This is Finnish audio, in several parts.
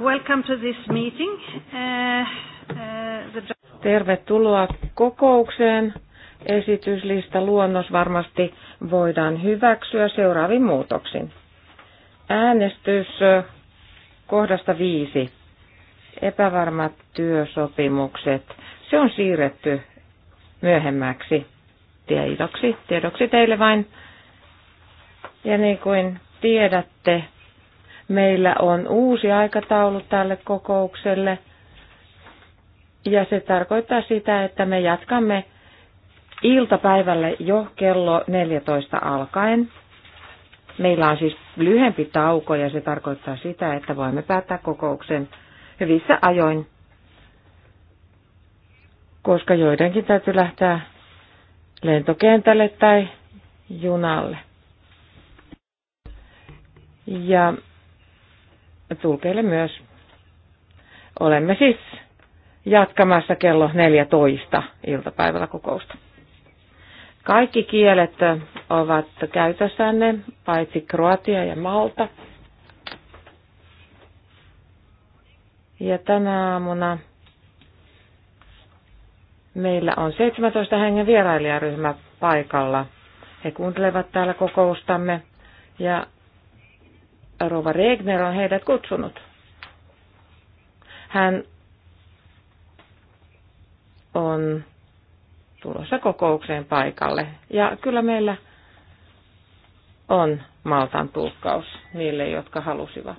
Welcome to this meeting. Uh, uh, Tervetuloa kokoukseen. Esityslista luonnos varmasti voidaan hyväksyä seuraavin muutoksin. Äänestys kohdasta viisi. Epävarmat työsopimukset. Se on siirretty myöhemmäksi tiedoksi, tiedoksi teille vain. Ja niin kuin tiedätte, Meillä on uusi aikataulu tälle kokoukselle ja se tarkoittaa sitä, että me jatkamme iltapäivälle jo kello 14 alkaen. Meillä on siis lyhempi tauko ja se tarkoittaa sitä, että voimme päättää kokouksen hyvissä ajoin, koska joidenkin täytyy lähteä lentokentälle tai junalle. Ja tulkeille myös. Olemme siis jatkamassa kello 14 iltapäivällä kokousta. Kaikki kielet ovat käytössänne, paitsi Kroatia ja Malta. Ja tänä aamuna meillä on 17 hengen vierailijaryhmä paikalla. He kuuntelevat täällä kokoustamme ja Rova Regner on heidät kutsunut. Hän on tulossa kokoukseen paikalle. Ja kyllä meillä on Maltan tulkkaus niille, jotka halusivat.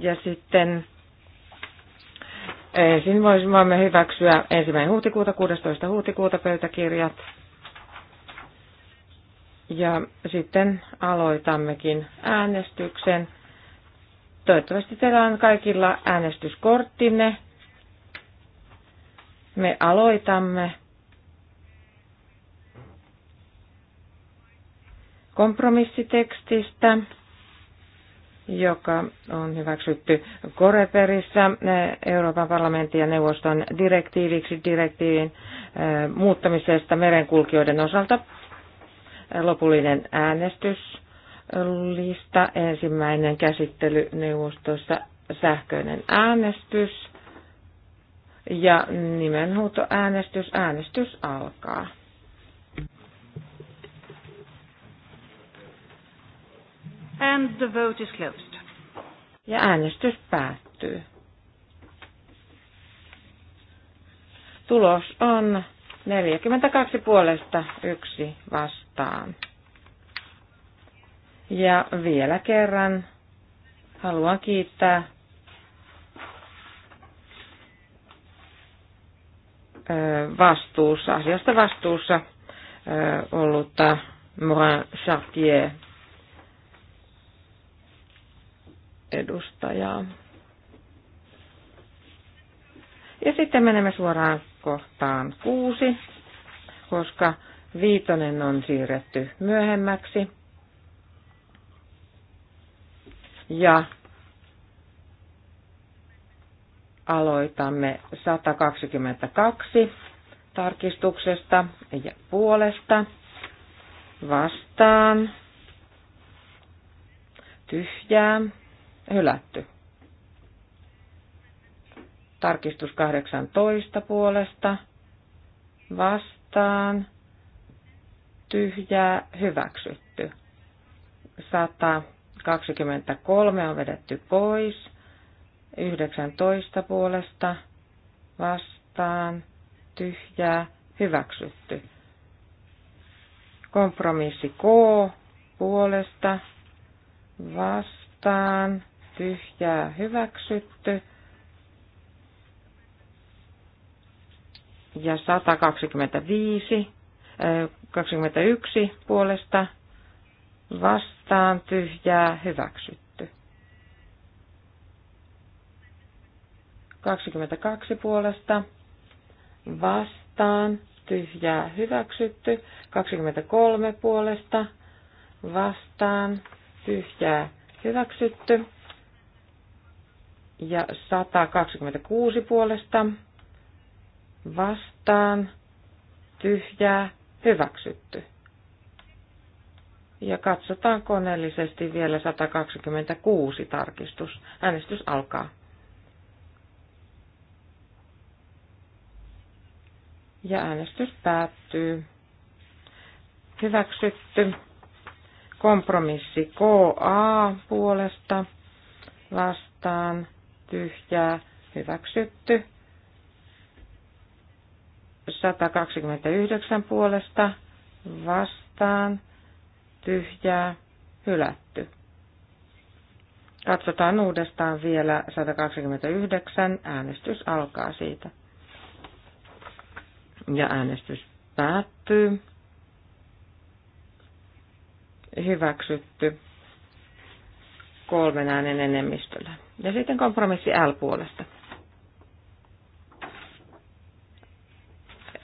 Ja sitten ensin voisimme hyväksyä ensimmäinen huhtikuuta, 16. huhtikuuta pöytäkirjat. Ja sitten aloitammekin äänestyksen. Toivottavasti teillä on kaikilla äänestyskorttinne. Me aloitamme kompromissitekstistä, joka on hyväksytty Koreperissä eh, Euroopan parlamentin ja neuvoston direktiiviksi direktiivin eh, muuttamisesta merenkulkijoiden osalta lopullinen äänestyslista. Ensimmäinen käsittely neuvostossa sähköinen äänestys ja nimenhuutoäänestys. Äänestys alkaa. And the vote is closed. Ja äänestys päättyy. Tulos on 42 puolesta, yksi vasta vastaan. Ja vielä kerran haluan kiittää vastuussa, asiasta vastuussa ollutta Morin Chartier edustajaa. Ja sitten menemme suoraan kohtaan kuusi, koska Viitonen on siirretty myöhemmäksi. Ja aloitamme 122 tarkistuksesta ja puolesta vastaan tyhjää hylätty. Tarkistus 18 puolesta vastaan tyhjää hyväksytty. 123 on vedetty pois. 19 puolesta vastaan tyhjää hyväksytty. Kompromissi K puolesta vastaan tyhjää hyväksytty. Ja 125 21 puolesta vastaan tyhjää hyväksytty. 22 puolesta vastaan tyhjää hyväksytty. 23 puolesta vastaan tyhjää hyväksytty. Ja 126 puolesta vastaan tyhjää hyväksytty. Ja katsotaan koneellisesti vielä 126 tarkistus. Äänestys alkaa. Ja äänestys päättyy. Hyväksytty. Kompromissi KA puolesta vastaan tyhjää hyväksytty. 129 puolesta vastaan tyhjää hylätty. Katsotaan uudestaan vielä 129. Äänestys alkaa siitä. Ja äänestys päättyy. Hyväksytty kolmen äänen enemmistöllä. Ja sitten kompromissi L puolesta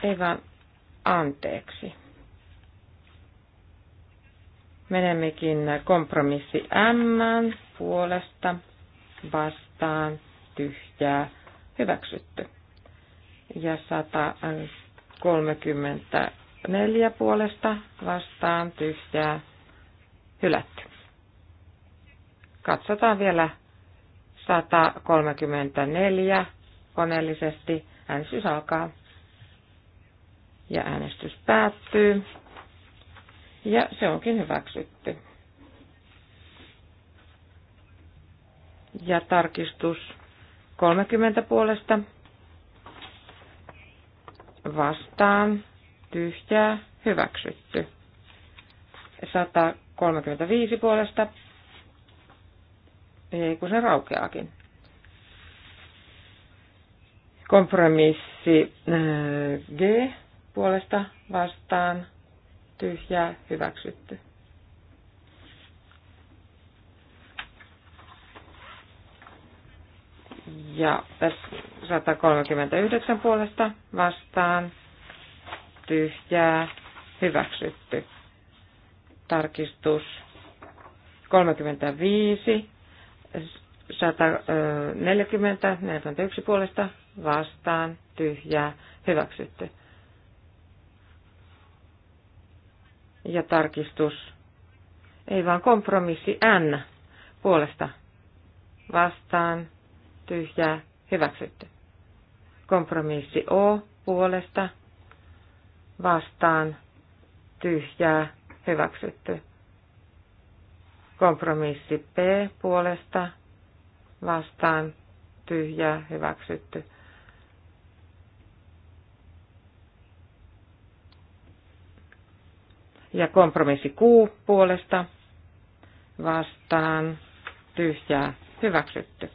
ei vaan anteeksi. Menemmekin kompromissi M puolesta vastaan tyhjää hyväksytty. Ja 134 puolesta vastaan tyhjää hylätty. Katsotaan vielä 134 koneellisesti. Äänestys alkaa. Ja äänestys päättyy. Ja se onkin hyväksytty. Ja tarkistus 30 puolesta vastaan tyhjää hyväksytty. 135 puolesta, ei kun se raukeakin. Kompromissi äh, G puolesta vastaan tyhjää hyväksytty. Ja 139 puolesta vastaan tyhjää hyväksytty. Tarkistus 35, 140, 41 puolesta vastaan tyhjää hyväksytty. ja tarkistus, ei vaan kompromissi N puolesta vastaan tyhjää hyväksytty. Kompromissi O puolesta vastaan tyhjää hyväksytty. Kompromissi P puolesta vastaan tyhjää hyväksytty. Ja kompromissi Q puolesta vastaan tyhjää hyväksytty.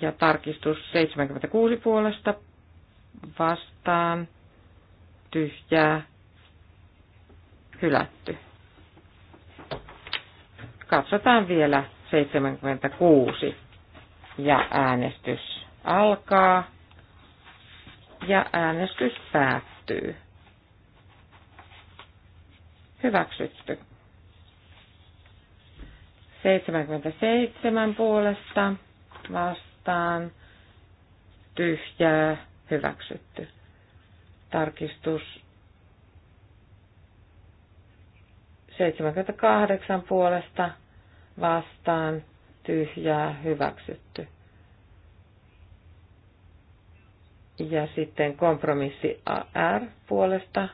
Ja tarkistus 76 puolesta vastaan tyhjää hylätty. Katsotaan vielä 76 ja äänestys alkaa ja äänestys päättyy. Hyväksytty. 77 puolesta vastaan tyhjää hyväksytty. Tarkistus 78 puolesta vastaan tyhjää hyväksytty. Ja sitten kompromissi AR puolesta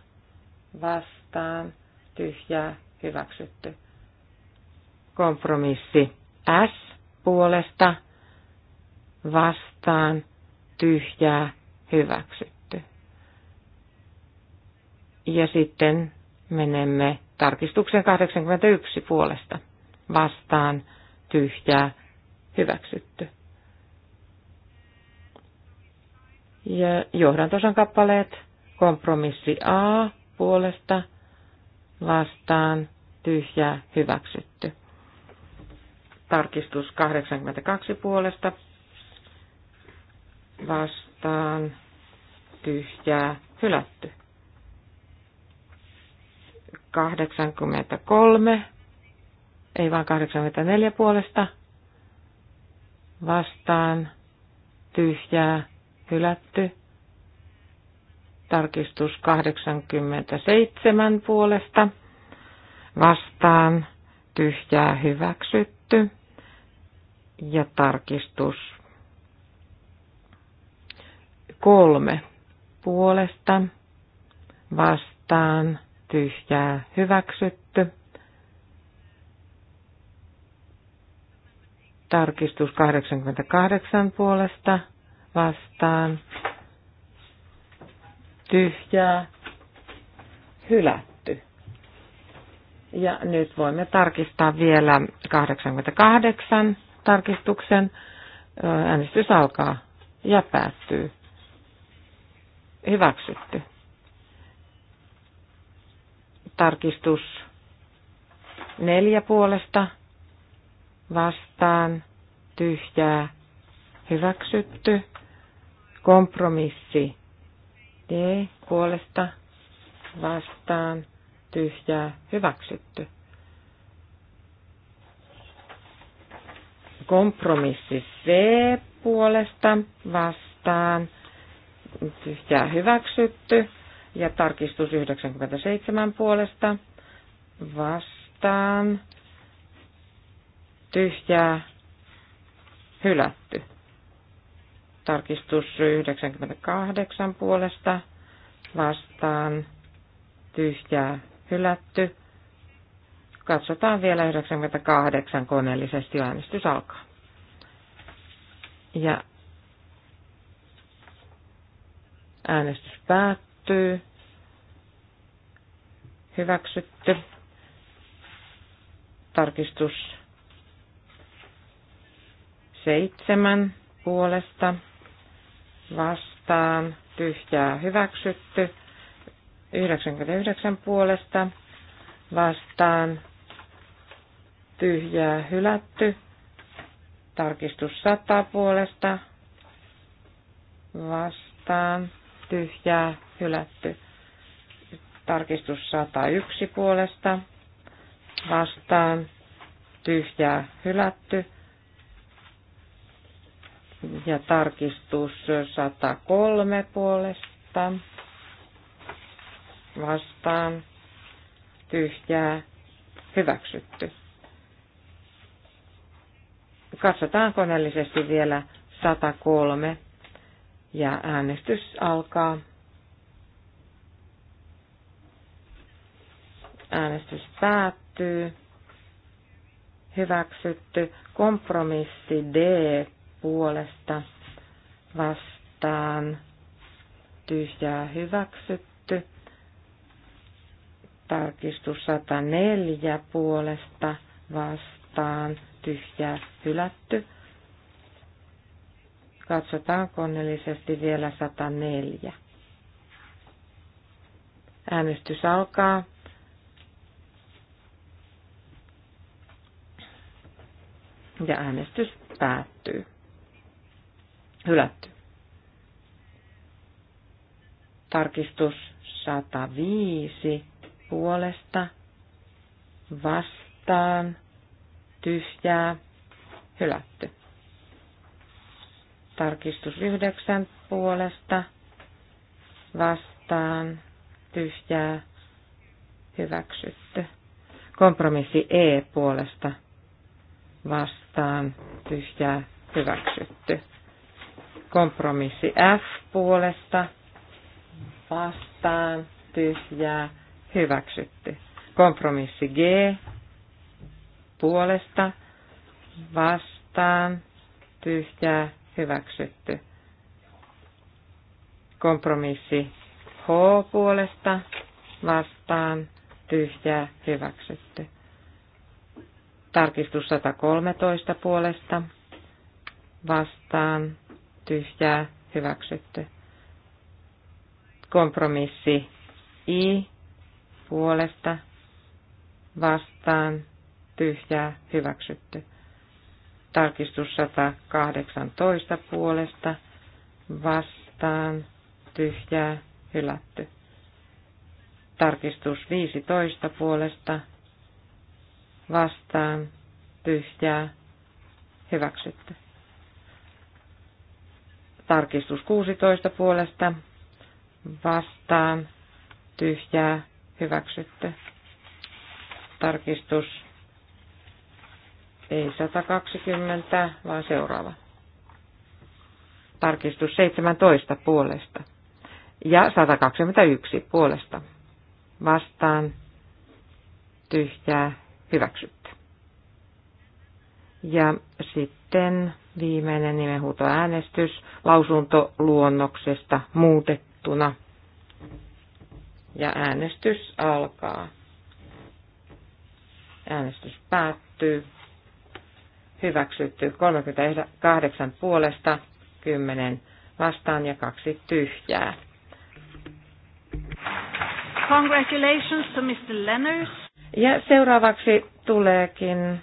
vastaan tyhjää, hyväksytty. Kompromissi S puolesta vastaan tyhjää, hyväksytty. Ja sitten menemme tarkistuksen 81 puolesta vastaan tyhjää, hyväksytty. Ja johdantosan kappaleet kompromissi A puolesta vastaan tyhjää hyväksytty. Tarkistus 82 puolesta vastaan tyhjää hylätty. 83, ei vaan 84 puolesta vastaan tyhjää hylätty. Tarkistus 87 puolesta vastaan tyhjää hyväksytty ja tarkistus kolme puolesta vastaan tyhjää hyväksytty. Tarkistus 88 puolesta vastaan tyhjää, hylätty. Ja nyt voimme tarkistaa vielä 88 tarkistuksen. Äänestys alkaa ja päättyy. Hyväksytty. Tarkistus neljä puolesta vastaan tyhjää hyväksytty. Kompromissi D puolesta vastaan tyhjää hyväksytty. Kompromissi C puolesta vastaan tyhjää hyväksytty ja tarkistus 97 puolesta vastaan tyhjää hylätty. Tarkistus 98 puolesta vastaan tyhjää hylätty. Katsotaan vielä 98 koneellisesti äänestys alkaa. Ja äänestys päättyy. Hyväksytty. Tarkistus seitsemän puolesta vastaan, tyhjää hyväksytty. 99 puolesta vastaan, tyhjää hylätty. Tarkistus 100 puolesta vastaan, tyhjää hylätty. Tarkistus 101 puolesta vastaan, tyhjää hylätty. Ja tarkistus 103 puolesta vastaan tyhjää hyväksytty. Katsotaan koneellisesti vielä 103 ja äänestys alkaa. Äänestys päättyy. Hyväksytty. Kompromissi D puolesta vastaan tyhjää hyväksytty. Tarkistus 104 puolesta vastaan tyhjää hylätty. Katsotaan koneellisesti vielä 104. Äänestys alkaa. Ja äänestys päättyy. Hylätty. Tarkistus 105 puolesta vastaan tyhjää hylätty. Tarkistus 9 puolesta vastaan tyhjää hyväksytty. Kompromissi E puolesta vastaan tyhjää hyväksytty. Kompromissi F puolesta vastaan tyhjää hyväksytty. Kompromissi G puolesta vastaan tyhjää hyväksytty. Kompromissi H puolesta vastaan tyhjää hyväksytty. Tarkistus 113 puolesta vastaan tyhjää hyväksytty. Kompromissi I puolesta vastaan tyhjää hyväksytty. Tarkistus 118 puolesta vastaan tyhjää hylätty. Tarkistus 15 puolesta vastaan tyhjää hyväksytty. Tarkistus 16 puolesta vastaan tyhjää hyväksytty. Tarkistus ei 120, vaan seuraava. Tarkistus 17 puolesta ja 121 puolesta vastaan tyhjää hyväksytty. Ja sitten viimeinen nimenhuutoäänestys lausuntoluonnoksesta muutettuna. Ja äänestys alkaa. Äänestys päättyy. Hyväksytty 38 puolesta, 10 vastaan ja kaksi tyhjää. Congratulations to Mr. Lenners. Ja seuraavaksi tuleekin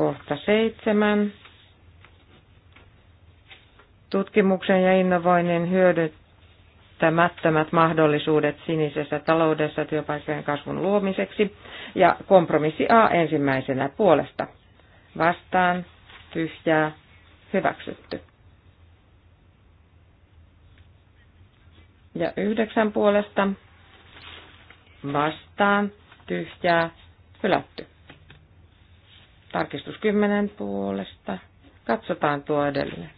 kohta seitsemän. Tutkimuksen ja innovoinnin hyödyttämättömät mahdollisuudet sinisessä taloudessa työpaikkojen kasvun luomiseksi. Ja kompromissi A ensimmäisenä puolesta. Vastaan, tyhjää, hyväksytty. Ja yhdeksän puolesta vastaan, tyhjää, hylätty. Tarkistus kymmenen puolesta. Katsotaan tuo edelleen.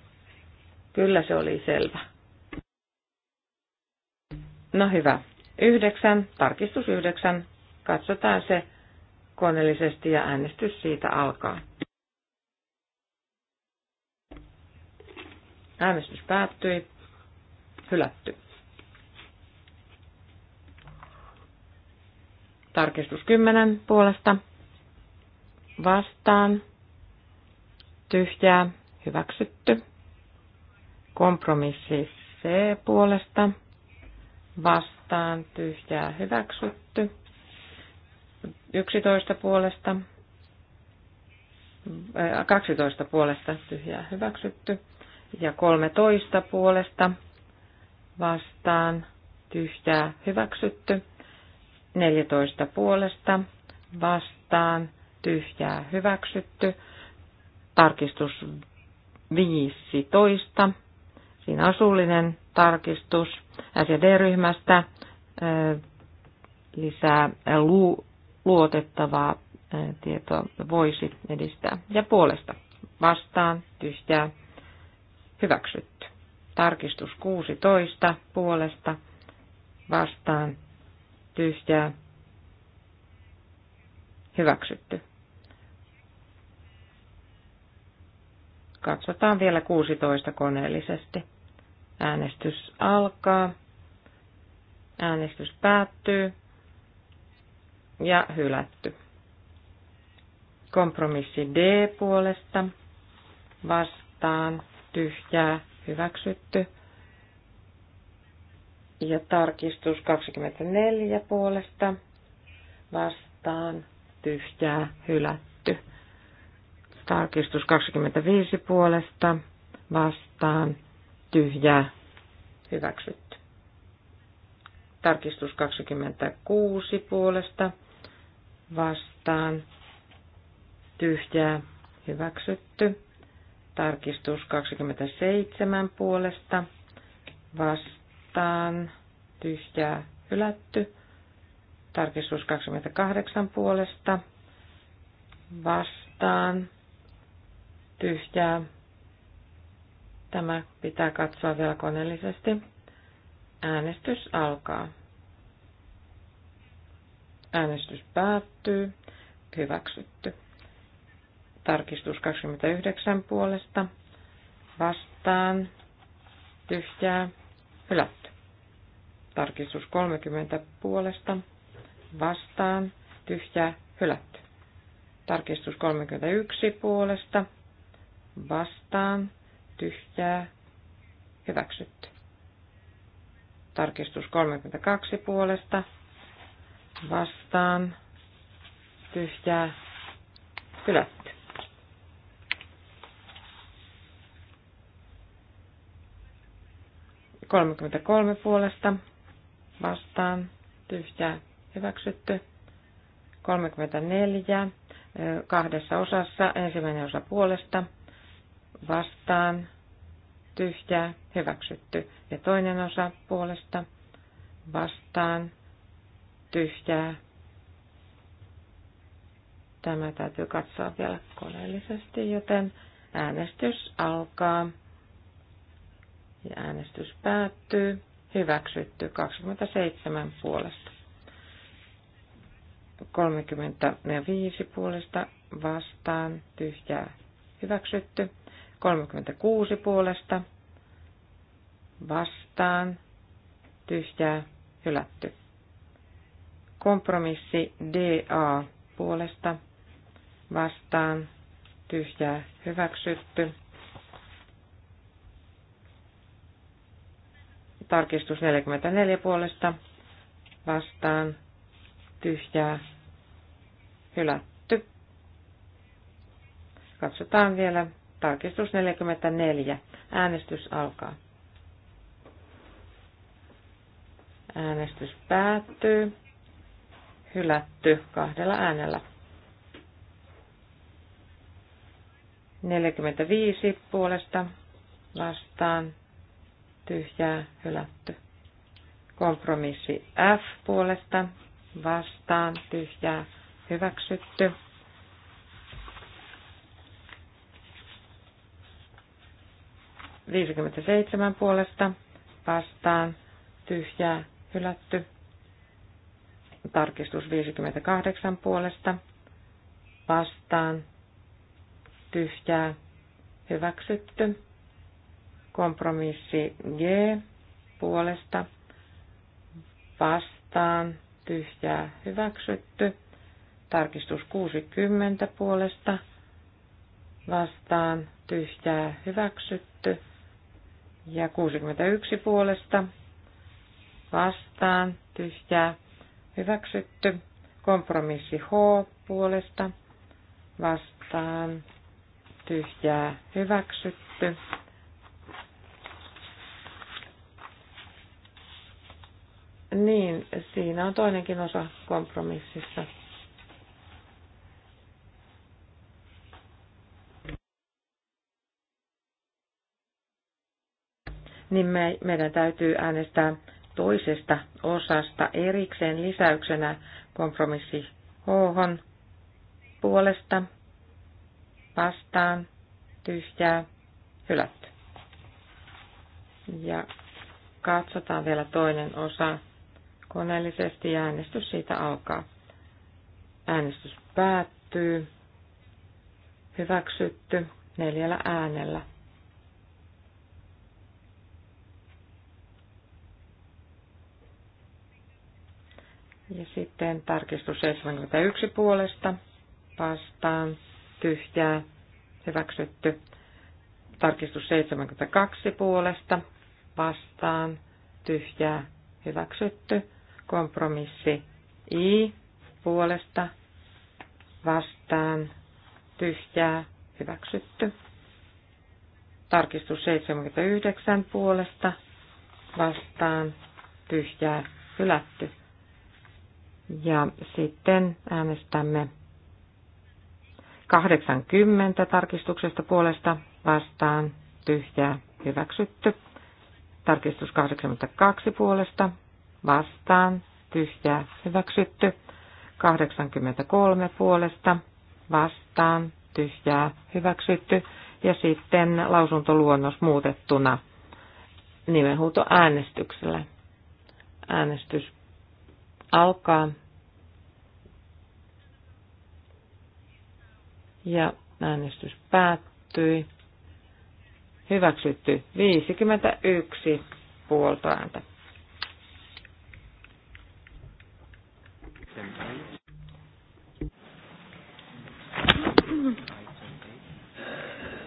Kyllä se oli selvä. No hyvä. Yhdeksän, tarkistus yhdeksän. Katsotaan se koneellisesti ja äänestys siitä alkaa. Äänestys päättyi. Hylätty. Tarkistus kymmenen puolesta vastaan, tyhjää, hyväksytty. Kompromissi C puolesta, vastaan, tyhjää, hyväksytty. 11 puolesta, 12 äh, puolesta, tyhjää, hyväksytty. Ja 13 puolesta, vastaan, tyhjää, hyväksytty. 14 puolesta, vastaan, tyhjää hyväksytty. Tarkistus 15. Siinä on suullinen tarkistus sd ryhmästä lisää luotettavaa tietoa voisi edistää. Ja puolesta vastaan tyhjää hyväksytty. Tarkistus 16 puolesta vastaan tyhjää hyväksytty. Katsotaan vielä 16 koneellisesti. Äänestys alkaa. Äänestys päättyy. Ja hylätty. Kompromissi D puolesta. Vastaan. Tyhjää. Hyväksytty. Ja tarkistus 24 puolesta. Vastaan. Tyhjää. Hylätty Tarkistus 25 puolesta vastaan tyhjä hyväksytty. Tarkistus 26 puolesta vastaan tyhjä hyväksytty. Tarkistus 27 puolesta vastaan tyhjä hylätty. Tarkistus 28 puolesta vastaan tyhjää. Tämä pitää katsoa vielä koneellisesti. Äänestys alkaa. Äänestys päättyy. Hyväksytty. Tarkistus 29 puolesta. Vastaan. Tyhjää. Hylätty. Tarkistus 30 puolesta. Vastaan. Tyhjää. Hylätty. Tarkistus 31 puolesta vastaan, tyhjää, hyväksytty. Tarkistus 32 puolesta, vastaan, tyhjää, hylätty. Kolmekymmentäkolme puolesta vastaan tyhjää hyväksytty. 34 eh, kahdessa osassa ensimmäinen osa puolesta vastaan, tyhjää, hyväksytty. Ja toinen osa puolesta vastaan, tyhjää. Tämä täytyy katsoa vielä koneellisesti, joten äänestys alkaa ja äänestys päättyy. Hyväksytty 27 puolesta. 35 puolesta vastaan tyhjää hyväksytty. 36 puolesta vastaan tyhjää hylätty. Kompromissi DA puolesta vastaan tyhjää hyväksytty. Tarkistus 44 puolesta vastaan tyhjää hylätty. Katsotaan vielä Tarkistus 44. Äänestys alkaa. Äänestys päättyy. Hylätty kahdella äänellä. 45 puolesta vastaan tyhjää hylätty. Kompromissi F puolesta vastaan tyhjää hyväksytty. 57 puolesta vastaan tyhjää hylätty. Tarkistus 58 puolesta vastaan tyhjää hyväksytty. Kompromissi G puolesta vastaan tyhjää hyväksytty. Tarkistus 60 puolesta vastaan tyhjää hyväksytty ja 61 puolesta vastaan tyhjää hyväksytty. Kompromissi H puolesta vastaan tyhjää hyväksytty. Niin, siinä on toinenkin osa kompromississa. niin me, meidän täytyy äänestää toisesta osasta erikseen lisäyksenä kompromissi H puolesta vastaan tyhjää hylätty. Ja katsotaan vielä toinen osa koneellisesti ja äänestys siitä alkaa. Äänestys päättyy. Hyväksytty neljällä äänellä. Ja sitten tarkistus 71 puolesta vastaan tyhjää hyväksytty. Tarkistus 72 puolesta vastaan tyhjää hyväksytty. Kompromissi I puolesta vastaan tyhjää hyväksytty. Tarkistus 79 puolesta vastaan tyhjää hylätty. Ja sitten äänestämme 80 tarkistuksesta puolesta vastaan tyhjää hyväksytty. Tarkistus 82 puolesta vastaan tyhjää hyväksytty. 83 puolesta vastaan tyhjää hyväksytty. Ja sitten lausuntoluonnos muutettuna äänestyksellä. Äänestys alkaa. Ja äänestys päättyi. Hyväksytty 51 puolta ääntä.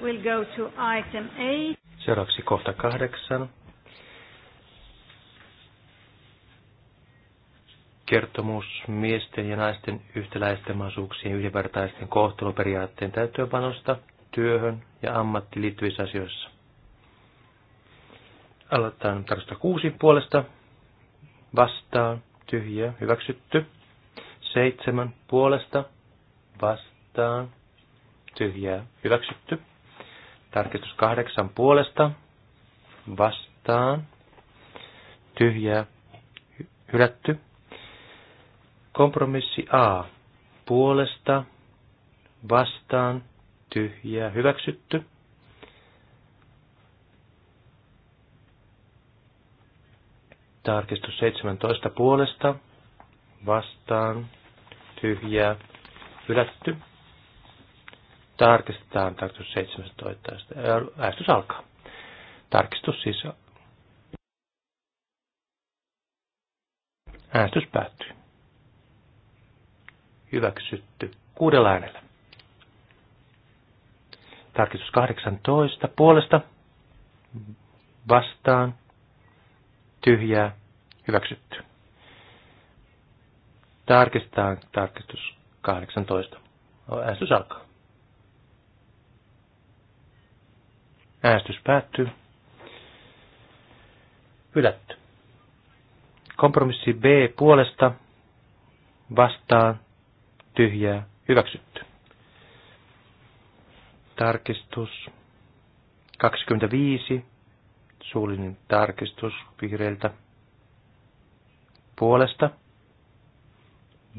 We'll go to item eight. Seuraavaksi kohta kahdeksan. kertomus miesten ja naisten yhtäläisten mahdollisuuksien yhdenvertaisten kohteluperiaatteen täyttöönpanosta työhön ja ammattiin liittyvissä asioissa. Aloitetaan tarkasta kuusi puolesta. Vastaan, tyhjä, hyväksytty. Seitsemän puolesta. Vastaan, tyhjä hyväksytty. Tarkistus kahdeksan puolesta. Vastaan, tyhjä hylätty. Kompromissi A. Puolesta, vastaan, tyhjää, hyväksytty. Tarkistus 17 puolesta, vastaan, tyhjää, hylätty. Tarkistetaan tarkistus 17. Äänestys alkaa. Tarkistus siis. Äänestys päättyy hyväksytty kuudella äänellä. Tarkistus 18 puolesta vastaan tyhjää hyväksytty. Tarkistetaan tarkistus 18. Äänestys alkaa. Äänestys päättyy. Hylätty. Kompromissi B puolesta vastaan tyhjää, hyväksytty. Tarkistus 25, suullinen tarkistus vihreiltä puolesta,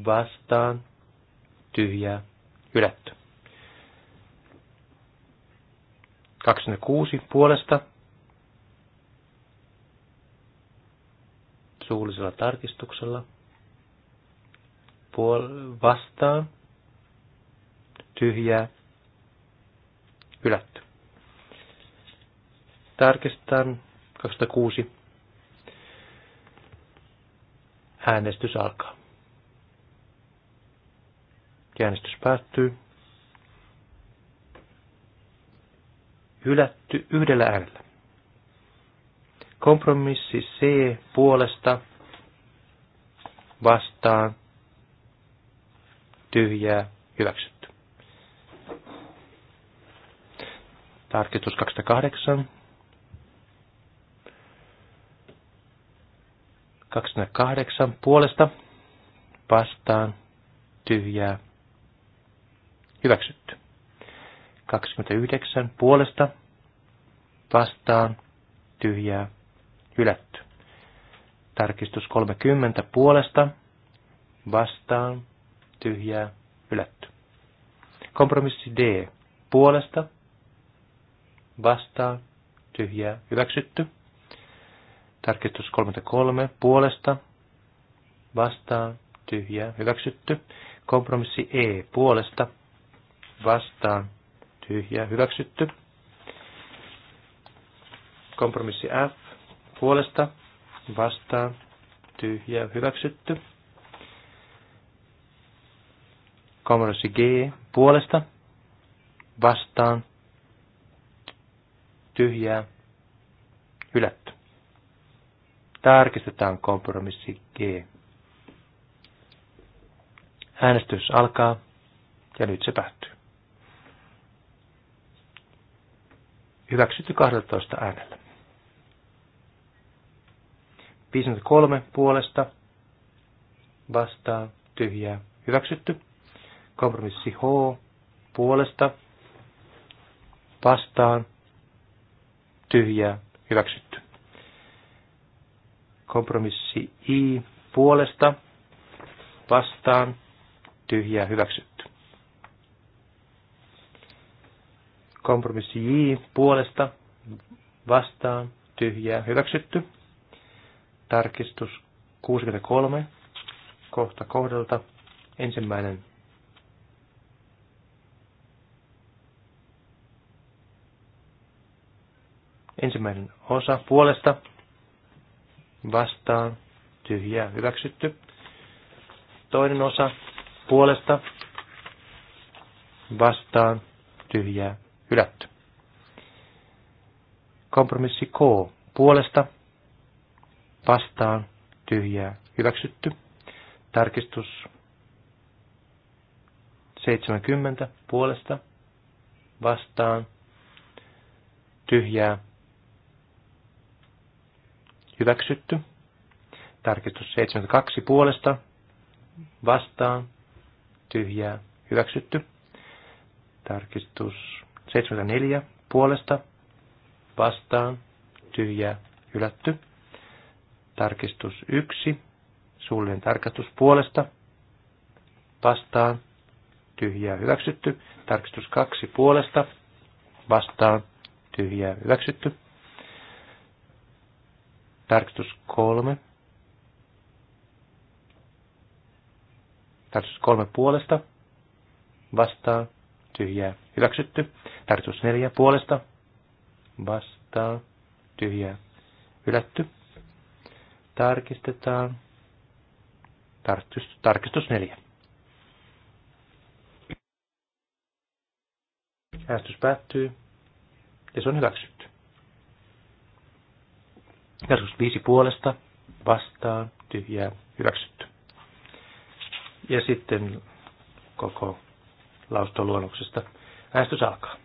vastaan, tyhjää, hylätty. 26 puolesta, suullisella tarkistuksella, puol- vastaan, tyhjää, hylätty. Tarkistan 206. Äänestys alkaa. Äänestys päättyy. Hylätty yhdellä äänellä. Kompromissi C puolesta vastaan tyhjää, hyväksytty. Tarkistus 28. 28 puolesta vastaan tyhjää hyväksytty. 29 puolesta vastaan tyhjää hylätty. Tarkistus 30 puolesta vastaan tyhjää, hylätty. Kompromissi D. Puolesta, vastaan, tyhjää, hyväksytty. Tarkistus 33. Puolesta, vastaan, tyhjää, hyväksytty. Kompromissi E. Puolesta, vastaan, tyhjää, hyväksytty. Kompromissi F. Puolesta, vastaan, tyhjää, hyväksytty. kompromissi G puolesta vastaan tyhjää hylätty. Tarkistetaan kompromissi G. Äänestys alkaa ja nyt se päättyy. Hyväksytty 12 äänellä. 53 puolesta vastaan tyhjää hyväksytty. Kompromissi H puolesta vastaan tyhjää hyväksytty. Kompromissi I puolesta vastaan tyhjää hyväksytty. Kompromissi J puolesta vastaan tyhjää hyväksytty. Tarkistus 63 kohta kohdalta ensimmäinen Ensimmäinen osa puolesta vastaan tyhjää hyväksytty. Toinen osa puolesta vastaan tyhjää hylätty. Kompromissi K puolesta vastaan tyhjää hyväksytty. Tarkistus 70 puolesta vastaan tyhjää hyväksytty. Tarkistus 72 puolesta, vastaan, tyhjää, hyväksytty. Tarkistus 74 puolesta, vastaan, tyhjää, hylätty. Tarkistus 1, suullinen tarkastus puolesta, vastaan, tyhjää, hyväksytty. Tarkistus 2 puolesta, vastaan, tyhjää, hyväksytty Tarkistus kolme. Tarkistus kolme puolesta. vastaa, Tyhjää. Hyväksytty. Tarkistus neljä puolesta. vastaa, Tyhjää. Hylätty. Tarkistetaan. Tarkistus, tarkistus neljä. Äänestys päättyy ja se on hyväksytty viisi puolesta vastaan tyhjää hyväksytty. Ja sitten koko lausuntoluonnoksesta äänestys alkaa.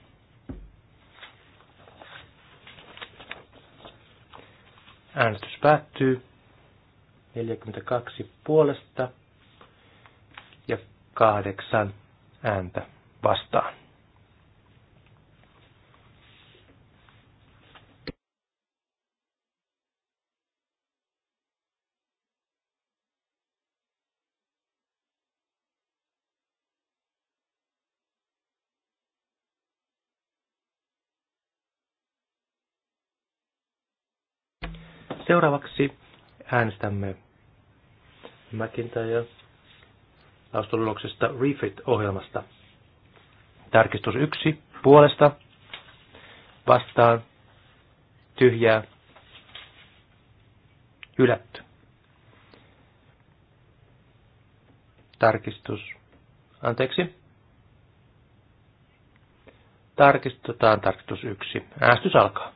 Äänestys päättyy. 42 puolesta ja kahdeksan ääntä vastaan. Seuraavaksi äänestämme McIntyre lausuntoluloksesta Refit-ohjelmasta. Tarkistus 1 puolesta vastaan tyhjää hylätty. Tarkistus. Anteeksi. Tarkistetaan tarkistus 1. Äänestys alkaa.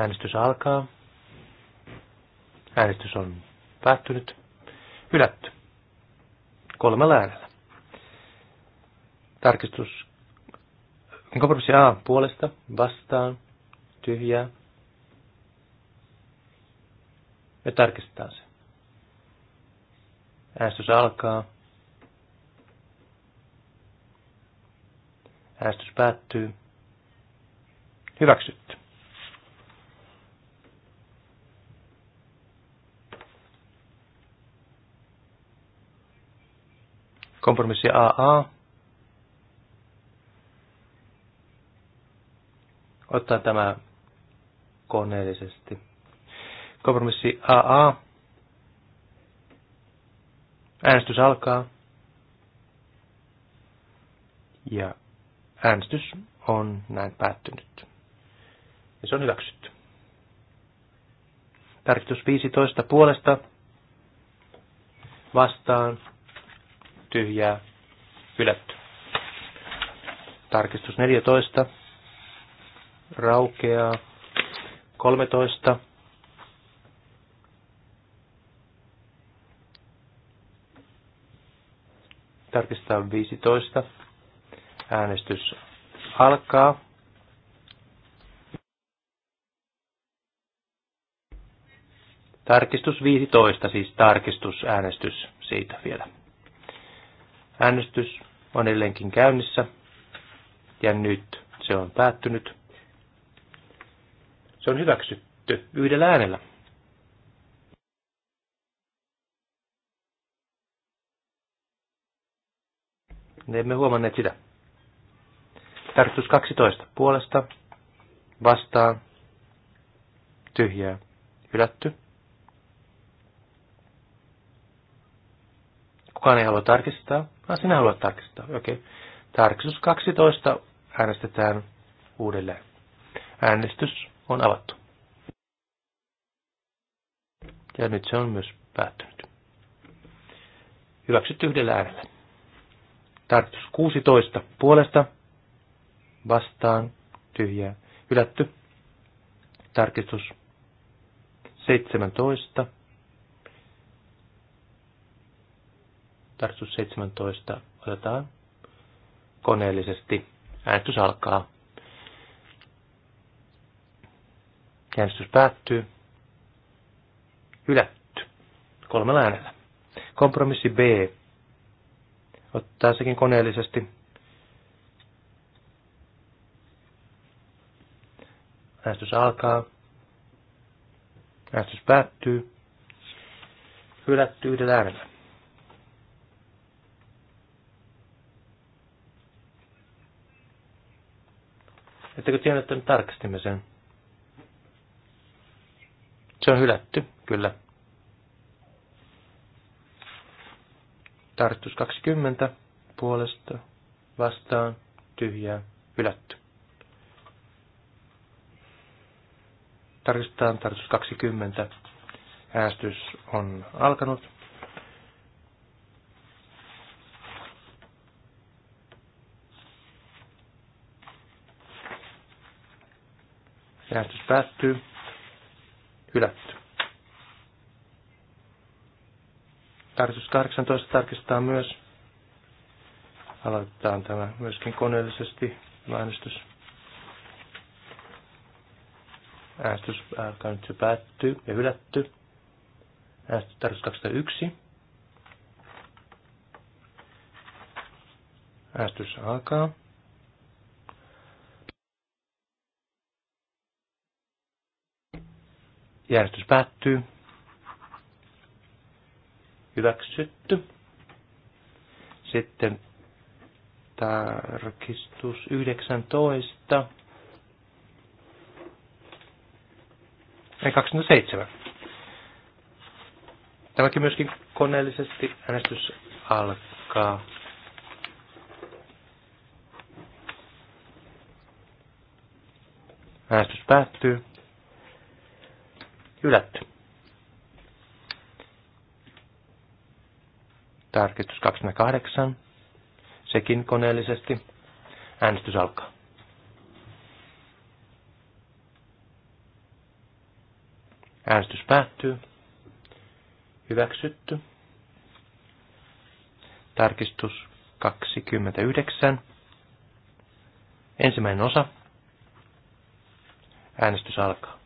Äänestys alkaa. Äänestys on päättynyt. Hylätty. Kolmella äänellä. Tarkistus. Kompromissi A puolesta, vastaan, tyhjää. Me tarkistetaan se. Äänestys alkaa. Äänestys päättyy. Hyväksytty. Kompromissi AA. Ottaa tämä koneellisesti. Kompromissi AA. Äänestys alkaa. Ja äänestys on näin päättynyt. Ja se on hyväksytty. Tarkistus 15 puolesta vastaan tyhjää, ylätty. Tarkistus 14, raukeaa, 13, tarkistetaan 15, äänestys alkaa. Tarkistus 15, siis tarkistusäänestys siitä vielä. Äänestys on edelleenkin käynnissä ja nyt se on päättynyt. Se on hyväksytty yhdellä äänellä. Ne emme huomanneet sitä. Tarkoitus 12. Puolesta, vastaan, tyhjää, hylätty. Kukaan ei halua tarkistaa? Ah, sinä haluat tarkistaa. Okei. Okay. Tarkistus 12 äänestetään uudelleen. Äänestys on avattu. Ja nyt se on myös päättynyt. Hyväksytty yhdellä äänellä. Tarkistus 16 puolesta vastaan tyhjää hylätty. Tarkistus 17 Tarkistus 17 otetaan koneellisesti. Äänestys alkaa. Äänestys päättyy. Hylätty. Kolmella äänellä. Kompromissi B. Ottaa sekin koneellisesti. Äänestys alkaa. Äänestys päättyy. Hylätty yhdellä äänellä. Ettekö tiedä, että me tarkistimme sen? Se on hylätty, kyllä. Tarkistus 20 puolesta vastaan tyhjää hylätty. Tarkistetaan tarkistus 20. Äästys on alkanut. Äänestys päättyy. Hylätty. Tarkistus 18 tarkistaa myös. Aloitetaan tämä myöskin koneellisesti äänestys. Äänestys alkaa nyt jo päättyy ja hylätty. Äänestys 21. Äänestys alkaa. Järjestys päättyy. Hyväksytty. Sitten tarkistus 19. Ei 27. Tämäkin myöskin koneellisesti äänestys alkaa. Äänestys päättyy hylätty. Tarkistus 28. Sekin koneellisesti. Äänestys alkaa. Äänestys päättyy. Hyväksytty. Tarkistus 29. Ensimmäinen osa. Äänestys alkaa.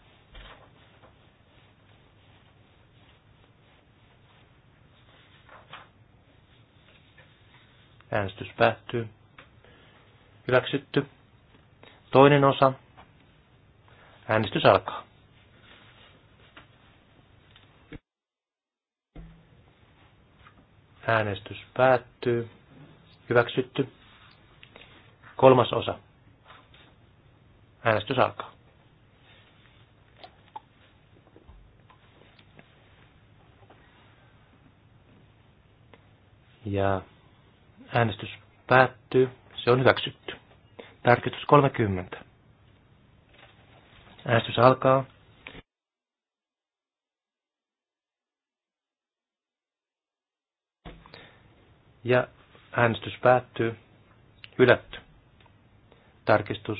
Äänestys päättyy. Hyväksytty. Toinen osa. Äänestys alkaa. Äänestys päättyy. Hyväksytty. Kolmas osa. Äänestys alkaa. Ja Äänestys päättyy. Se on hyväksytty. Tarkistus 30. Äänestys alkaa. Ja äänestys päättyy. Hylätty. Tarkistus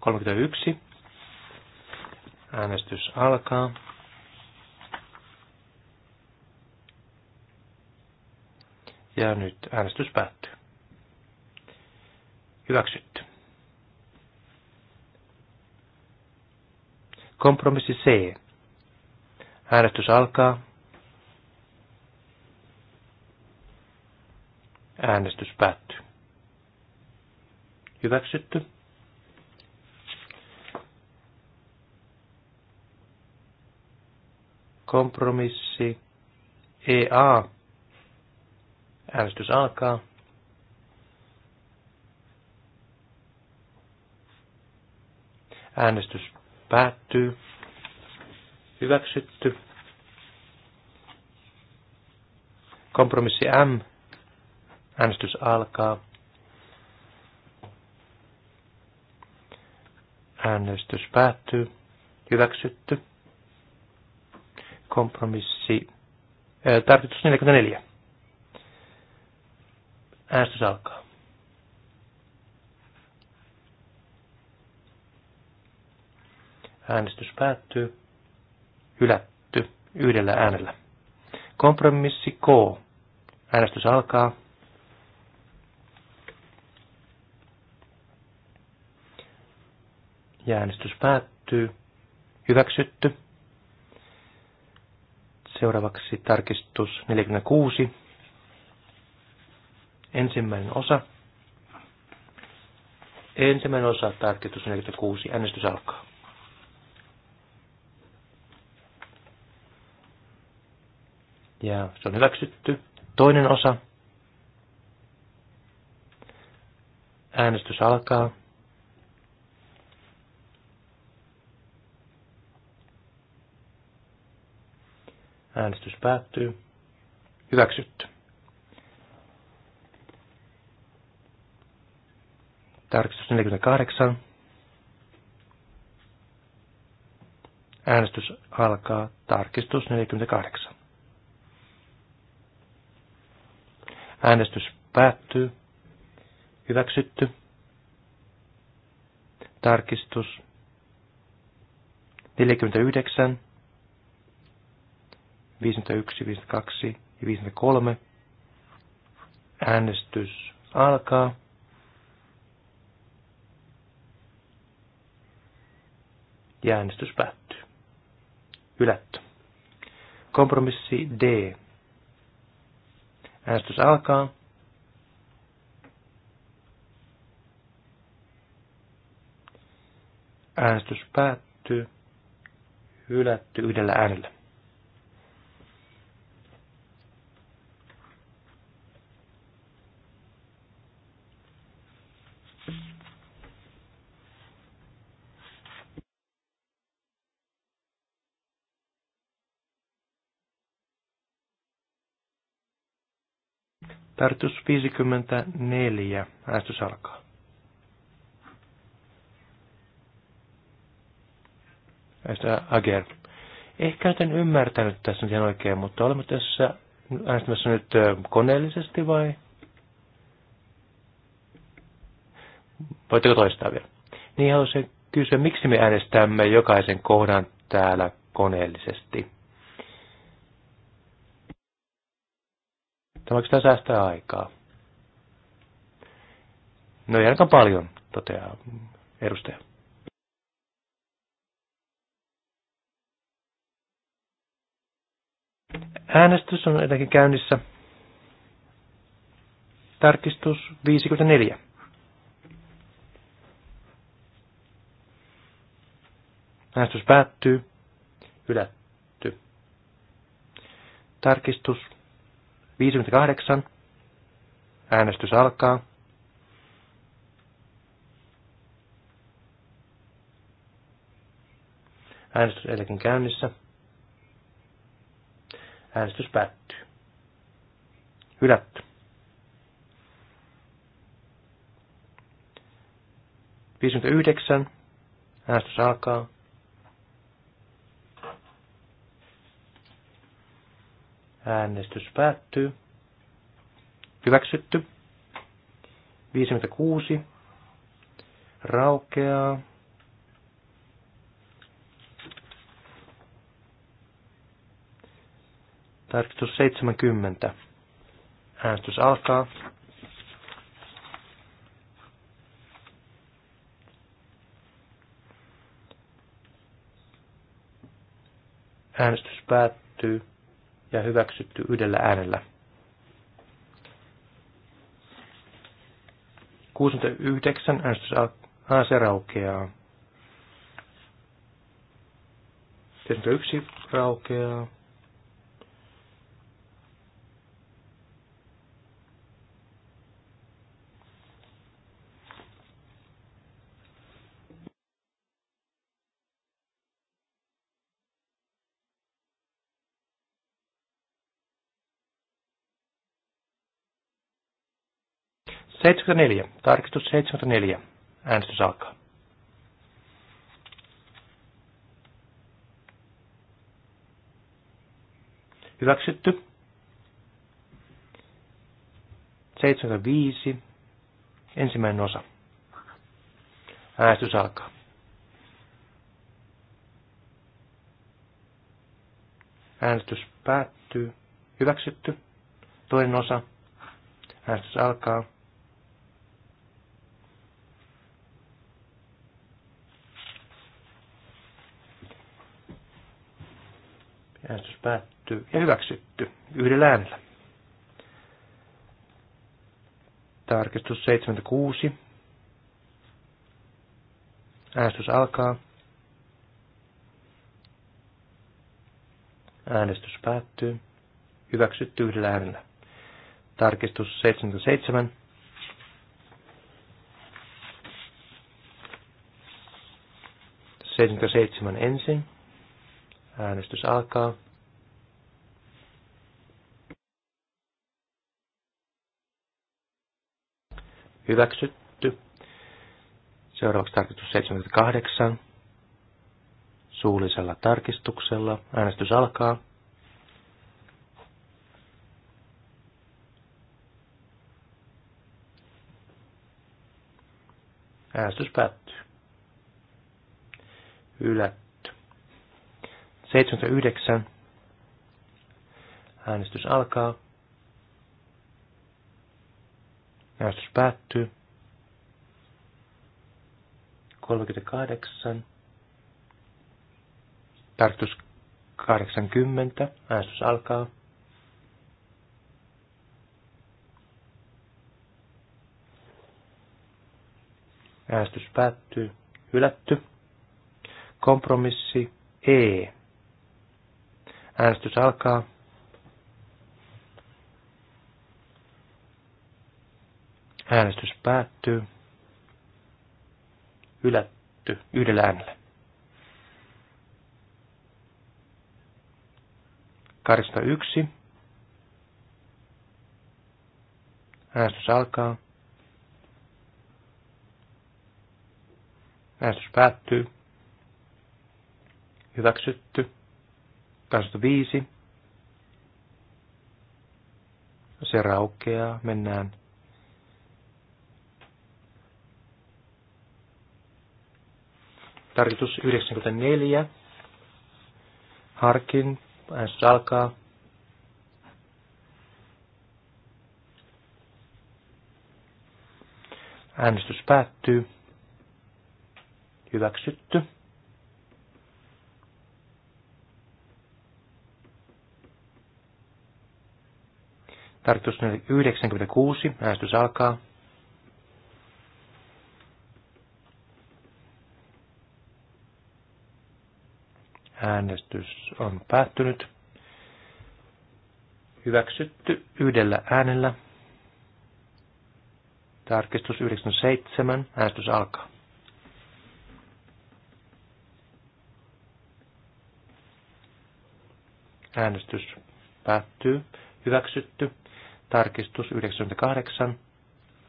31. Äänestys alkaa. Ja nyt äänestys päättyy. Hyväksytty. Kompromissi C. Äänestys alkaa. Äänestys päättyy. Hyväksytty. Kompromissi EA. Äänestys alkaa. Äänestys päättyy. Hyväksytty. Kompromissi M. Äänestys alkaa. Äänestys päättyy. Hyväksytty. Kompromissi. Äh, Tarkoitus 44. Äänestys alkaa. Äänestys päättyy. Hylätty yhdellä äänellä. Kompromissi K. Äänestys alkaa. Ja äänestys päättyy. Hyväksytty. Seuraavaksi tarkistus 46. Ensimmäinen osa. Ensimmäinen osa tarkistus 46. Äänestys alkaa. ja se on hyväksytty. Toinen osa. Äänestys alkaa. Äänestys päättyy. Hyväksytty. Tarkistus 48. Äänestys alkaa. Tarkistus 48. Äänestys päättyy. Hyväksytty. Tarkistus. 49, 51, 52 ja 53. Äänestys alkaa. Ja äänestys päättyy. Hylätty. Kompromissi D Äänestys alkaa. Äänestys päättyy. Hylätty yhdellä äänellä. Tartus 54. Äänestys alkaa. Ager. Ehkä nyt en ymmärtänyt tässä nyt ihan oikein, mutta olemme tässä äänestämässä nyt koneellisesti vai? Voitteko toistaa vielä? Niin haluaisin kysyä, miksi me äänestämme jokaisen kohdan täällä koneellisesti? Tämä oikeastaan säästää aikaa. No ei ainakaan paljon, toteaa edustaja. Äänestys on etenkin käynnissä. Tarkistus 54. Äänestys päättyy. Hylätty. Tarkistus 58. Äänestys alkaa. Äänestys eilenkin käynnissä. Äänestys päättyy. Hylätty. 59. Äänestys alkaa. Äänestys päättyy. Hyväksytty. 56. Raukeaa. Tarkistus 70. Äänestys alkaa. Äänestys päättyy ja hyväksytty yhdellä äänellä. 69 se raukeaa. 71 raukeaa. 74. Tarkistus 74. Äänestys alkaa. Hyväksytty. 75. Ensimmäinen osa. Äänestys alkaa. Äänestys päättyy. Hyväksytty. Toinen osa. Äänestys alkaa. Äänestys päättyy ja hyväksytty yhdellä äänellä. Tarkistus 76. Äänestys alkaa. Äänestys päättyy. Hyväksytty yhdellä äänellä. Tarkistus 77. Seitsemän ensin. Äänestys alkaa. Hyväksytty. Seuraavaksi tarkistus 78. Suullisella tarkistuksella. Äänestys alkaa. Äänestys päättyy. Hylätty. 79. Äänestys alkaa. Äänestys päättyy. 38. Tarkistus 80. Äänestys alkaa. Äänestys päättyy. Hylätty. Kompromissi E. Äänestys alkaa. Äänestys päättyy. Ylätty yhdellä äänellä. yksi, Äänestys alkaa. Äänestys päättyy. Hyväksytty. 25. Se raukeaa, mennään Tarkoitus 94. Harkin, äänestys alkaa. Äänestys päättyy. Hyväksytty. Tarkistus 96, äänestys alkaa. Äänestys on päättynyt. Hyväksytty yhdellä äänellä. Tarkistus 97, äänestys alkaa. Äänestys päättyy. Hyväksytty. Tarkistus 98.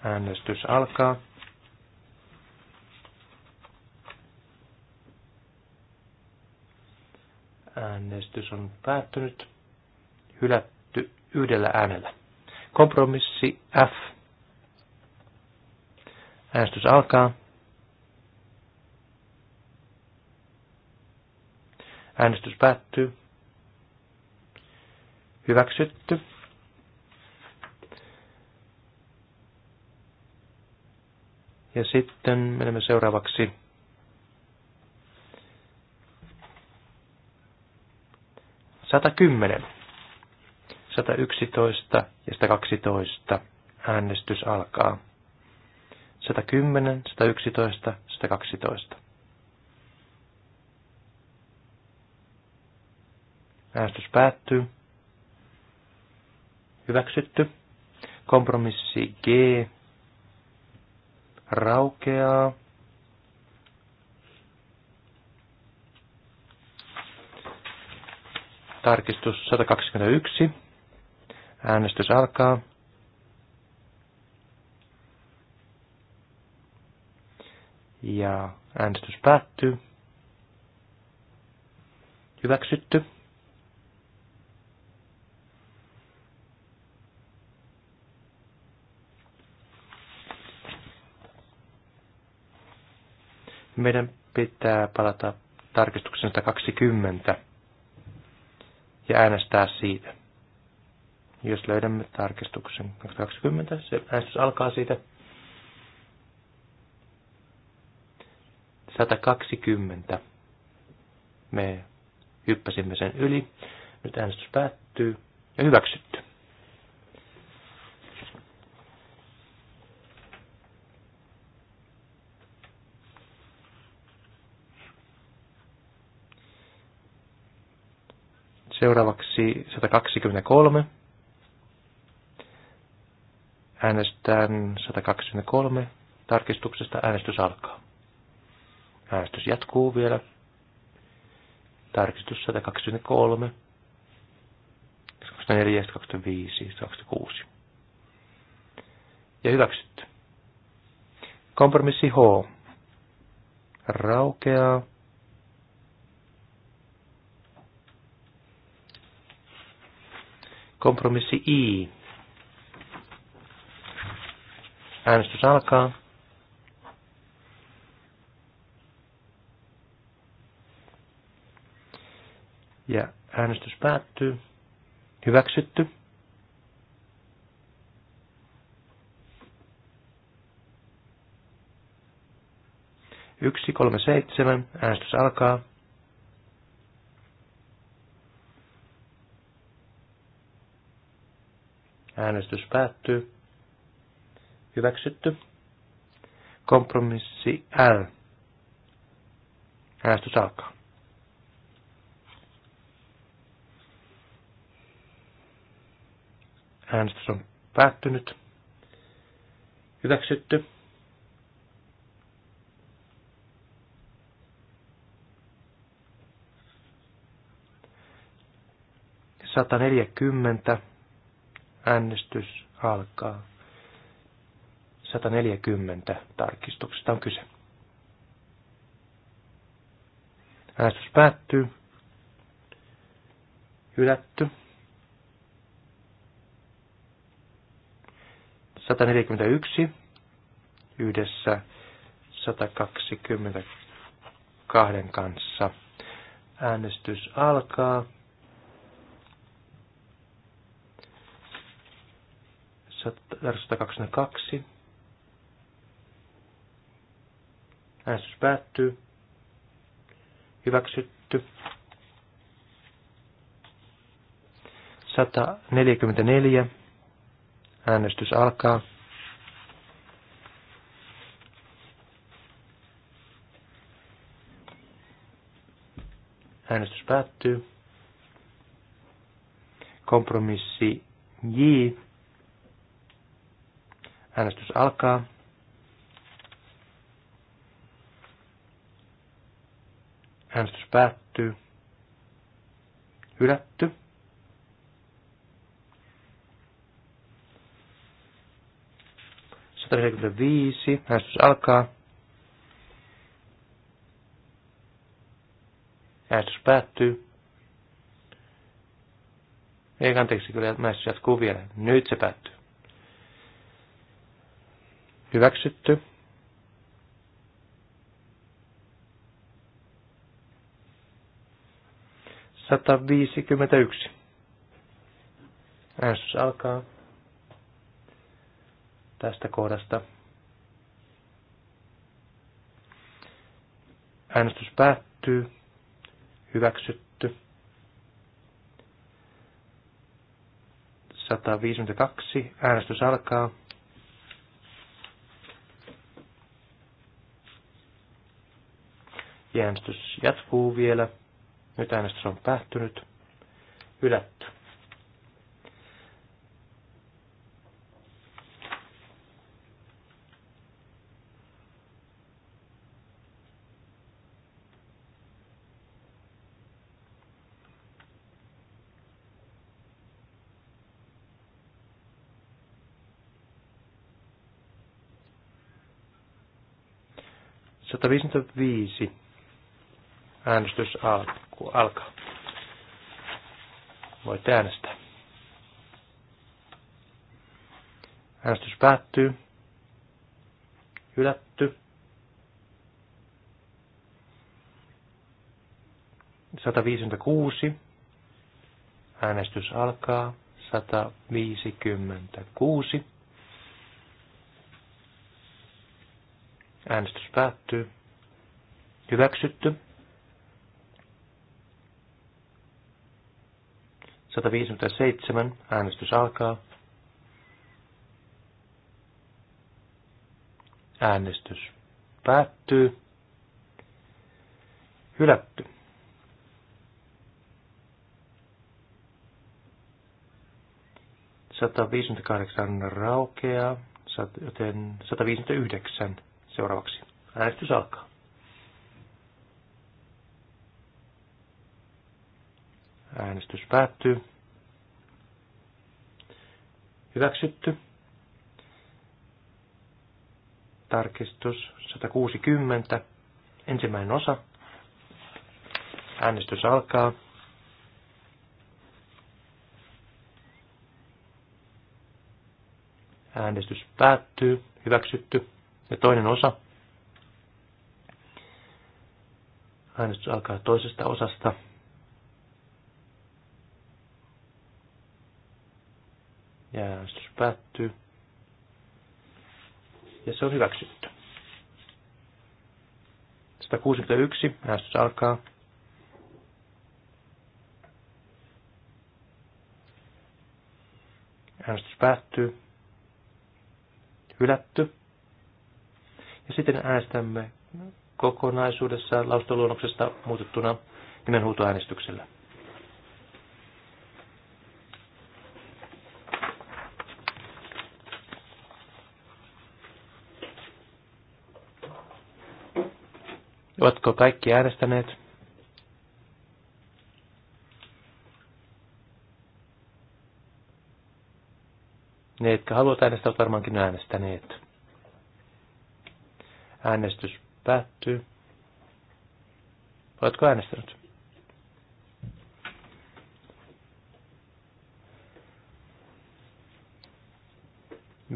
Äänestys alkaa. Äänestys on päättynyt. Hylätty yhdellä äänellä. Kompromissi F. Äänestys alkaa. Äänestys päättyy. Hyväksytty. Ja sitten menemme seuraavaksi Sata kymmenen, sata yksitoista ja sata kaksitoista äänestys alkaa. Sata kymmenen, sata yksitoista, sata kaksitoista. Äänestys päättyy. Hyväksytty. Kompromissi G raukeaa. Tarkistus 121. Äänestys alkaa. Ja äänestys päättyy. Hyväksytty. Meidän pitää palata tarkistuksen 120 ja äänestää siitä. Jos löydämme tarkistuksen 2020, se äänestys alkaa siitä. 120. Me hyppäsimme sen yli. Nyt äänestys päättyy ja hyväksytty. Seuraavaksi 123. Äänestän 123 tarkistuksesta. Äänestys alkaa. Äänestys jatkuu vielä. Tarkistus 123. 24, 25, 26. Ja hyväksytty. Kompromissi H. Raukeaa. Kompromissi I. Äänestys alkaa. Ja äänestys päättyy. Hyväksytty. Yksi, kolme, seitsemän. Äänestys alkaa. Äänestys päättyy. Hyväksytty. Kompromissi L. Äänestys alkaa. Äänestys on päättynyt. Hyväksytty. Sataneljäkymmentä. Äänestys alkaa. 140 tarkistuksesta on kyse. Äänestys päättyy. Hylätty. 141 yhdessä 122 kanssa. Äänestys alkaa. 122. Äänestys päättyy. Hyväksytty. 144. Äänestys alkaa. Äänestys päättyy. Kompromissi J Äänestys alkaa. Äänestys päättyy. Hylätty. viisi. Äänestys alkaa. Äänestys päättyy. Ei anteeksi, kyllä mä jatkuu vielä. Nyt se päättyy. Hyväksytty. Sata viisikymmentä yksi. Äänestys alkaa tästä kohdasta. Äänestys päättyy. Hyväksytty. 152. Äänestys alkaa. Äänestys jatkuu vielä. Nyt äänestys on päättynyt. Hylätty. viisi. Äänestys alkaa. Voitte äänestää. Äänestys päättyy. Hylätty. 156. Äänestys alkaa. 156. Äänestys päättyy. Hyväksytty. 157. Äänestys alkaa. Äänestys päättyy. Hylätty. Sata viisikymmentäkahdeksan raukeaa, joten 159 seuraavaksi. Äänestys alkaa. Äänestys päättyy. Hyväksytty. Tarkistus 160. Ensimmäinen osa. Äänestys alkaa. Äänestys päättyy. Hyväksytty. Ja toinen osa. Äänestys alkaa toisesta osasta. Ja äänestys päättyy. Ja se on hyväksytty. 161. Äänestys alkaa. Äänestys päättyy. Hylätty. Ja sitten äänestämme kokonaisuudessaan lausuntoluonnoksesta muutettuna nimenhuutoäänestyksellä. Ovatko kaikki äänestäneet? Ne, jotka haluat äänestää, ovat varmaankin äänestäneet. Äänestys päättyy. Oletko äänestänyt?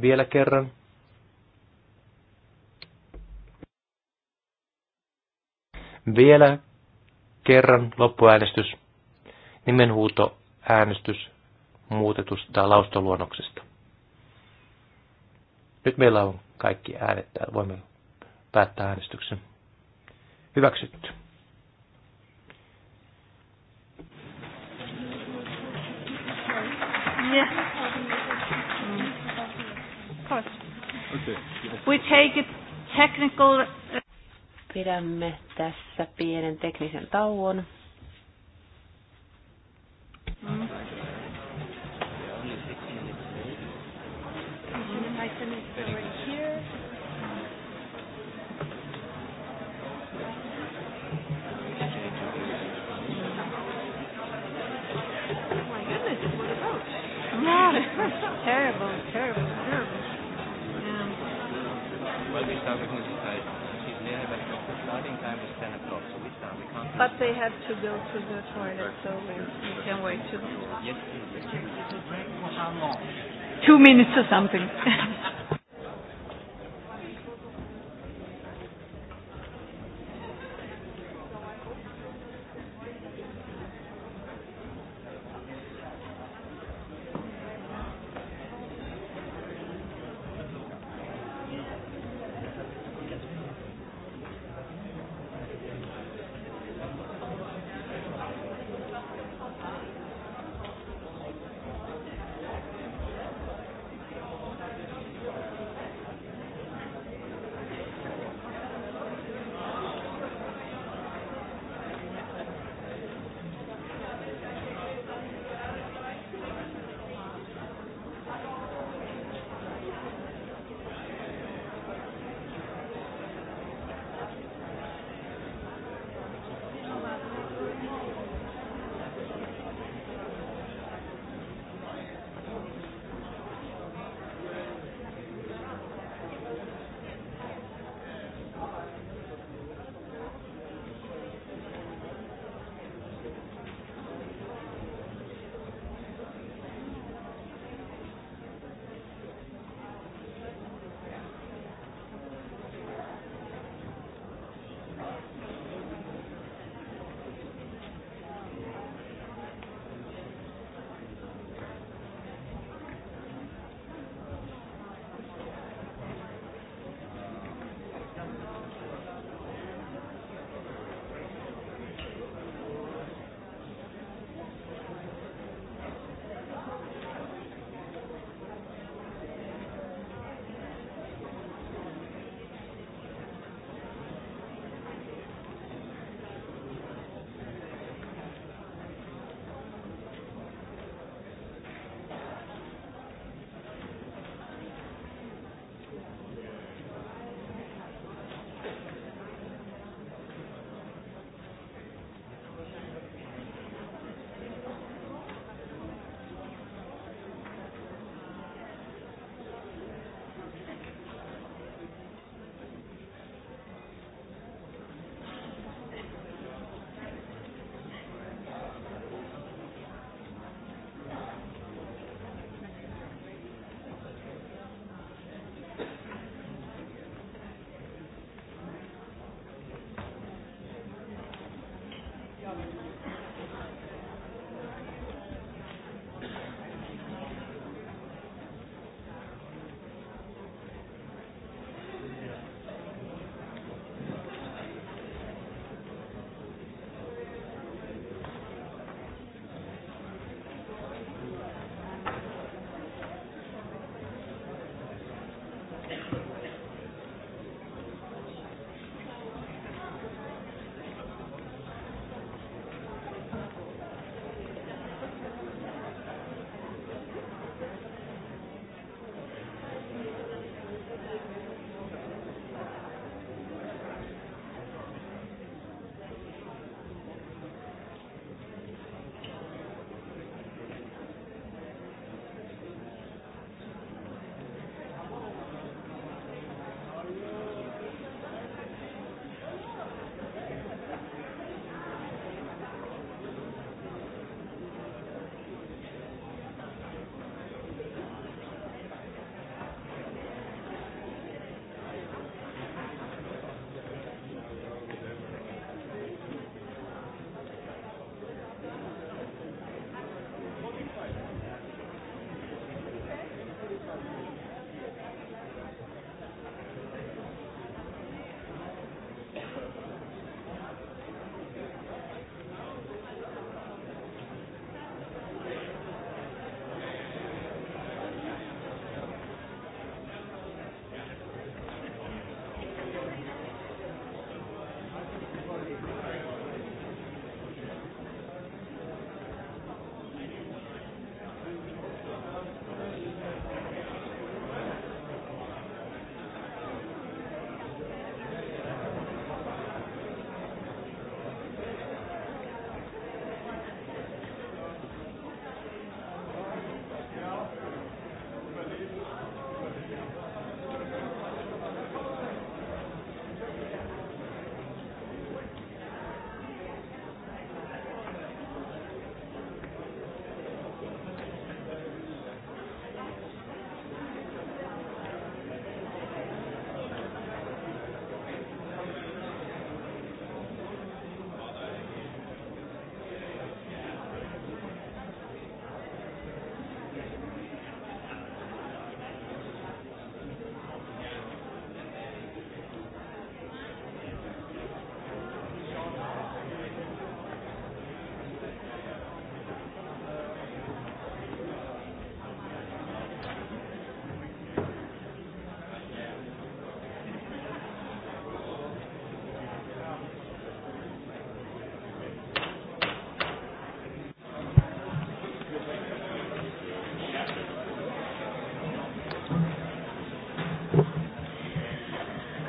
Vielä kerran. Vielä kerran loppuäänestys, nimenhuuto äänestys muutetusta laustoluonnoksesta. Nyt meillä on kaikki äänet täällä. Voimme päättää äänestyksen. Hyväksytty. Yeah. Mm. Okay. We take a technical Pidämme tässä pienen teknisen tauon. terrible, terrible, terrible. Yeah. well, we start with this starting time is 10 o'clock, so we start. We can't but they have to go to the toilet, so we, we can wait too long. Yes, Two minutes or something.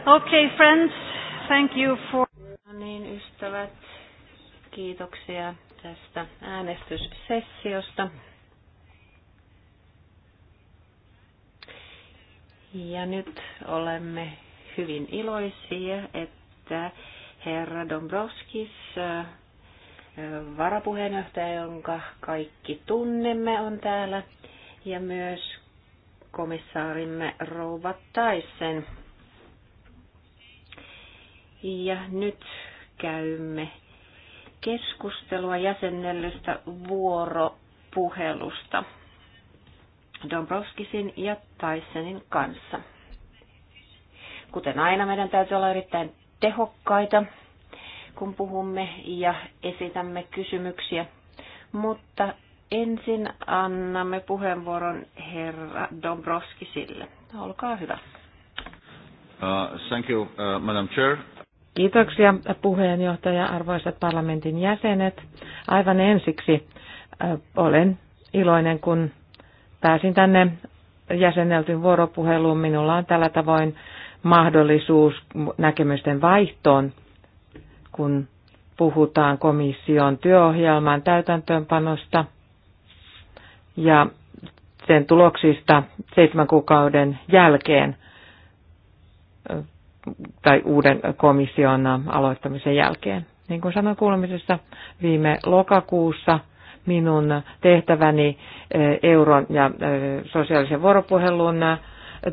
Okay, friends, thank you for... No niin, ystävät, kiitoksia tästä äänestyssessiosta. Ja nyt olemme hyvin iloisia, että herra Dombrovskis, äh, varapuheenjohtaja, jonka kaikki tunnemme, on täällä, ja myös komissaarimme Rouva Taisen ja nyt käymme keskustelua jäsennellystä vuoropuhelusta Dombrovskisin ja Tysonin kanssa. Kuten aina, meidän täytyy olla erittäin tehokkaita, kun puhumme ja esitämme kysymyksiä. Mutta ensin annamme puheenvuoron herra Dombrovskisille. Olkaa hyvä. Uh, thank you, uh, Madam Chair. Kiitoksia puheenjohtaja, arvoisat parlamentin jäsenet. Aivan ensiksi olen iloinen, kun pääsin tänne jäsenneltyyn vuoropuheluun. Minulla on tällä tavoin mahdollisuus näkemysten vaihtoon, kun puhutaan komission työohjelman täytäntöönpanosta ja sen tuloksista seitsemän kuukauden jälkeen tai uuden komission aloittamisen jälkeen. Niin kuin sanoin kuulemisessa viime lokakuussa, minun tehtäväni eh, euron ja eh, sosiaalisen vuoropuhelun eh,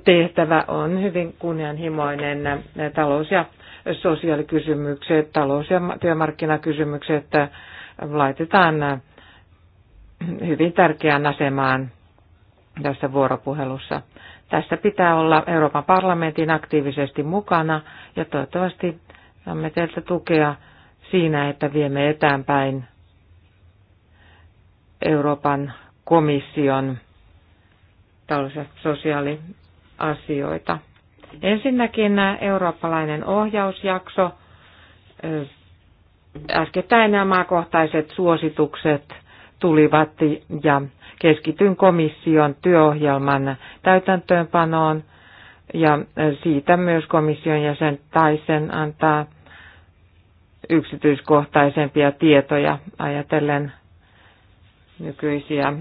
tehtävä on hyvin kunnianhimoinen talous- ja sosiaalikysymykset, talous- ja työmarkkinakysymykset laitetaan hyvin tärkeään asemaan tässä vuoropuhelussa. Tässä pitää olla Euroopan parlamentin aktiivisesti mukana ja toivottavasti saamme teiltä tukea siinä, että viemme eteenpäin Euroopan komission talous- ja sosiaaliasioita. Ensinnäkin eurooppalainen ohjausjakso, äskettäin nämä maakohtaiset suositukset tulivat ja keskityn komission työohjelman täytäntöönpanoon ja siitä myös komission jäsen Taisen antaa yksityiskohtaisempia tietoja ajatellen nykyisiä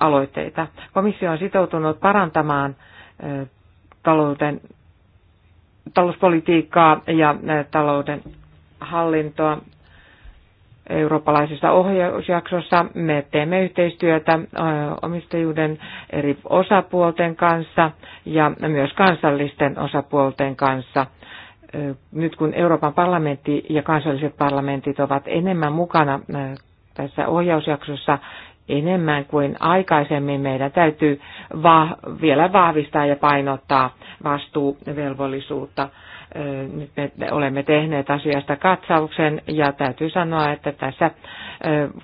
aloitteita. Komissio on sitoutunut parantamaan talouden, talouspolitiikkaa ja talouden hallintoa eurooppalaisessa ohjausjaksossa. Me teemme yhteistyötä omistajuuden eri osapuolten kanssa ja myös kansallisten osapuolten kanssa. Nyt kun Euroopan parlamentti ja kansalliset parlamentit ovat enemmän mukana tässä ohjausjaksossa enemmän kuin aikaisemmin, meidän täytyy va- vielä vahvistaa ja painottaa vastuuvelvollisuutta nyt me olemme tehneet asiasta katsauksen ja täytyy sanoa, että tässä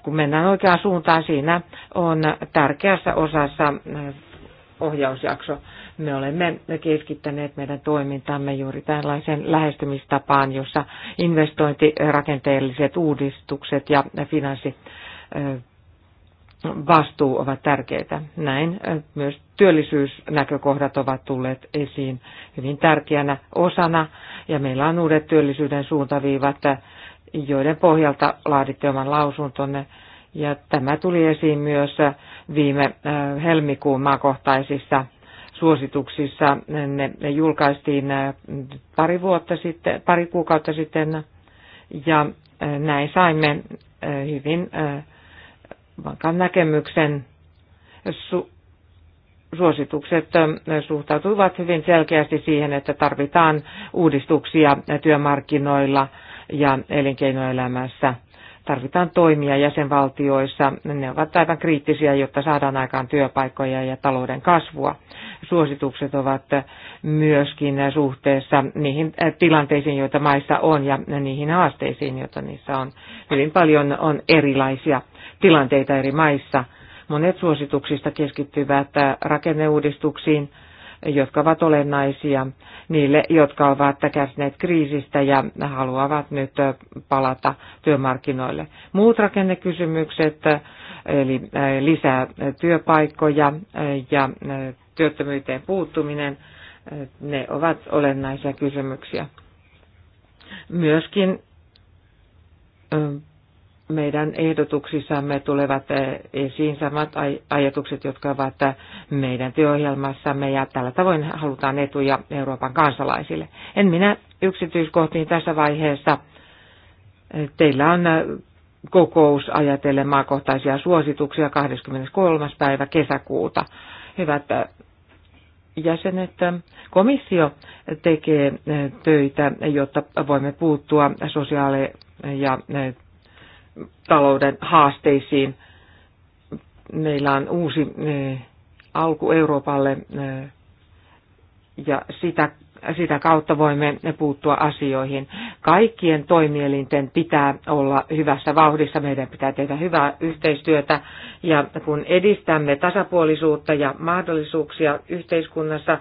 kun mennään oikeaan suuntaan, siinä on tärkeässä osassa ohjausjakso. Me olemme keskittäneet meidän toimintamme juuri tällaisen lähestymistapaan, jossa investointirakenteelliset uudistukset ja finanssi vastuu ovat tärkeitä. Näin myös työllisyysnäkökohdat ovat tulleet esiin hyvin tärkeänä osana ja meillä on uudet työllisyyden suuntaviivat, joiden pohjalta laaditte oman lausuntonne. Ja tämä tuli esiin myös viime helmikuun maakohtaisissa suosituksissa. Ne julkaistiin pari, vuotta sitten, pari kuukautta sitten ja näin saimme hyvin vankan näkemyksen su- suositukset suhtautuivat hyvin selkeästi siihen, että tarvitaan uudistuksia työmarkkinoilla ja elinkeinoelämässä. Tarvitaan toimia jäsenvaltioissa. Ne ovat aivan kriittisiä, jotta saadaan aikaan työpaikkoja ja talouden kasvua. Suositukset ovat myöskin suhteessa niihin tilanteisiin, joita maissa on ja niihin haasteisiin, joita niissä on. Hyvin paljon on erilaisia tilanteita eri maissa. Monet suosituksista keskittyvät rakenneuudistuksiin, jotka ovat olennaisia niille, jotka ovat kärsineet kriisistä ja haluavat nyt palata työmarkkinoille. Muut rakennekysymykset, eli lisää työpaikkoja ja työttömyyteen puuttuminen, ne ovat olennaisia kysymyksiä. Myöskin meidän ehdotuksissamme tulevat eh, esiin samat ajatukset, jotka ovat eh, meidän työohjelmassamme ja tällä tavoin halutaan etuja Euroopan kansalaisille. En minä yksityiskohtiin tässä vaiheessa. Eh, teillä on kokous ajatellen maakohtaisia suosituksia 23. päivä kesäkuuta. Hyvät jäsenet, komissio tekee töitä, jotta voimme puuttua sosiaali- ja talouden haasteisiin. Meillä on uusi eh, alku Euroopalle eh, ja sitä sitä kautta voimme puuttua asioihin. Kaikkien toimielinten pitää olla hyvässä vauhdissa, meidän pitää tehdä hyvää yhteistyötä ja kun edistämme tasapuolisuutta ja mahdollisuuksia yhteiskunnassa,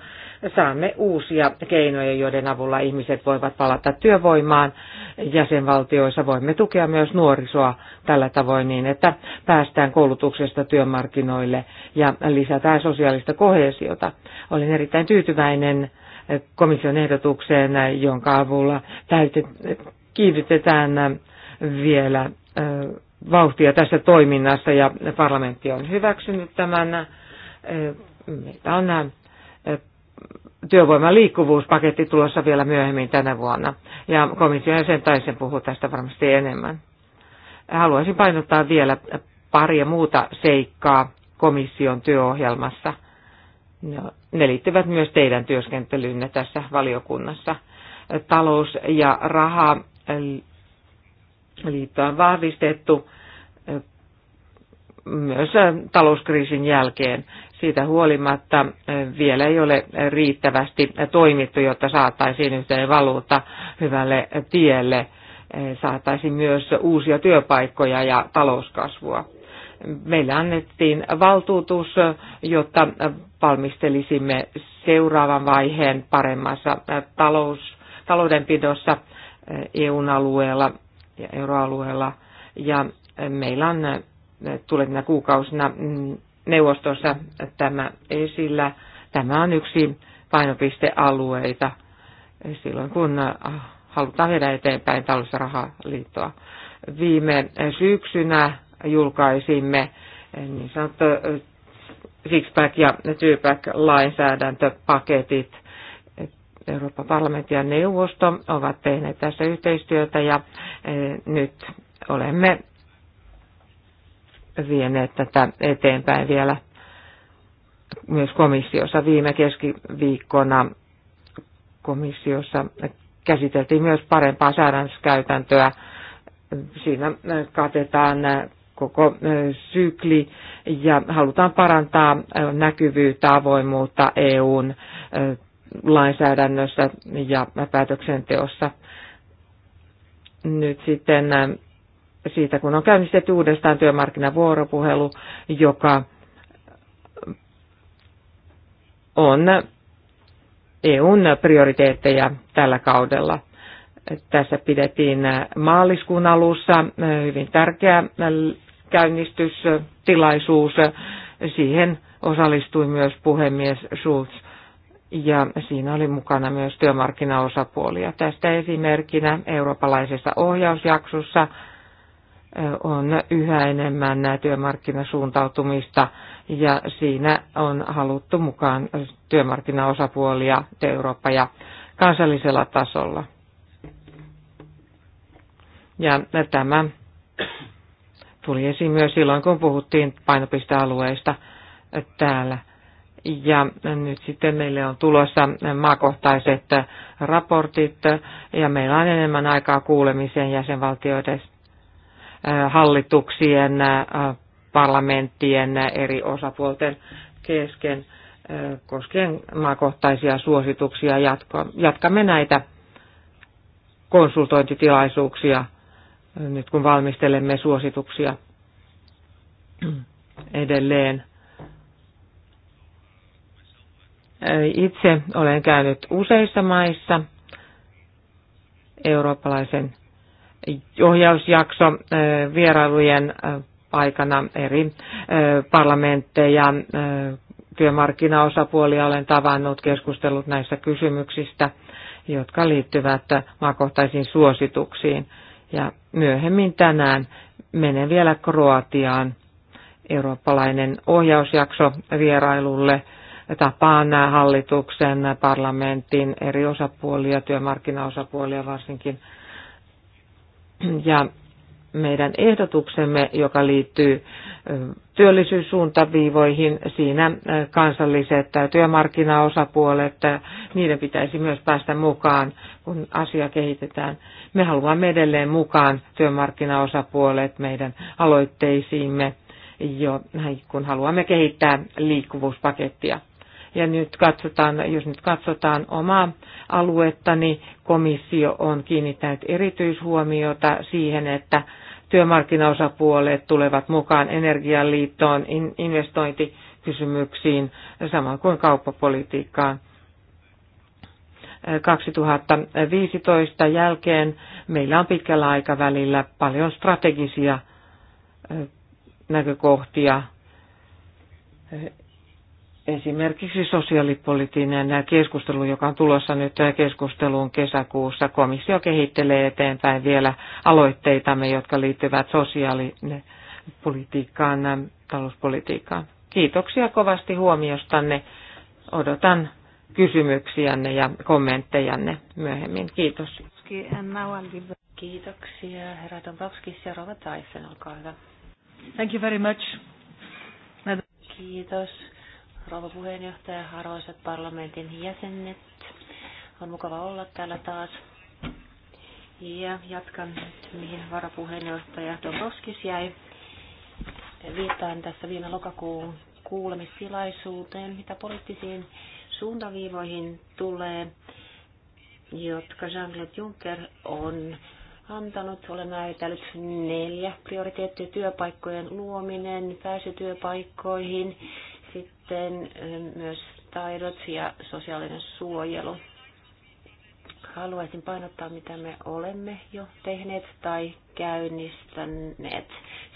saamme uusia keinoja, joiden avulla ihmiset voivat palata työvoimaan. Jäsenvaltioissa voimme tukea myös nuorisoa tällä tavoin niin, että päästään koulutuksesta työmarkkinoille ja lisätään sosiaalista kohesiota. Olen erittäin tyytyväinen komission ehdotukseen, jonka avulla kiivitetään vielä vauhtia tässä toiminnassa ja parlamentti on hyväksynyt tämän. Meitä on työvoiman liikkuvuuspaketti tulossa vielä myöhemmin tänä vuonna ja komission jäsen Taisen puhuu tästä varmasti enemmän. Haluaisin painottaa vielä paria muuta seikkaa komission työohjelmassa – No, ne liittyvät myös teidän työskentelyynne tässä valiokunnassa. Talous- ja rahaliittoa on vahvistettu myös talouskriisin jälkeen. Siitä huolimatta vielä ei ole riittävästi toimittu, jotta saataisiin yhteen valuutta hyvälle tielle. Saataisiin myös uusia työpaikkoja ja talouskasvua meille annettiin valtuutus, jotta valmistelisimme seuraavan vaiheen paremmassa talous, taloudenpidossa EUn alueella ja euroalueella. Ja meillä on tulevina kuukausina mm, neuvostossa tämä esillä. Tämä on yksi painopistealueita silloin, kun halutaan viedä eteenpäin talousrahaliittoa. Viime syksynä julkaisimme niin sanottu six-pack ja two-pack lainsäädäntöpaketit. Euroopan parlamentti ja neuvosto ovat tehneet tässä yhteistyötä ja nyt olemme vieneet tätä eteenpäin vielä myös komissiossa. Viime keskiviikkona komissiossa käsiteltiin myös parempaa säädännöskäytäntöä. Siinä katetaan koko sykli ja halutaan parantaa näkyvyyttä, avoimuutta EUn lainsäädännössä ja päätöksenteossa. Nyt sitten siitä, kun on käynnistetty uudestaan työmarkkinavuoropuhelu, joka on EUn prioriteetteja tällä kaudella. Tässä pidettiin maaliskuun alussa hyvin tärkeä käynnistystilaisuus. Siihen osallistui myös puhemies Schulz ja siinä oli mukana myös työmarkkinaosapuolia. Tästä esimerkkinä eurooppalaisessa ohjausjaksossa on yhä enemmän työmarkkinasuuntautumista ja siinä on haluttu mukaan työmarkkinaosapuolia Eurooppa ja kansallisella tasolla. Ja tämä tuli esiin myös silloin, kun puhuttiin painopistealueista täällä. Ja nyt sitten meille on tulossa maakohtaiset raportit ja meillä on enemmän aikaa kuulemiseen jäsenvaltioiden äh, hallituksien, äh, parlamenttien äh, eri osapuolten kesken koskien maakohtaisia suosituksia. jatkamme näitä konsultointitilaisuuksia nyt kun valmistelemme suosituksia edelleen. Itse olen käynyt useissa maissa eurooppalaisen ohjausjakso vierailujen aikana eri parlamentteja, työmarkkinaosapuolia olen tavannut, keskustellut näistä kysymyksistä, jotka liittyvät maakohtaisiin suosituksiin. Ja myöhemmin tänään menen vielä Kroatiaan eurooppalainen ohjausjakso vierailulle. Tapaan hallituksen, parlamentin eri osapuolia, työmarkkinaosapuolia varsinkin. Ja meidän ehdotuksemme, joka liittyy työllisyyssuuntaviivoihin. Siinä kansalliset työmarkkinaosapuolet, niiden pitäisi myös päästä mukaan, kun asia kehitetään. Me haluamme edelleen mukaan työmarkkinaosapuolet meidän aloitteisiimme, jo, kun haluamme kehittää liikkuvuuspakettia. Ja nyt katsotaan, jos nyt katsotaan omaa aluettani, komissio on kiinnittänyt erityishuomiota siihen, että työmarkkinaosapuolet tulevat mukaan energialiittoon, investointikysymyksiin, samoin kuin kauppapolitiikkaan. 2015 jälkeen meillä on pitkällä aikavälillä paljon strategisia näkökohtia esimerkiksi sosiaalipoliittinen keskustelu, joka on tulossa nyt keskusteluun kesäkuussa. Komissio kehittelee eteenpäin vielä aloitteitamme, jotka liittyvät sosiaalipolitiikkaan, talouspolitiikkaan. Kiitoksia kovasti huomiostanne. Odotan kysymyksiänne ja kommenttejanne myöhemmin. Kiitos. Kiitoksia, herra Dombrovski, seuraava Rova Tyson, olkaa hyvä. Thank you very much. Kiitos rouva puheenjohtaja, arvoisat parlamentin jäsenet. On mukava olla täällä taas. Ja jatkan nyt, mihin varapuheenjohtaja Dombrovskis jäi. Viittaan tässä viime lokakuun kuulemistilaisuuteen, mitä poliittisiin suuntaviivoihin tulee, jotka Jean-Claude Juncker on antanut. Olen määritellyt neljä prioriteettia työpaikkojen luominen, pääsy työpaikkoihin, sitten myös taidot ja sosiaalinen suojelu. Haluaisin painottaa, mitä me olemme jo tehneet tai käynnistäneet.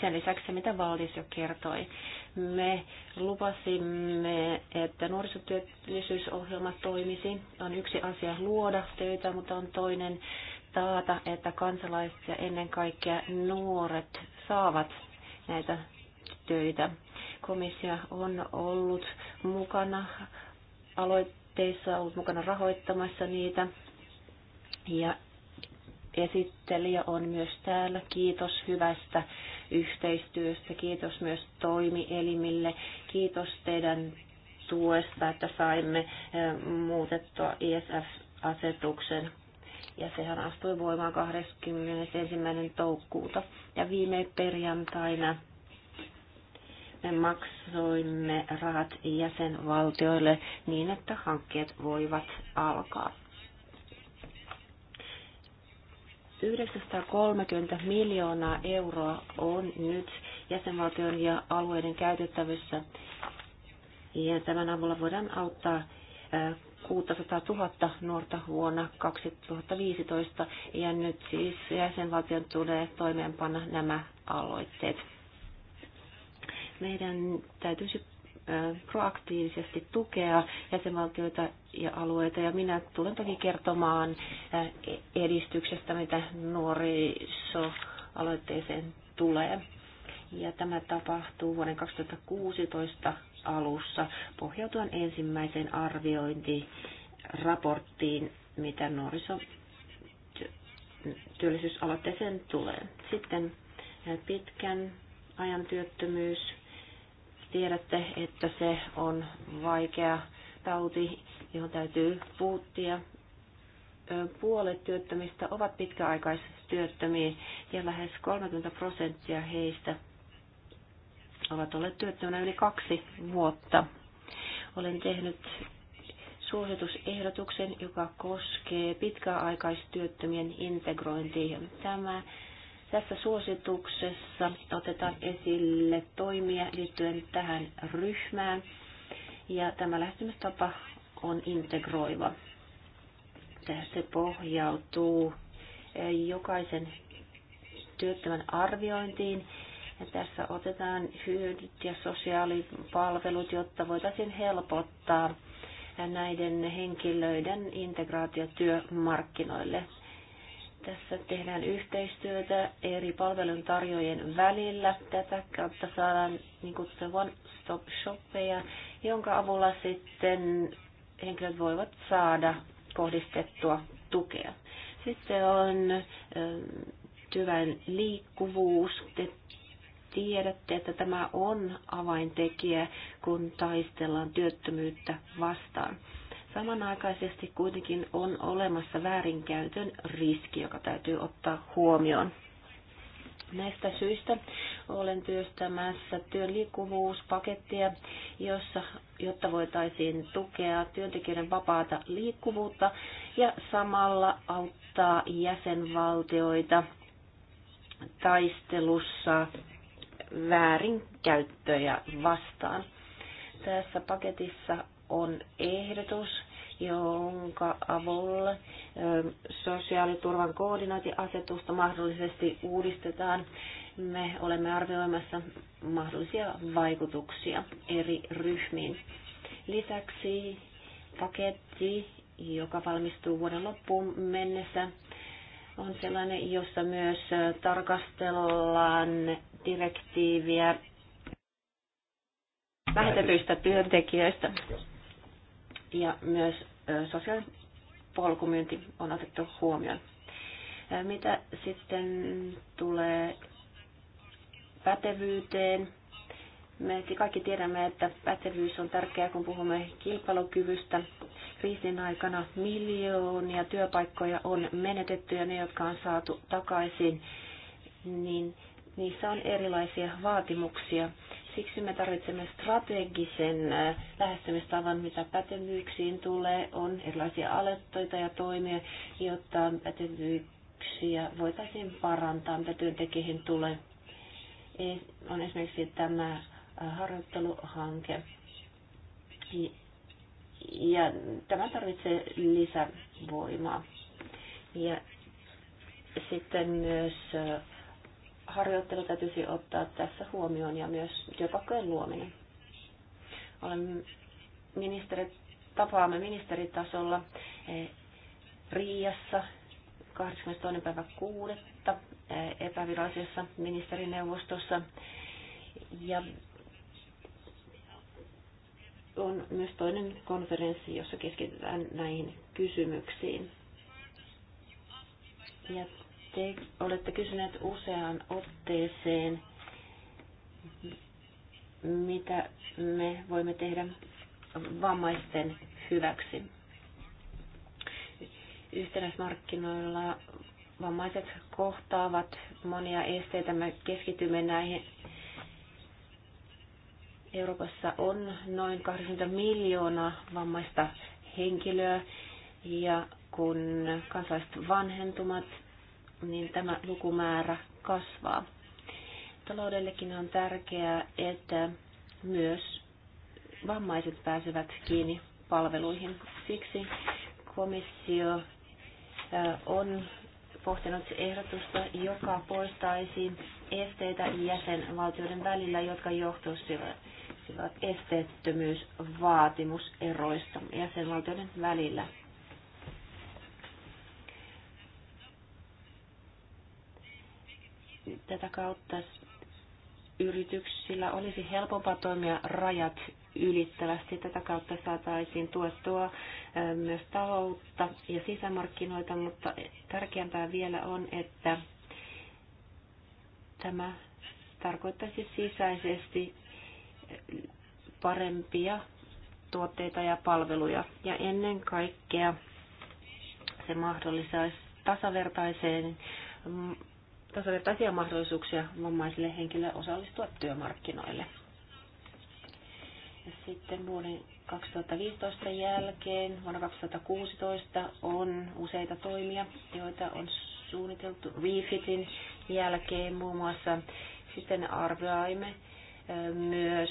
Sen lisäksi, se mitä Valdis jo kertoi, me lupasimme, että nuorisotyöllisyysohjelma toimisi. On yksi asia luoda töitä, mutta on toinen taata, että kansalaiset ja ennen kaikkea nuoret saavat näitä töitä komissio on ollut mukana aloitteissa, ollut mukana rahoittamassa niitä. Ja esittelijä on myös täällä. Kiitos hyvästä yhteistyöstä. Kiitos myös toimielimille. Kiitos teidän tuesta, että saimme eh, muutettua ISF-asetuksen. Ja sehän astui voimaan 21. toukokuuta. Ja viime perjantaina me maksoimme rahat jäsenvaltioille niin, että hankkeet voivat alkaa. 930 miljoonaa euroa on nyt jäsenvaltion ja alueiden käytettävissä. Ja tämän avulla voidaan auttaa 600 000 nuorta vuonna 2015. Ja nyt siis jäsenvaltion tulee toimeenpanna nämä aloitteet. Meidän täytyisi proaktiivisesti tukea jäsenvaltioita ja alueita. Ja minä tulen toki kertomaan edistyksestä, mitä nuorisoaloitteeseen tulee. Ja tämä tapahtuu vuoden 2016 alussa pohjautuen ensimmäiseen arviointiraporttiin, mitä nuorisotyöllisyysaloitteeseen tulee. Sitten pitkän ajan työttömyys, tiedätte, että se on vaikea tauti, johon täytyy puuttia. Puolet työttömistä ovat pitkäaikaistyöttömiä ja lähes 30 prosenttia heistä ovat olleet työttömänä yli kaksi vuotta. Olen tehnyt suositusehdotuksen, joka koskee pitkäaikaistyöttömien integrointia. Tämä tässä suosituksessa otetaan esille toimia liittyen tähän ryhmään ja tämä lähestymistapa on integroiva. Se pohjautuu eh, jokaisen työttömän arviointiin ja tässä otetaan hyödyt ja sosiaalipalvelut, jotta voitaisiin helpottaa näiden henkilöiden integraatio työmarkkinoille. Tässä tehdään yhteistyötä eri palveluntarjoajien välillä. Tätä kautta saadaan niin kutsuttuja one-stop-shoppeja, jonka avulla sitten henkilöt voivat saada kohdistettua tukea. Sitten on työn liikkuvuus. Te tiedätte, että tämä on avaintekijä, kun taistellaan työttömyyttä vastaan. Samanaikaisesti kuitenkin on olemassa väärinkäytön riski, joka täytyy ottaa huomioon. Näistä syistä olen työstämässä työn liikkuvuuspakettia, jossa, jotta voitaisiin tukea työntekijöiden vapaata liikkuvuutta ja samalla auttaa jäsenvaltioita taistelussa väärinkäyttöjä vastaan. Tässä paketissa on ehdotus, jonka avulla sosiaaliturvan koordinaatiasetusta mahdollisesti uudistetaan. Me olemme arvioimassa mahdollisia vaikutuksia eri ryhmiin. Lisäksi paketti, joka valmistuu vuoden loppuun mennessä, on sellainen, jossa myös tarkastellaan direktiiviä vähetetyistä työntekijöistä. Ja myös sosiaalipolkumyynti on otettu huomioon. Mitä sitten tulee pätevyyteen? Me kaikki tiedämme, että pätevyys on tärkeää, kun puhumme kilpailukyvystä. Kriisin aikana miljoonia työpaikkoja on menetetty ja ne, jotka on saatu takaisin, niin niissä on erilaisia vaatimuksia Siksi me tarvitsemme strategisen äh, lähestymistavan, mitä pätevyyksiin tulee, on erilaisia alettoita ja toimia, jotta pätevyyksiä voitaisiin parantaa, mitä työntekijöihin tulee. E, on esimerkiksi tämä äh, harjoitteluhanke. Ja tämä tarvitsee lisävoimaa. Ja sitten myös äh, harjoittelu täytyisi ottaa tässä huomioon ja myös työpaikkojen luominen. Olemme ministeri, tapaamme ministeritasolla eh, Riassa 22. päivä 6. Eh, epävirallisessa ministerineuvostossa. Ja on myös toinen konferenssi, jossa keskitytään näihin kysymyksiin. Ja te olette kysyneet useaan otteeseen, mitä me voimme tehdä vammaisten hyväksi. Yhtenäismarkkinoilla vammaiset kohtaavat monia esteitä. Me keskitymme näihin. Euroopassa on noin 80 miljoonaa vammaista henkilöä ja kun kansalaiset vanhentumat, niin tämä lukumäärä kasvaa. Taloudellekin on tärkeää, että myös vammaiset pääsevät kiinni palveluihin. Siksi komissio on pohtinut ehdotusta, joka poistaisi esteitä jäsenvaltioiden välillä, jotka johtuisivat esteettömyysvaatimuseroista jäsenvaltioiden välillä. Tätä kautta yrityksillä olisi helpompaa toimia rajat ylittävästi. Tätä kautta saataisiin tuettua myös taloutta ja sisämarkkinoita, mutta tärkeämpää vielä on, että tämä tarkoittaisi sisäisesti parempia tuotteita ja palveluja. Ja ennen kaikkea se mahdollistaisi tasavertaiseen tasavertaisia mahdollisuuksia vammaisille henkilöille osallistua työmarkkinoille. Ja sitten vuoden 2015 jälkeen vuonna 2016 on useita toimia, joita on suunniteltu Refitin jälkeen muun muassa. Sitten arvioimme myös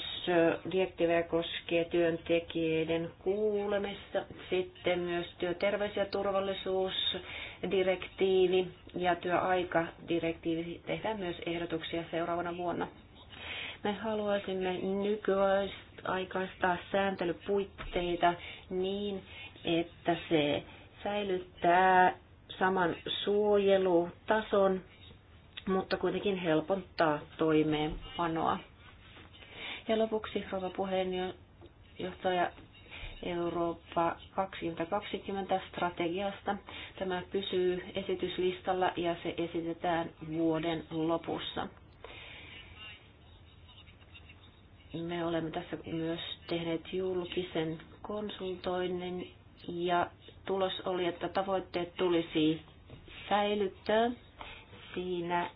direktiivejä koskee työntekijöiden kuulemista, sitten myös työterveys ja turvallisuus, direktiivi ja työaikadirektiivi tehdään myös ehdotuksia seuraavana vuonna. Me haluaisimme nykyaikaistaa sääntelypuitteita niin, että se säilyttää saman suojelutason, mutta kuitenkin helpottaa toimeenpanoa. Ja lopuksi, rouva puheenjohtaja, Eurooppa 2020 strategiasta. Tämä pysyy esityslistalla ja se esitetään vuoden lopussa. Me olemme tässä myös tehneet julkisen konsultoinnin ja tulos oli, että tavoitteet tulisi säilyttää. Siinä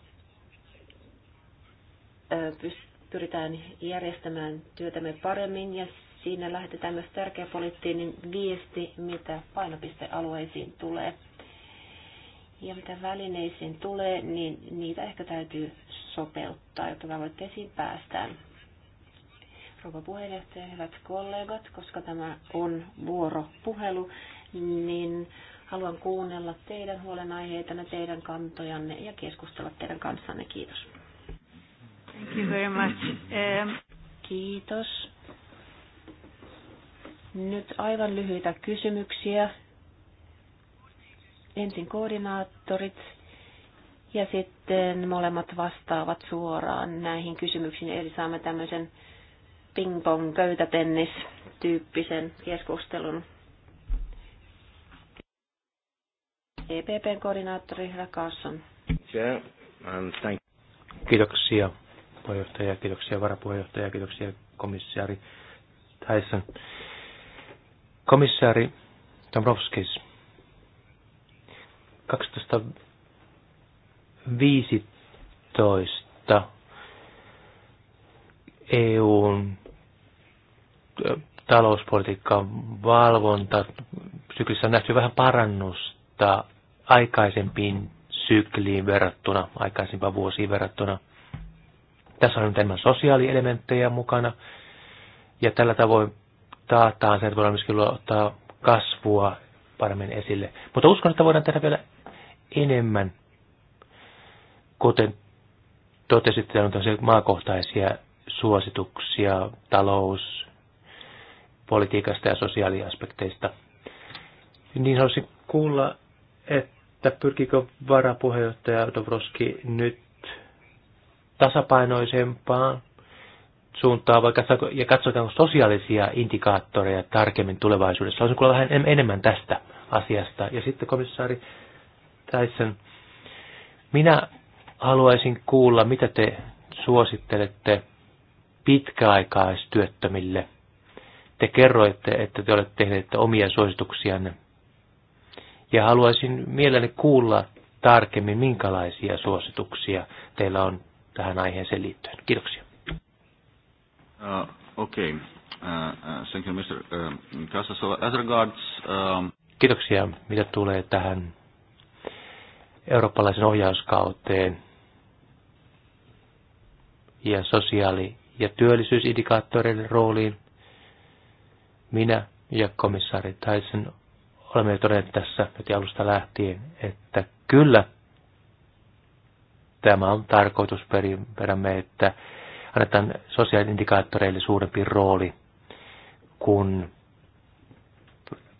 pyritään järjestämään työtämme paremmin ja Siinä lähetetään myös tärkeä poliittinen viesti, mitä painopistealueisiin tulee. Ja mitä välineisiin tulee, niin niitä ehkä täytyy sopeuttaa, jotta tavoitteisiin päästään. Rouva puheenjohtaja, hyvät kollegat, koska tämä on vuoropuhelu, niin haluan kuunnella teidän huolenaiheitanne, teidän kantojanne ja keskustella teidän kanssanne. Kiitos. Thank you very much. Um... Kiitos. Nyt aivan lyhyitä kysymyksiä. Ensin koordinaattorit ja sitten molemmat vastaavat suoraan näihin kysymyksiin. Eli saamme tämmöisen ping-pong pöytätennis-tyyppisen keskustelun. EPPn koordinaattori Rakasson. Kiitoksia puheenjohtaja, kiitoksia varapuheenjohtaja, kiitoksia komissaari Tyson Komissaari Dombrovskis, 2015 EUn talouspolitiikan valvonta syklissä on nähty vähän parannusta aikaisempiin sykliin verrattuna, aikaisempaan vuosiin verrattuna. Tässä on nyt enemmän sosiaalielementtejä mukana, ja tällä tavoin taataan se, että voidaan myöskin ottaa kasvua paremmin esille. Mutta uskon, että voidaan tehdä vielä enemmän, kuten totesitte, on tämmöisiä maakohtaisia suosituksia talous, politiikasta ja sosiaaliaspekteista. Niin haluaisin kuulla, että pyrkikö varapuheenjohtaja Dobroski nyt tasapainoisempaan suuntaa, vai katsotaanko, ja katsotaanko sosiaalisia indikaattoreja tarkemmin tulevaisuudessa. Olisin kuulla vähän enemmän tästä asiasta. Ja sitten komissaari Tyson, minä haluaisin kuulla, mitä te suosittelette pitkäaikaistyöttömille. Te kerroitte, että te olette tehneet omia suosituksianne. Ja haluaisin mielelläni kuulla tarkemmin, minkälaisia suosituksia teillä on tähän aiheeseen liittyen. Kiitoksia. Kiitoksia, mitä tulee tähän eurooppalaisen ohjauskauteen ja sosiaali- ja työllisyysindikaattoreiden rooliin. Minä ja komissaari Tyson olemme jo todenneet tässä nyt alusta lähtien, että kyllä tämä on tarkoitusperämme, että annetaan sosiaaliindikaattoreille suurempi rooli, kun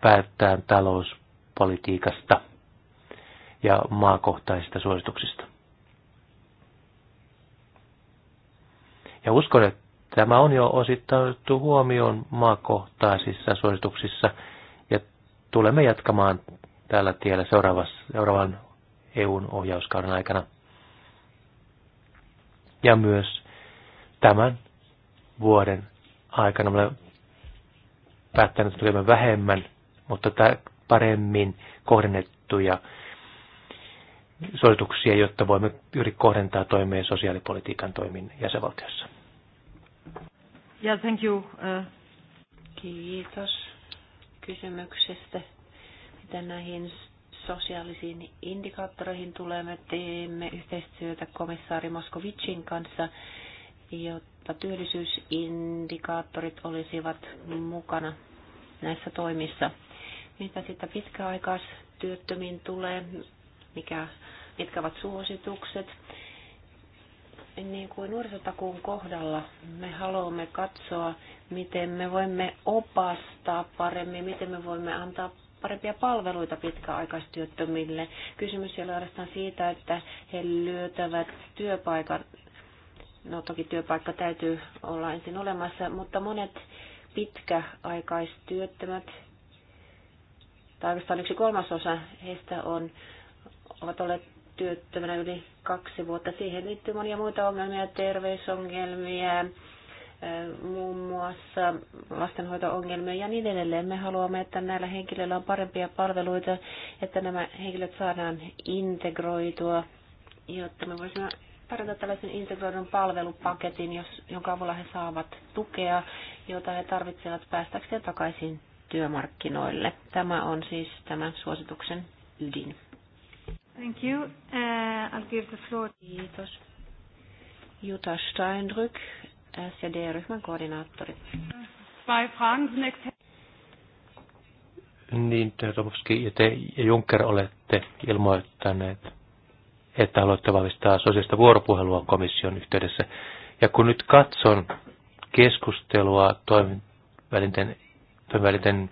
päättää talouspolitiikasta ja maakohtaisista suosituksista. Ja uskon, että tämä on jo osittain otettu huomioon maakohtaisissa suosituksissa ja tulemme jatkamaan tällä tiellä seuraavan EUn ohjauskauden aikana. Ja myös tämän vuoden aikana olen päättäneet tekemään vähemmän, mutta paremmin kohdennettuja suosituksia, jotta voimme juuri kohdentaa toimeen sosiaalipolitiikan toimin jäsenvaltiossa. Yeah, thank you. Uh, kiitos kysymyksestä. Mitä näihin sosiaalisiin indikaattoreihin tulee, me teemme yhteistyötä komissaari Moskovicin kanssa jotta työllisyysindikaattorit olisivat mukana näissä toimissa. Mitä sitten pitkäaikaistyöttömiin tulee, mikä, mitkä ovat suositukset? Niin kuin nuorisotakuun kohdalla me haluamme katsoa, miten me voimme opastaa paremmin, miten me voimme antaa parempia palveluita pitkäaikaistyöttömille. Kysymys ei ole siitä, että he löytävät työpaikan, No toki työpaikka täytyy olla ensin olemassa, mutta monet pitkäaikaistyöttömät, tai oikeastaan yksi kolmasosa heistä on, ovat olleet työttömänä yli kaksi vuotta. Siihen liittyy monia muita ongelmia, terveysongelmia, muun muassa lastenhoito-ongelmia ja niin edelleen. Me haluamme, että näillä henkilöillä on parempia palveluita, että nämä henkilöt saadaan integroitua, jotta me voisimme tarjota tällaisen integroidun palvelupaketin, jos, jonka avulla he saavat tukea, jota he tarvitsevat päästäkseen takaisin työmarkkinoille. Tämä on siis tämän suosituksen ydin. Thank you. Uh, I'll give the floor. Kiitos. Jutta Steinrück, SED-ryhmän koordinaattori. niin Dombrovski ja te ja Juncker olette ilmoittaneet että aloitte valistaa sosiaalista vuoropuhelua komission yhteydessä. Ja kun nyt katson keskustelua toimivälinten, toimivälinten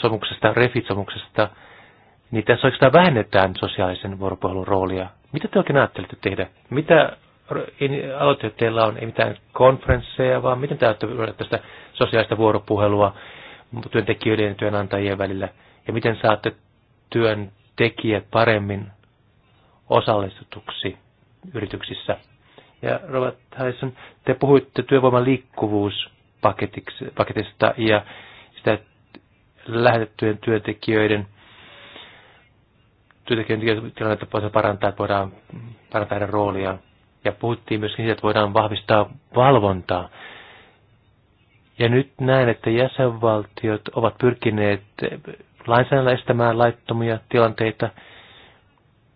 sopimuksesta, refit-sopimuksesta, niin tässä oikeastaan vähennetään sosiaalisen vuoropuhelun roolia. Mitä te oikein ajattelette tehdä? Mitä aloitteet teillä on? Ei mitään konferensseja, vaan miten te ajattelette tästä sosiaalista vuoropuhelua työntekijöiden ja työnantajien välillä? Ja miten saatte työntekijät paremmin osallistutuksi yrityksissä. Ja Robert Tyson, te puhuitte työvoiman liikkuvuuspaketista ja sitä lähetettyjen työntekijöiden työntekijöiden tilannetta voidaan parantaa, että voidaan parantaa heidän rooliaan. Ja puhuttiin myöskin siitä, että voidaan vahvistaa valvontaa. Ja nyt näen, että jäsenvaltiot ovat pyrkineet lainsäädännöllä estämään laittomia tilanteita –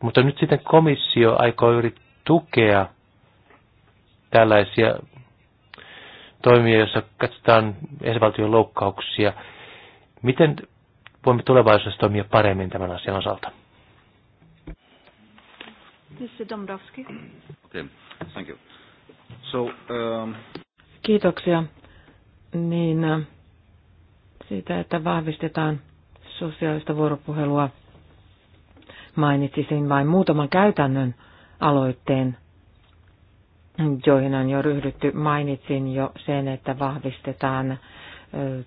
mutta nyt sitten komissio aikoo yrittää tukea tällaisia toimia, joissa katsotaan esivaltion loukkauksia. Miten voimme tulevaisuudessa toimia paremmin tämän asian osalta? Mr. Okay, thank you. So, um... Kiitoksia. Niin, äh, siitä, että vahvistetaan sosiaalista vuoropuhelua Mainitsisin vain muutaman käytännön aloitteen, joihin on jo ryhdytty. Mainitsin jo sen, että vahvistetaan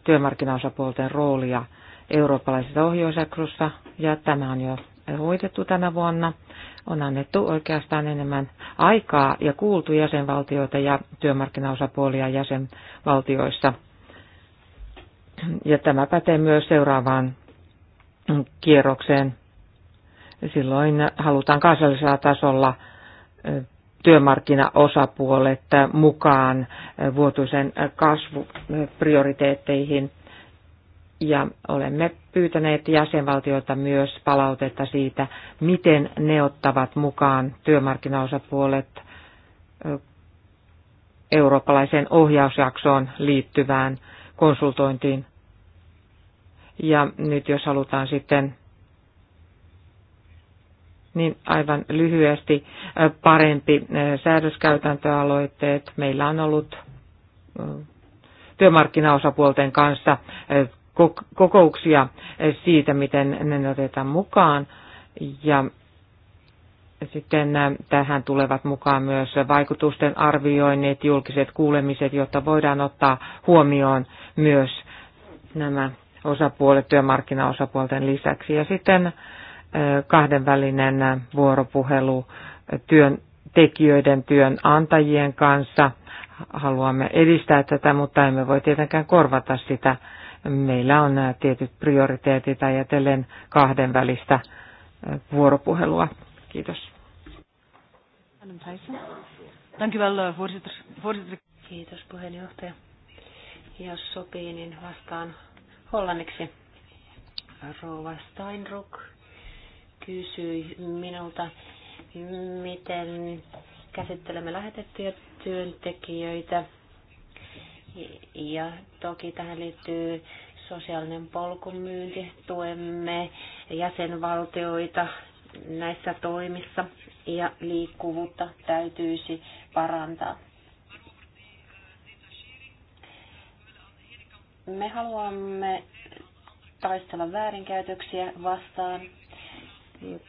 työmarkkinaosapuolten roolia eurooppalaisessa ohjausjaksossa, ja tämä on jo hoitettu tänä vuonna. On annettu oikeastaan enemmän aikaa ja kuultu jäsenvaltioita ja työmarkkinaosapuolia jäsenvaltioissa. Ja tämä pätee myös seuraavaan kierrokseen Silloin halutaan kansallisella tasolla työmarkkinaosapuolet mukaan vuotuisen kasvuprioriteetteihin. Ja olemme pyytäneet jäsenvaltioita myös palautetta siitä, miten ne ottavat mukaan työmarkkinaosapuolet eurooppalaiseen ohjausjaksoon liittyvään konsultointiin. Ja nyt jos halutaan sitten niin aivan lyhyesti parempi säädöskäytäntöaloitteet. Meillä on ollut työmarkkinaosapuolten kanssa kokouksia siitä, miten ne otetaan mukaan. Ja sitten tähän tulevat mukaan myös vaikutusten arvioinnit, julkiset kuulemiset, jotta voidaan ottaa huomioon myös nämä osapuolet työmarkkinaosapuolten lisäksi. Ja sitten kahdenvälinen vuoropuhelu työntekijöiden, työnantajien kanssa. Haluamme edistää tätä, mutta emme voi tietenkään korvata sitä. Meillä on nämä tietyt prioriteetit ajatellen kahdenvälistä vuoropuhelua. Kiitos. Uh, Kiitos puheenjohtaja. Jos sopii, niin vastaan hollanniksi. Rova Steinruck kysyi minulta, miten käsittelemme lähetettyjä työntekijöitä. Ja toki tähän liittyy sosiaalinen polkumyynti. Tuemme jäsenvaltioita näissä toimissa ja liikkuvuutta täytyisi parantaa. Me haluamme taistella väärinkäytöksiä vastaan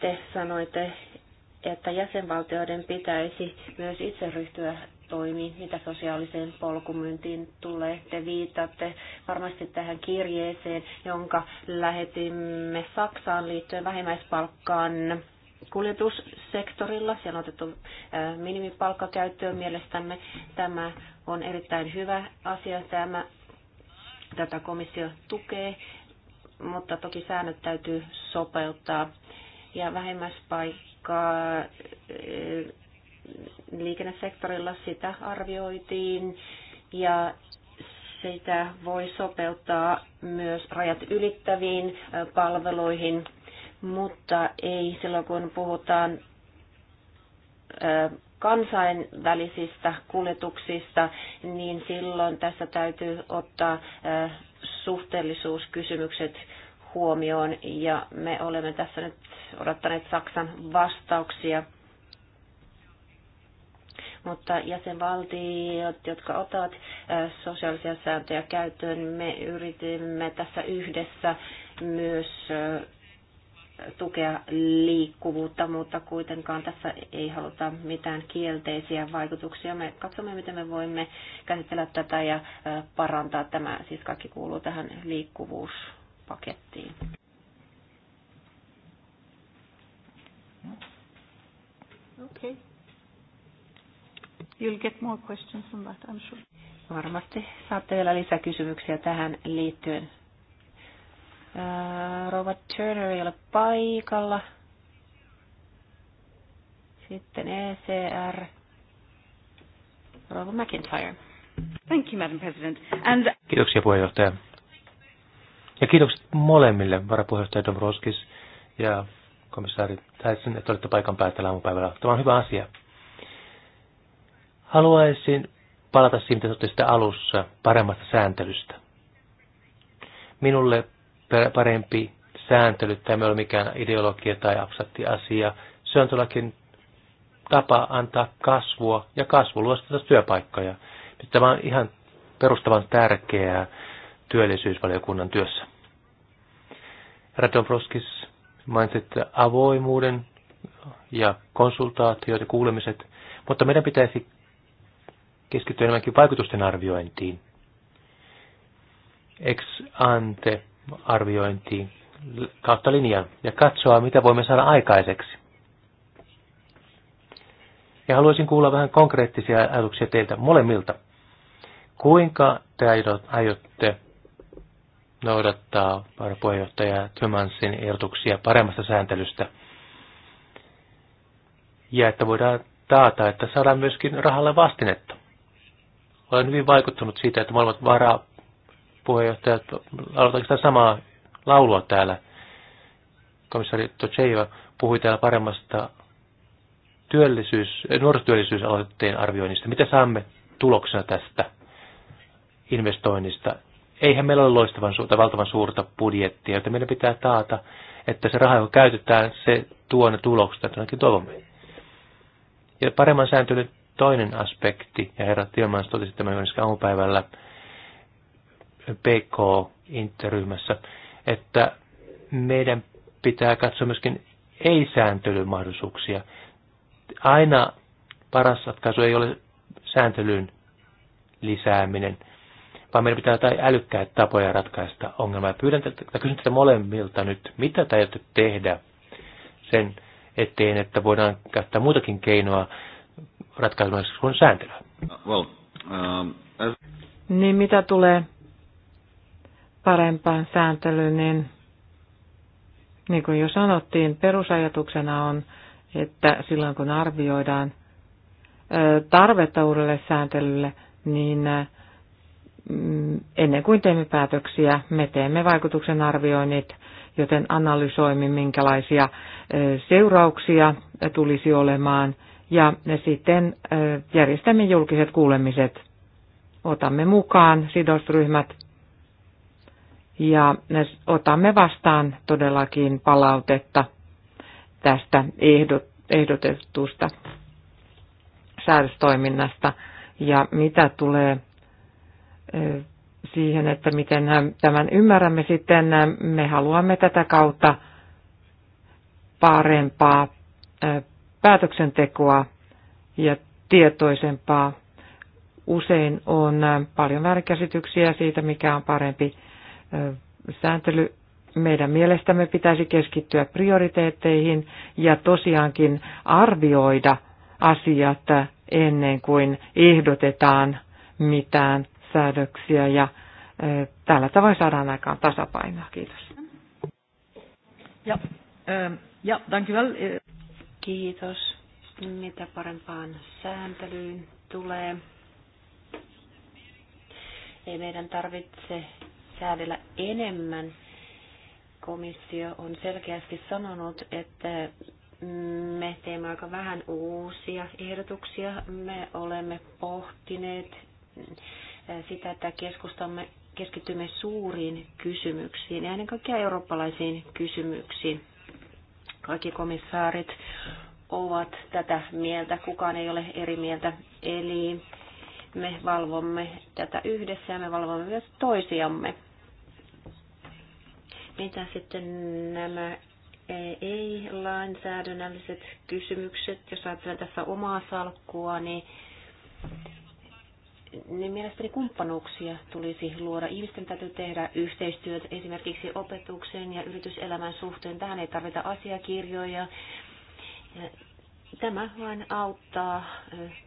te sanoitte, että jäsenvaltioiden pitäisi myös itse ryhtyä toimiin, mitä sosiaaliseen polkumyyntiin tulee. Te viitatte varmasti tähän kirjeeseen, jonka lähetimme Saksaan liittyen vähimmäispalkkaan kuljetussektorilla. Siellä on otettu minimipalkka käyttöön mielestämme. Tämä on erittäin hyvä asia. Tämä, tätä komissio tukee, mutta toki säännöt täytyy sopeuttaa ja paikkaa eh, liikennesektorilla sitä arvioitiin ja sitä voi sopeuttaa myös rajat ylittäviin eh, palveluihin, mutta ei silloin kun puhutaan eh, kansainvälisistä kuljetuksista, niin silloin tässä täytyy ottaa suhteellisuuskysymykset huomioon ja me olemme tässä nyt odottaneet Saksan vastauksia. Mutta jäsenvaltiot, jotka ottavat äh, sosiaalisia sääntöjä käyttöön, me yritimme tässä yhdessä myös äh, tukea liikkuvuutta, mutta kuitenkaan tässä ei haluta mitään kielteisiä vaikutuksia. Me katsomme, miten me voimme käsitellä tätä ja äh, parantaa tämä. Siis kaikki kuuluu tähän liikkuvuus pakettiin. Okay. You'll get more questions on that, I'm sure. Varmasti saatte vielä lisäkysymyksiä tähän liittyen. Uh, äh, Robert Turner ei ole paikalla. Sitten ECR. Rova McIntyre. Thank you, Madam President. And... Kiitoksia puheenjohtaja. Ja kiitokset molemmille, varapuheenjohtaja Dombrovskis ja komissaari Tyson, että olette paikan päällä tällä aamupäivällä. Tämä on hyvä asia. Haluaisin palata siitä, mitä totesitte alussa, paremmasta sääntelystä. Minulle parempi sääntely, tämä ei ole mikään ideologia tai absatti asia. Se on todellakin tapa antaa kasvua, ja kasvu luo työpaikkoja. Tämä on ihan perustavan tärkeää työllisyysvaliokunnan työssä. Radonfroskis mainitsi avoimuuden ja konsultaatiot ja kuulemiset, mutta meidän pitäisi keskittyä enemmänkin vaikutusten arviointiin, ex ante arviointiin kautta linjan ja katsoa, mitä voimme saada aikaiseksi. Ja haluaisin kuulla vähän konkreettisia ajatuksia teiltä molemmilta. Kuinka te aiotte noudattaa puheenjohtaja Tömansin ehdotuksia paremmasta sääntelystä. Ja että voidaan taata, että saadaan myöskin rahalle vastinetta. Olen hyvin vaikuttunut siitä, että molemmat puheenjohtajat, aloittavat sitä samaa laulua täällä. Komissaari Tocheiva puhui täällä paremmasta työllisyys, nuorisotyöllisyysaloitteen arvioinnista. Mitä saamme tuloksena tästä investoinnista eihän meillä ole loistavan suurta, valtavan suurta budjettia, joten meidän pitää taata, että se raha, joka käytetään, se tuo ne tulokset, että ainakin toivomme. Ja paremman sääntelyn toinen aspekti, ja herra Tilmans totesi tämän yhdessä aamupäivällä PK-interryhmässä, että meidän pitää katsoa myöskin ei-sääntelyn mahdollisuuksia. Aina paras ratkaisu ei ole sääntelyn lisääminen, vaan meidän pitää jotain älykkäitä tapoja ratkaista ongelmaa. Pyydän tätä, kysyn teiltä molemmilta nyt, mitä täytyy tehdä sen eteen, että voidaan käyttää muutakin keinoa ratkaisemaan kuin sääntelyä? Well, um, as... Niin mitä tulee parempaan sääntelyyn, niin niin kuin jo sanottiin, perusajatuksena on, että silloin kun arvioidaan tarvetta uudelle sääntelylle, niin Mm, ennen kuin teemme päätöksiä, me teemme vaikutuksen arvioinnit, joten analysoimme, minkälaisia seurauksia tulisi olemaan, ja sitten järjestämme julkiset kuulemiset. Otamme mukaan sidosryhmät ja otamme vastaan todellakin palautetta tästä ehdotetusta säädöstoiminnasta. Ja mitä tulee siihen, että miten tämän ymmärrämme sitten. Me haluamme tätä kautta parempaa päätöksentekoa ja tietoisempaa. Usein on paljon väärinkäsityksiä siitä, mikä on parempi sääntely. Meidän mielestämme pitäisi keskittyä prioriteetteihin ja tosiaankin arvioida asiat ennen kuin ehdotetaan mitään säädöksiä ja tällä tavoin saadaan aikaan tasapainoa. Kiitos. Ja, ja, well. Kiitos. Mitä parempaan sääntelyyn tulee, ei meidän tarvitse säädellä enemmän. Komissio on selkeästi sanonut, että me teemme aika vähän uusia ehdotuksia. Me olemme pohtineet sitä, että keskustamme, keskitymme suuriin kysymyksiin ja ennen kaikkea eurooppalaisiin kysymyksiin. Kaikki komissaarit ovat tätä mieltä, kukaan ei ole eri mieltä. Eli me valvomme tätä yhdessä ja me valvomme myös toisiamme. Mitä sitten nämä ei-lainsäädännölliset kysymykset, jos ajattelen tässä omaa salkkua, niin niin mielestäni kumppanuuksia tulisi luoda. Ihmisten täytyy tehdä yhteistyötä esimerkiksi opetuksen ja yrityselämän suhteen. Tähän ei tarvita asiakirjoja. Tämä vain auttaa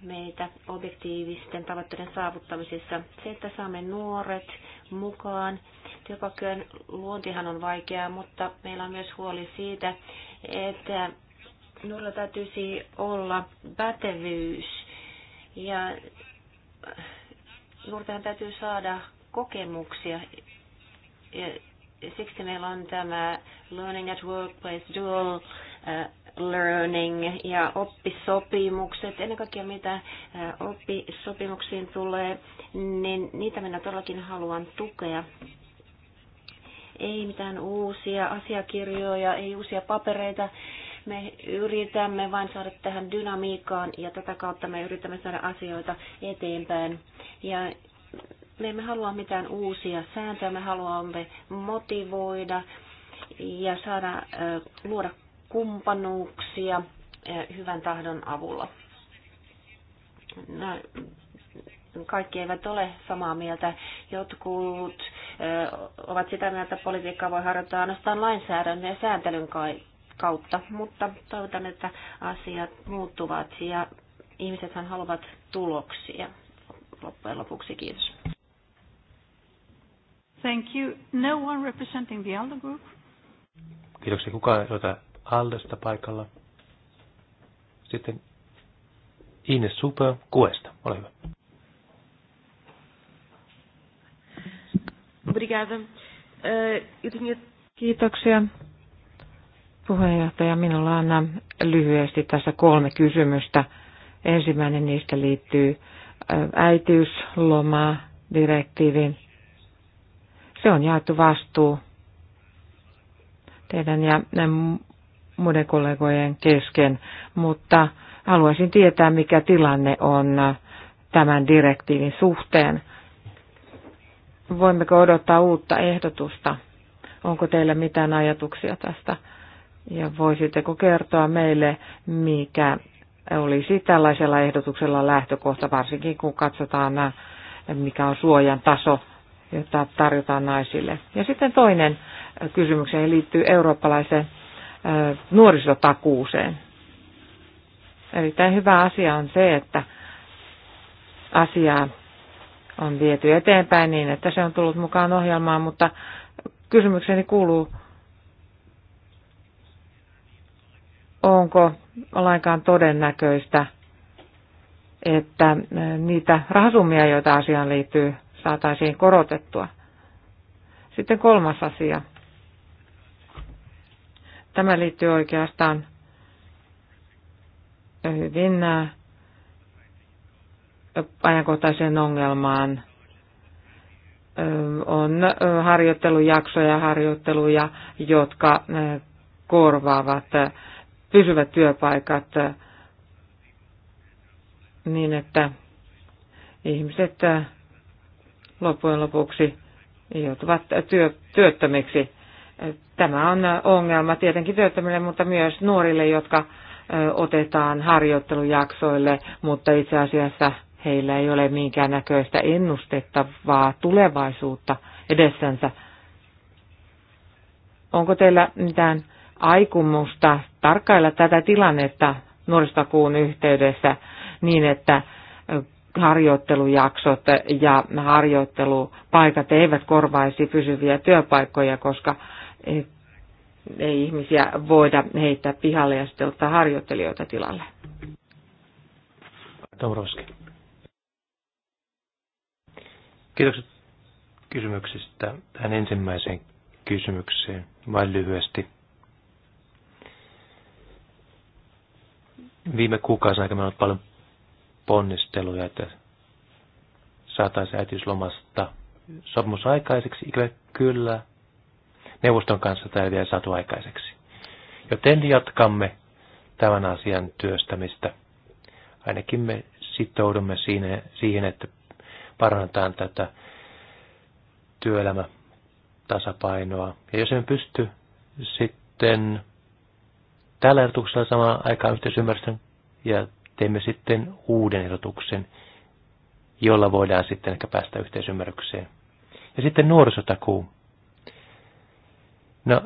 meitä objektiivisten tavoitteiden saavuttamisessa. Se, että saamme nuoret mukaan. Työpaikkojen luontihan on vaikeaa, mutta meillä on myös huoli siitä, että nuorilla täytyisi olla pätevyys ja nuortenhan täytyy saada kokemuksia. Ja siksi meillä on tämä Learning at Workplace Dual äh, Learning ja oppisopimukset. Ennen kaikkea mitä äh, oppisopimuksiin tulee, niin niitä minä todellakin haluan tukea. Ei mitään uusia asiakirjoja, ei uusia papereita, me yritämme vain saada tähän dynamiikkaan ja tätä kautta me yritämme saada asioita eteenpäin. Ja me emme halua mitään uusia sääntöjä, me haluamme motivoida ja saada luoda kumppanuuksia hyvän tahdon avulla. No, kaikki eivät ole samaa mieltä. Jotkut ö, ovat sitä mieltä, että politiikkaa voi harjoittaa ainoastaan lainsäädännön ja sääntelyn kautta, mutta toivotan, että asiat muuttuvat ja ihmisethän haluavat tuloksia loppujen lopuksi. Kiitos. Thank you. No one representing the ALDE group. Kiitoksia. Kuka ei ole ALDEsta paikalla? Sitten Ines Super Kuesta. Ole hyvä. Obrigada. Eh, Kiitoksia. Puheenjohtaja, minulla on äh, lyhyesti tässä kolme kysymystä. Ensimmäinen niistä liittyy äh, äitiysloma direktiivin. Se on jaettu vastuu teidän ja muiden kollegojen kesken, mutta haluaisin tietää, mikä tilanne on äh, tämän direktiivin suhteen. Voimmeko odottaa uutta ehdotusta? Onko teillä mitään ajatuksia tästä? Ja voisitteko kertoa meille, mikä olisi tällaisella ehdotuksella lähtökohta, varsinkin kun katsotaan, mikä on suojan taso, jota tarjotaan naisille. Ja sitten toinen kysymykseen liittyy eurooppalaiseen nuorisotakuuseen. Erittäin hyvä asia on se, että asiaa on viety eteenpäin niin, että se on tullut mukaan ohjelmaan, mutta kysymykseni kuuluu, onko lainkaan todennäköistä, että äh, niitä rahasummia, joita asiaan liittyy, saataisiin korotettua. Sitten kolmas asia. Tämä liittyy oikeastaan hyvin äh, ajankohtaiseen ongelmaan. Äh, on harjoittelujaksoja, harjoitteluja, jotka korvaavat pysyvät työpaikat äh, niin, että ihmiset äh, loppujen lopuksi joutuvat työ, työttömiksi. Äh, tämä on ongelma tietenkin työttömille, mutta myös nuorille, jotka otetaan harjoittelujaksoille, mutta itse asiassa heillä ei ole minkäännäköistä ennustettavaa tulevaisuutta edessänsä. Onko teillä mitään Aikumusta tarkkailla tätä tilannetta nuoristakuun yhteydessä niin, että harjoittelujaksot ja harjoittelupaikat eivät korvaisi pysyviä työpaikkoja, koska ei ihmisiä voida heittää pihalle ja sitten ottaa harjoittelijoita tilalle. Tomroski. Kiitokset kysymyksistä tähän ensimmäiseen kysymykseen vain lyhyesti. viime kuukausina aikana ollut paljon ponnisteluja, että saataisiin äitiyslomasta sopimus aikaiseksi. Ikävä kyllä, neuvoston kanssa tämä ei vielä saatu aikaiseksi. Joten jatkamme tämän asian työstämistä. Ainakin me sitoudumme siinä, siihen, että parannetaan tätä tasapainoa. Ja jos emme pysty sitten tällä ehdotuksella samaan aikaan yhteisymmärryksen ja teemme sitten uuden ehdotuksen, jolla voidaan sitten ehkä päästä yhteisymmärrykseen. Ja sitten nuorisotakuu. No,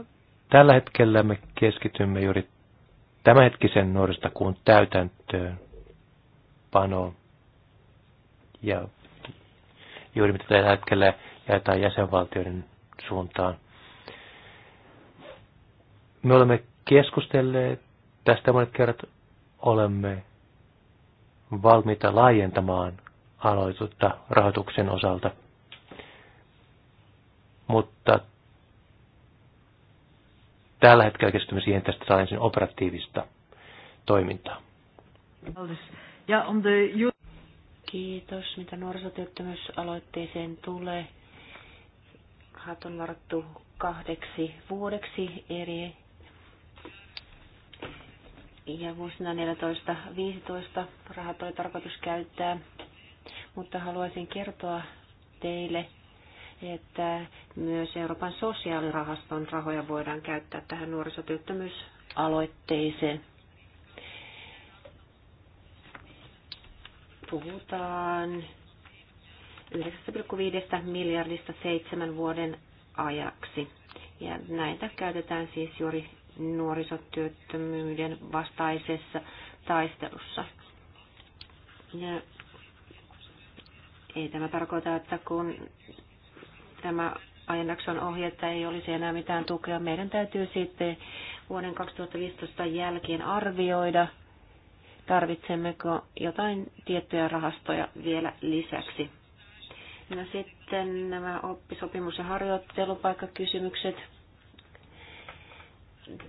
tällä hetkellä me keskitymme juuri tämänhetkisen nuorisotakuun täytäntöön panoon. Ja juuri mitä tällä hetkellä jaetaan jäsenvaltioiden suuntaan. Me olemme keskustelleet tästä monet kerrat. Olemme valmiita laajentamaan aloitutta rahoituksen osalta. Mutta tällä hetkellä keskitymme siihen, tästä saa operatiivista toimintaa. Ja on the... Kiitos, mitä nuorisotyöttömyysaloitteeseen tulee. Hat on varattu kahdeksi vuodeksi eri ja vuosina 14-15 rahat oli tarkoitus käyttää, mutta haluaisin kertoa teille, että myös Euroopan sosiaalirahaston rahoja voidaan käyttää tähän nuorisotyöttömyysaloitteeseen. Puhutaan 9,5 miljardista seitsemän vuoden ajaksi. Ja näitä käytetään siis juuri nuorisotyöttömyyden vastaisessa taistelussa. Ja ei tämä tarkoita, että kun tämä ajanjakson ohje, että ei olisi enää mitään tukea. Meidän täytyy sitten vuoden 2015 jälkeen arvioida, tarvitsemmeko jotain tiettyjä rahastoja vielä lisäksi. No sitten nämä oppisopimus- ja harjoittelupaikkakysymykset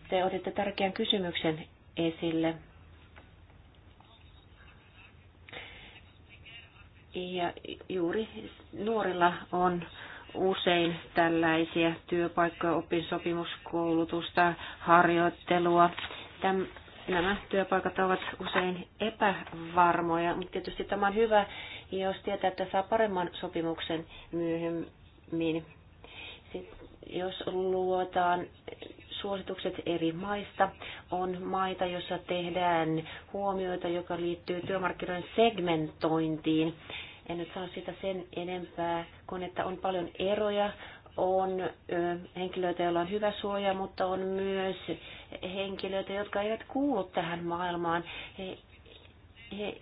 te otitte tärkeän kysymyksen esille. Ja juuri nuorilla on usein tällaisia työpaikkoja, oppisopimuskoulutusta, harjoittelua. Täm, nämä työpaikat ovat usein epävarmoja, mutta tietysti tämä on hyvä, jos tietää, että saa paremman sopimuksen myöhemmin. Sitten, jos luotaan suositukset eri maista. On maita, joissa tehdään huomioita, joka liittyy työmarkkinoiden segmentointiin. En nyt saa sitä sen enempää, kun että on paljon eroja. On ö, henkilöitä, joilla on hyvä suoja, mutta on myös henkilöitä, jotka eivät kuulu tähän maailmaan. He, he,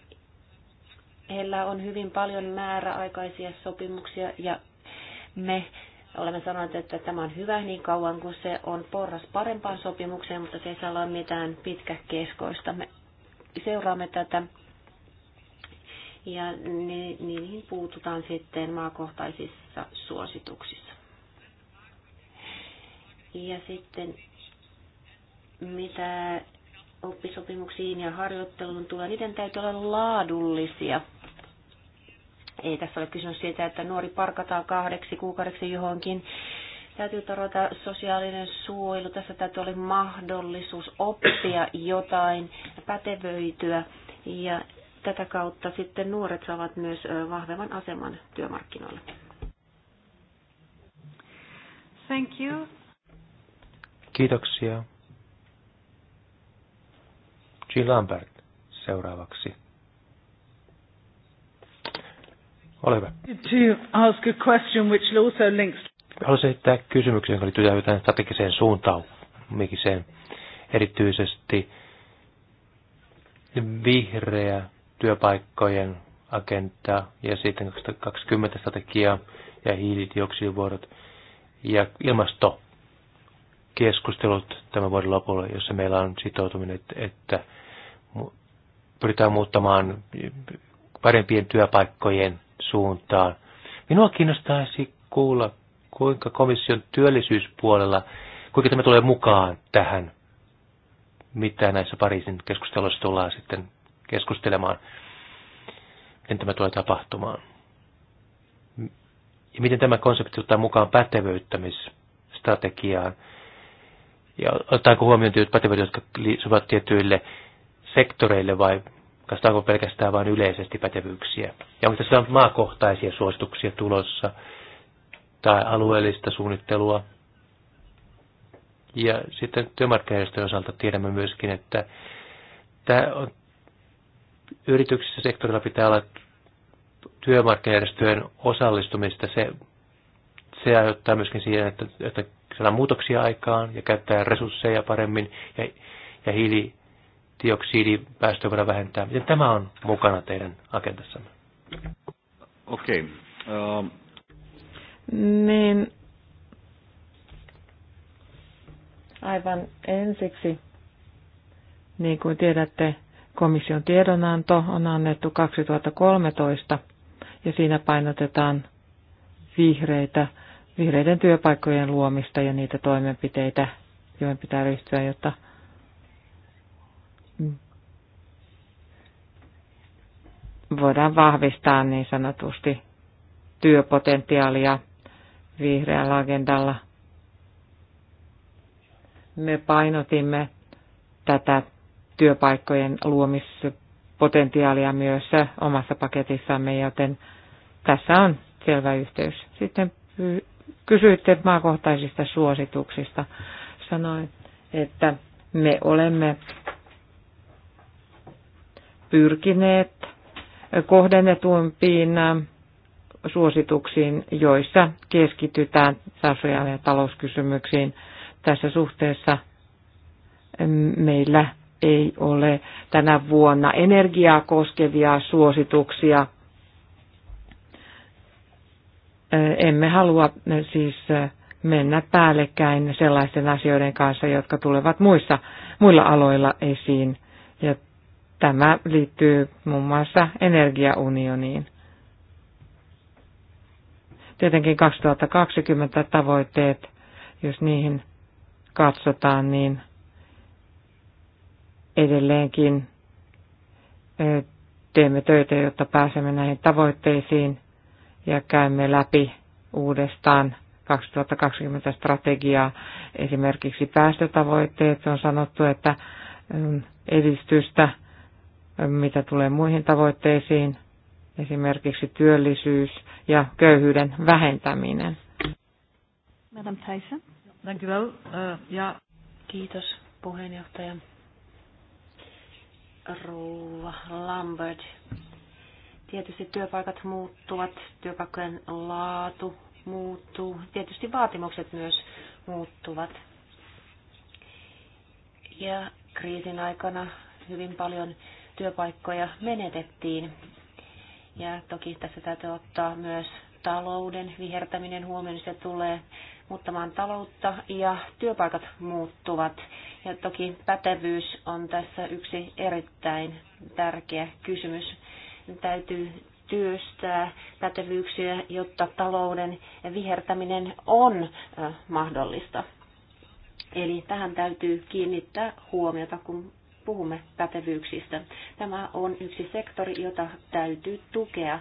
heillä on hyvin paljon määräaikaisia sopimuksia ja me Olemme sanoneet, että tämä on hyvä niin kauan kuin se on porras parempaan sopimukseen, mutta se ei saa olla mitään pitkäkeskoista. Me seuraamme tätä ja niihin puututaan sitten maakohtaisissa suosituksissa. Ja sitten mitä oppisopimuksiin ja harjoitteluun tulee, niiden täytyy olla laadullisia – ei tässä ole kysymys siitä, että nuori parkataan kahdeksi kuukaudeksi johonkin. Täytyy tarjota sosiaalinen suojelu. Tässä täytyy olla mahdollisuus oppia jotain, pätevöityä ja tätä kautta sitten nuoret saavat myös vahvemman aseman työmarkkinoilla. Thank you. Kiitoksia. G. Lambert seuraavaksi. Ole hyvä. Haluaisin esittää kysymyksen, joka liittyy tähän strategiseen suuntaan, Erityisesti vihreä työpaikkojen agenda ja sitten 2020 strategia ja hiilidioksidivuorot ja ilmastokeskustelut tämän vuoden lopulla, jossa meillä on sitoutuminen, että pyritään muuttamaan parempien työpaikkojen suuntaan. Minua kiinnostaisi kuulla, kuinka komission työllisyyspuolella, kuinka tämä tulee mukaan tähän, mitä näissä Pariisin keskusteluissa tullaan sitten keskustelemaan, miten tämä tulee tapahtumaan. Ja miten tämä konsepti ottaa mukaan pätevöittämisstrategiaan. Ja ottaako huomioon tietyt pätevyydet, jotka sopivat tietyille sektoreille vai katsotaanko pelkästään vain yleisesti pätevyyksiä. Ja onko tässä on maakohtaisia suosituksia tulossa tai alueellista suunnittelua. Ja sitten työmarkkinajärjestöjen osalta tiedämme myöskin, että tämä on, yrityksissä sektorilla pitää olla työmarkkinajärjestöjen osallistumista. Se, se aiheuttaa myöskin siihen, että, että saadaan muutoksia aikaan ja käyttää resursseja paremmin ja, ja hiili hiilidioksidipäästöjä voidaan vähentää. Miten tämä on mukana teidän agendassanne? Okei. Okay. Um. Niin, aivan ensiksi, niin kuin tiedätte, komission tiedonanto on annettu 2013 ja siinä painotetaan vihreitä, vihreiden työpaikkojen luomista ja niitä toimenpiteitä, joihin pitää ryhtyä, jotta voidaan vahvistaa niin sanotusti työpotentiaalia vihreällä agendalla. Me painotimme tätä työpaikkojen luomispotentiaalia myös omassa paketissamme, joten tässä on selvä yhteys. Sitten kysyitte maakohtaisista suosituksista. Sanoin, että me olemme pyrkineet kohdennetuimpiin äh, suosituksiin, joissa keskitytään sosiaali- ja talouskysymyksiin. Tässä suhteessa meillä ei ole tänä vuonna energiaa koskevia suosituksia. Äh, emme halua äh, siis mennä päällekkäin sellaisten asioiden kanssa, jotka tulevat muissa, muilla aloilla esiin. Ja Tämä liittyy muun muassa energiaunioniin. Tietenkin 2020 tavoitteet, jos niihin katsotaan, niin edelleenkin teemme töitä, jotta pääsemme näihin tavoitteisiin ja käymme läpi uudestaan 2020 strategiaa. Esimerkiksi päästötavoitteet on sanottu, että edistystä mitä tulee muihin tavoitteisiin, esimerkiksi työllisyys ja köyhyyden vähentäminen. Madam Tyson. Thank you well. uh, yeah. Kiitos puheenjohtaja. Rouva Lambert. Tietysti työpaikat muuttuvat, työpaikkojen laatu muuttuu, tietysti vaatimukset myös muuttuvat. Ja kriisin aikana hyvin paljon työpaikkoja menetettiin. Ja toki tässä täytyy ottaa myös talouden vihertäminen huomioon, niin se tulee muuttamaan taloutta ja työpaikat muuttuvat. Ja toki pätevyys on tässä yksi erittäin tärkeä kysymys. Täytyy työstää pätevyyksiä, jotta talouden vihertäminen on äh, mahdollista. Eli tähän täytyy kiinnittää huomiota, kun puhumme pätevyyksistä. Tämä on yksi sektori, jota täytyy tukea.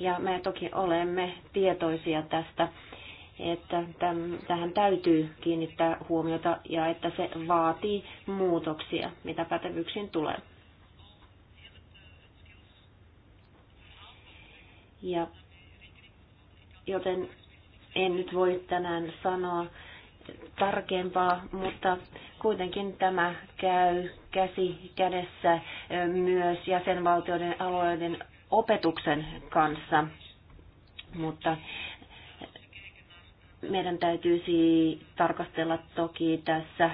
Ja me toki olemme tietoisia tästä, että täm, tähän täytyy kiinnittää huomiota ja että se vaatii muutoksia, mitä pätevyyksiin tulee. Ja, joten en nyt voi tänään sanoa, tarkempaa, mutta kuitenkin tämä käy käsi kädessä myös jäsenvaltioiden alueiden opetuksen kanssa. Mutta meidän täytyisi tarkastella toki tässä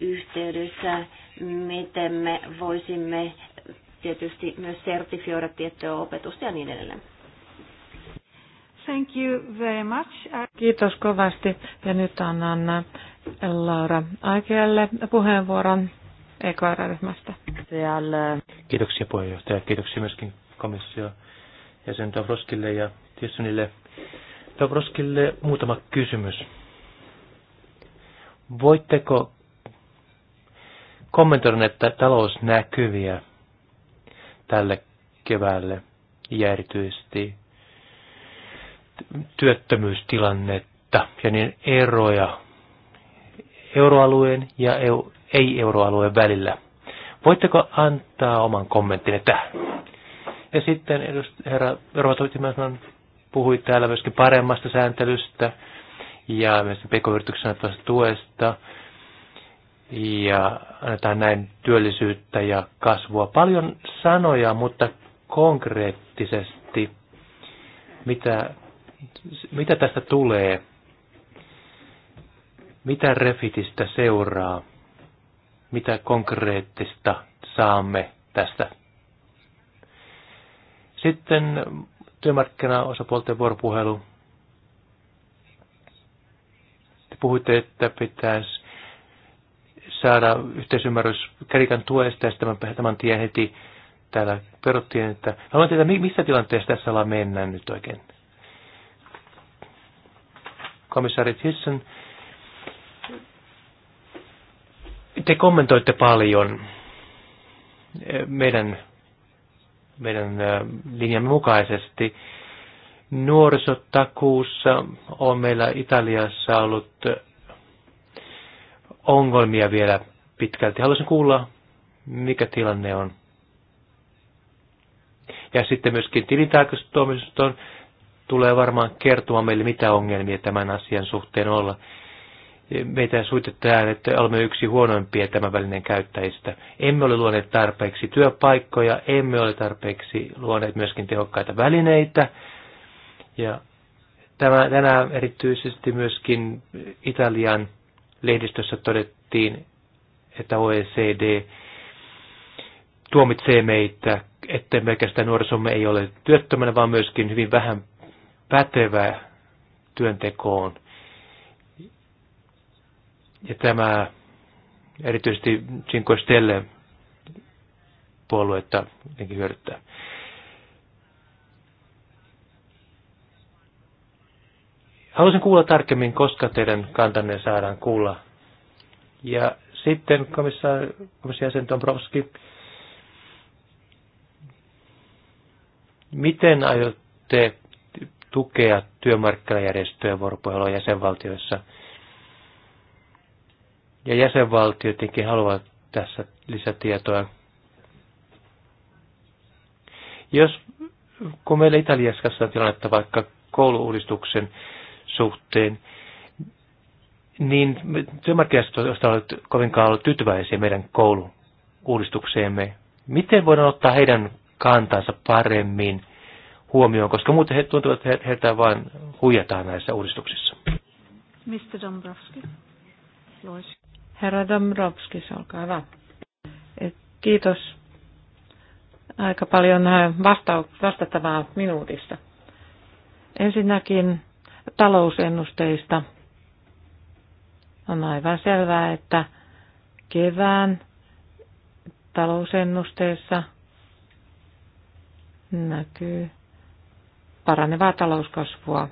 yhteydessä, miten me voisimme tietysti myös sertifioida tiettyä opetusta ja niin edelleen. Thank you very much. Kiitos kovasti. Ja nyt annan Laura Aikealle puheenvuoron EKR-ryhmästä. Kiitoksia puheenjohtaja. Kiitoksia myöskin komissio jäsen tavroskille ja Tissonille. tavroskille muutama kysymys. Voitteko kommentoida näitä talousnäkyviä tälle keväälle ja erityisesti työttömyystilannetta ja niin eroja euroalueen ja EU, ei-euroalueen välillä. Voitteko antaa oman kommenttinne tähän? Ja sitten edust, herra Rotoitimäsman puhui täällä myöskin paremmasta sääntelystä ja myös pk-yrityksen tuesta ja annetaan näin työllisyyttä ja kasvua. Paljon sanoja, mutta konkreettisesti, mitä mitä tästä tulee? Mitä refitistä seuraa? Mitä konkreettista saamme tästä? Sitten työmarkkinaosapuolten vuoropuhelu. Te puhuitte, että pitäisi saada yhteisymmärrys Kerikan tuesta ja tämän, tämän tien heti täällä perottiin, että haluan tietää, missä tilanteesta tässä ollaan mennä nyt oikein komissaari Thyssen, te kommentoitte paljon eh, meidän, meidän eh, linjamme mukaisesti. Nuorisotakuussa on meillä Italiassa ollut eh, ongelmia vielä pitkälti. Haluaisin kuulla, mikä tilanne on. Ja sitten myöskin tilintarkastustuomioistuin tulee varmaan kertoa meille, mitä ongelmia tämän asian suhteen olla. Meitä suitetaan, että olemme yksi huonoimpia tämän välinen käyttäjistä. Emme ole luoneet tarpeeksi työpaikkoja, emme ole tarpeeksi luoneet myöskin tehokkaita välineitä. Ja tämä, tänään erityisesti myöskin Italian lehdistössä todettiin, että OECD tuomitsee meitä, että pelkästään nuorisomme ei ole työttömänä, vaan myöskin hyvin vähän pätevä työntekoon. Ja tämä erityisesti Cinque Stelle puoluetta jotenkin hyödyttää. Haluaisin kuulla tarkemmin, koska teidän kantanne saadaan kuulla. Ja sitten komission jäsen Dombrovski, miten aiotte tukea työmarkkinajärjestöjen vuoropuhelua jäsenvaltioissa. Ja jäsenvaltiot tietenkin haluavat tässä lisätietoa. Jos, kun meillä Italiassa on tilannetta vaikka kouluuudistuksen suhteen, niin työmarkkinajärjestöt ovat kovinkaan ollut tyytyväisiä meidän kouluuudistukseemme. Miten voidaan ottaa heidän kantansa paremmin huomioon, koska muuten he tuntuvat, että heitä vain huijataan näissä uudistuksissa. Mr. Dombrovski. Herra Dombrovskis, olkaa hyvä. Kiitos. Aika paljon äh, vasta- vastattavaa minuutista. Ensinnäkin talousennusteista. On aivan selvää, että kevään talousennusteessa näkyy paranevaa talouskasvua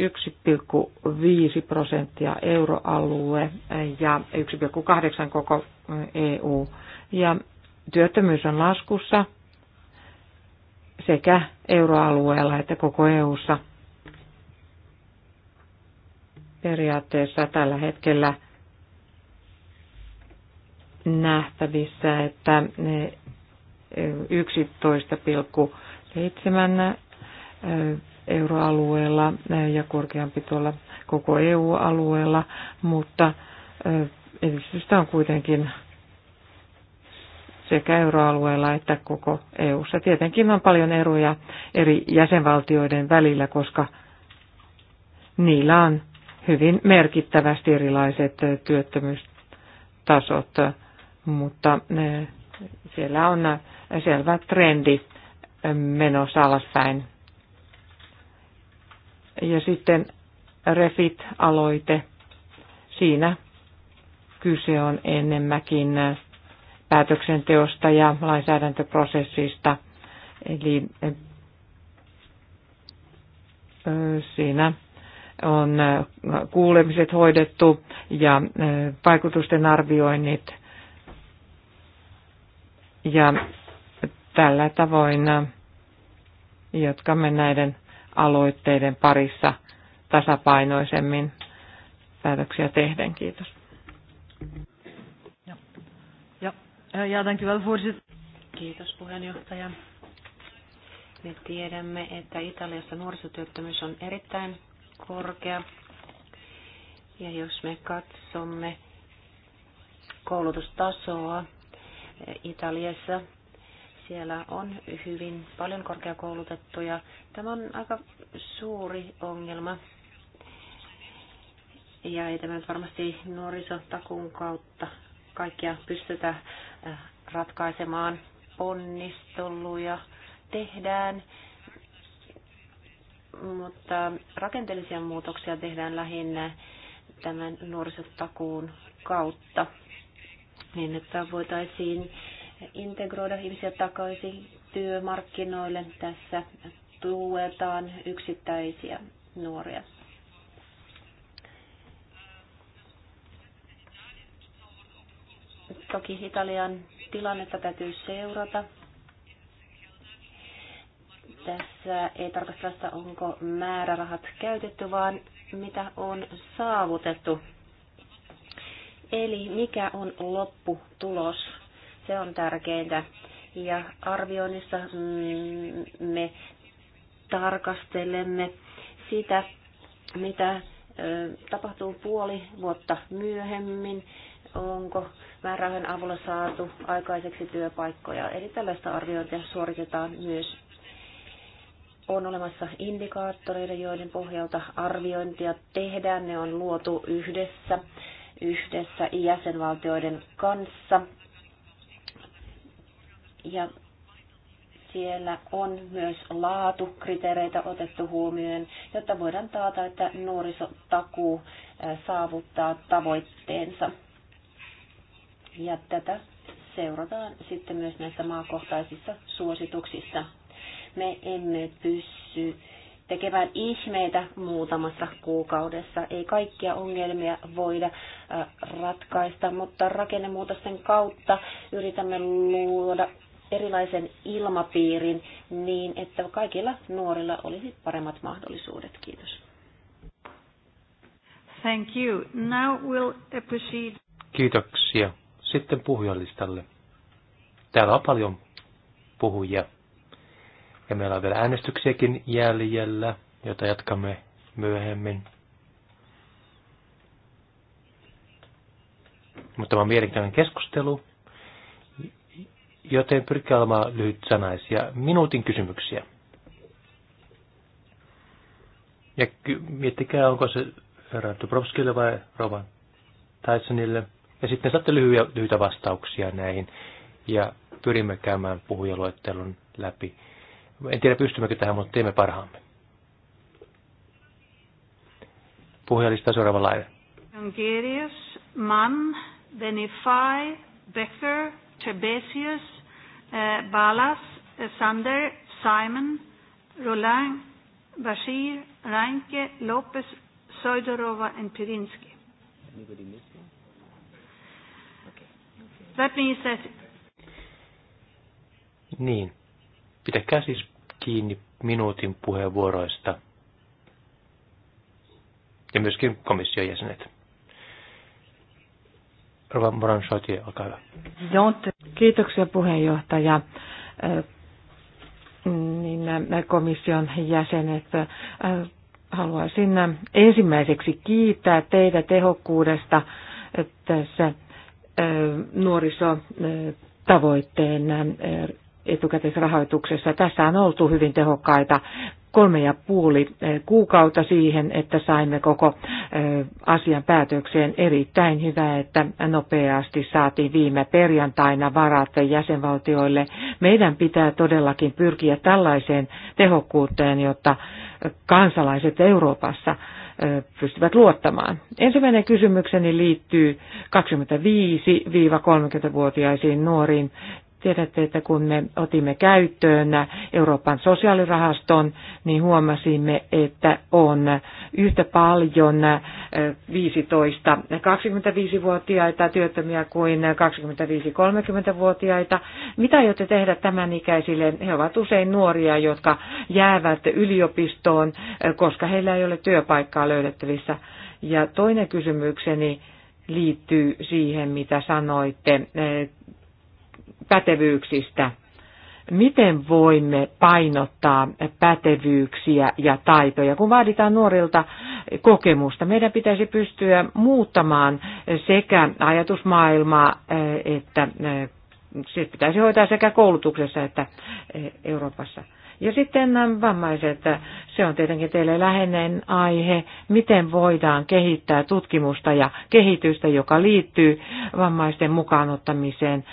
1,5 prosenttia euroalue ja 1,8 koko EU. Ja työttömyys on laskussa sekä euroalueella että koko EUssa. Periaatteessa tällä hetkellä nähtävissä, että 11,7 euroalueella ja korkeampi tuolla koko EU-alueella, mutta edistystä on kuitenkin sekä euroalueella että koko EU:ssa. Tietenkin on paljon eroja eri jäsenvaltioiden välillä, koska niillä on hyvin merkittävästi erilaiset työttömyystasot, mutta siellä on selvä trendi menossa alaspäin. Ja sitten Refit-aloite. Siinä kyse on enemmänkin päätöksenteosta ja lainsäädäntöprosessista. Eli siinä on kuulemiset hoidettu ja vaikutusten arvioinnit ja tällä tavoin jatkamme näiden aloitteiden parissa tasapainoisemmin päätöksiä tehden. Kiitos. Ja, ja, ja Kiitos puheenjohtaja. Me tiedämme, että Italiassa nuorisotyöttömyys on erittäin korkea. Ja jos me katsomme koulutustasoa, Italiassa. Siellä on hyvin paljon korkeakoulutettuja. Tämä on aika suuri ongelma. Ja ei tämä varmasti nuorisotakuun kautta kaikkia pystytä äh, ratkaisemaan. Ponnisteluja tehdään, mutta rakenteellisia muutoksia tehdään lähinnä tämän nuorisotakuun kautta niin että voitaisiin integroida ihmisiä takaisin työmarkkinoille. Tässä tuetaan yksittäisiä nuoria. Toki Italian tilannetta täytyy seurata. Tässä ei tarkastella onko määrärahat käytetty, vaan mitä on saavutettu Eli mikä on lopputulos? Se on tärkeintä. Ja arvioinnissa mm, me tarkastelemme sitä, mitä tapahtuu puoli vuotta myöhemmin, onko määrärahojen avulla saatu aikaiseksi työpaikkoja. Eli tällaista arviointia suoritetaan myös. On olemassa indikaattoreita, joiden pohjalta arviointia tehdään. Ne on luotu yhdessä yhdessä jäsenvaltioiden kanssa. Ja siellä on myös laatukriteereitä otettu huomioon, jotta voidaan taata, että nuorisotakuu saavuttaa tavoitteensa. Ja tätä seurataan sitten myös näissä maakohtaisissa suosituksissa. Me emme pysy tekemään ihmeitä muutamassa kuukaudessa. Ei kaikkia ongelmia voida ratkaista, mutta rakennemuutosten kautta yritämme luoda erilaisen ilmapiirin niin, että kaikilla nuorilla olisi paremmat mahdollisuudet. Kiitos. Thank you. Now we'll uh, proceed. Kiitoksia. Sitten puhujalistalle. Täällä on paljon puhujia. Ja meillä on vielä äänestyksiäkin jäljellä, jota jatkamme myöhemmin. Mutta tämä on mielenkiintoinen keskustelu, joten pyrkää olemaan sanaisia minuutin kysymyksiä. Ja miettikää, onko se herra Dubrovskille vai Rovan Tysonille. Ja sitten saatte lyhyitä, lyhyitä vastauksia näihin. Ja pyrimme käymään puhujaluettelun läpi. En tiedä pystymmekö tähän, mutta teemme parhaamme. Puhujalista seuraavanlainen. Jongerius, Mann, Benify, Becker, Trebesius, eh, Balas, eh, Sander, Simon, Roland, Bashir, Reinke, Lopez, Sojdorova and Pirinski. Anybody miss one? Okay. That means that... Niin. Pitäkää siis kiinni minuutin puheenvuoroista ja myöskin komission jäsenet. Rova Moran olkaa hyvä. Kiitoksia puheenjohtaja. Niin, komission jäsenet, haluaisin ensimmäiseksi kiittää teitä tehokkuudesta tässä nuorisotavoitteen etukäteisrahoituksessa. Tässä on oltu hyvin tehokkaita kolme ja puoli eh, kuukautta siihen, että saimme koko eh, asian päätökseen. Erittäin hyvä, että nopeasti saatiin viime perjantaina varat jäsenvaltioille. Meidän pitää todellakin pyrkiä tällaiseen tehokkuuteen, jotta kansalaiset Euroopassa eh, pystyvät luottamaan. Ensimmäinen kysymykseni liittyy 25-30-vuotiaisiin nuoriin. Tiedätte, että kun me otimme käyttöön Euroopan sosiaalirahaston, niin huomasimme, että on yhtä paljon 15-25-vuotiaita työttömiä kuin 25-30-vuotiaita. Mitä aiotte tehdä tämän ikäisille? He ovat usein nuoria, jotka jäävät yliopistoon, koska heillä ei ole työpaikkaa löydettävissä. Ja toinen kysymykseni liittyy siihen, mitä sanoitte pätevyyksistä. Miten voimme painottaa pätevyyksiä ja taitoja, kun vaaditaan nuorilta kokemusta? Meidän pitäisi pystyä muuttamaan sekä ajatusmaailmaa eh, että eh, se pitäisi hoitaa sekä koulutuksessa että eh, Euroopassa. Ja sitten nämä vammaiset, se on tietenkin teille läheinen aihe, miten voidaan kehittää tutkimusta ja kehitystä, joka liittyy vammaisten mukaanottamiseen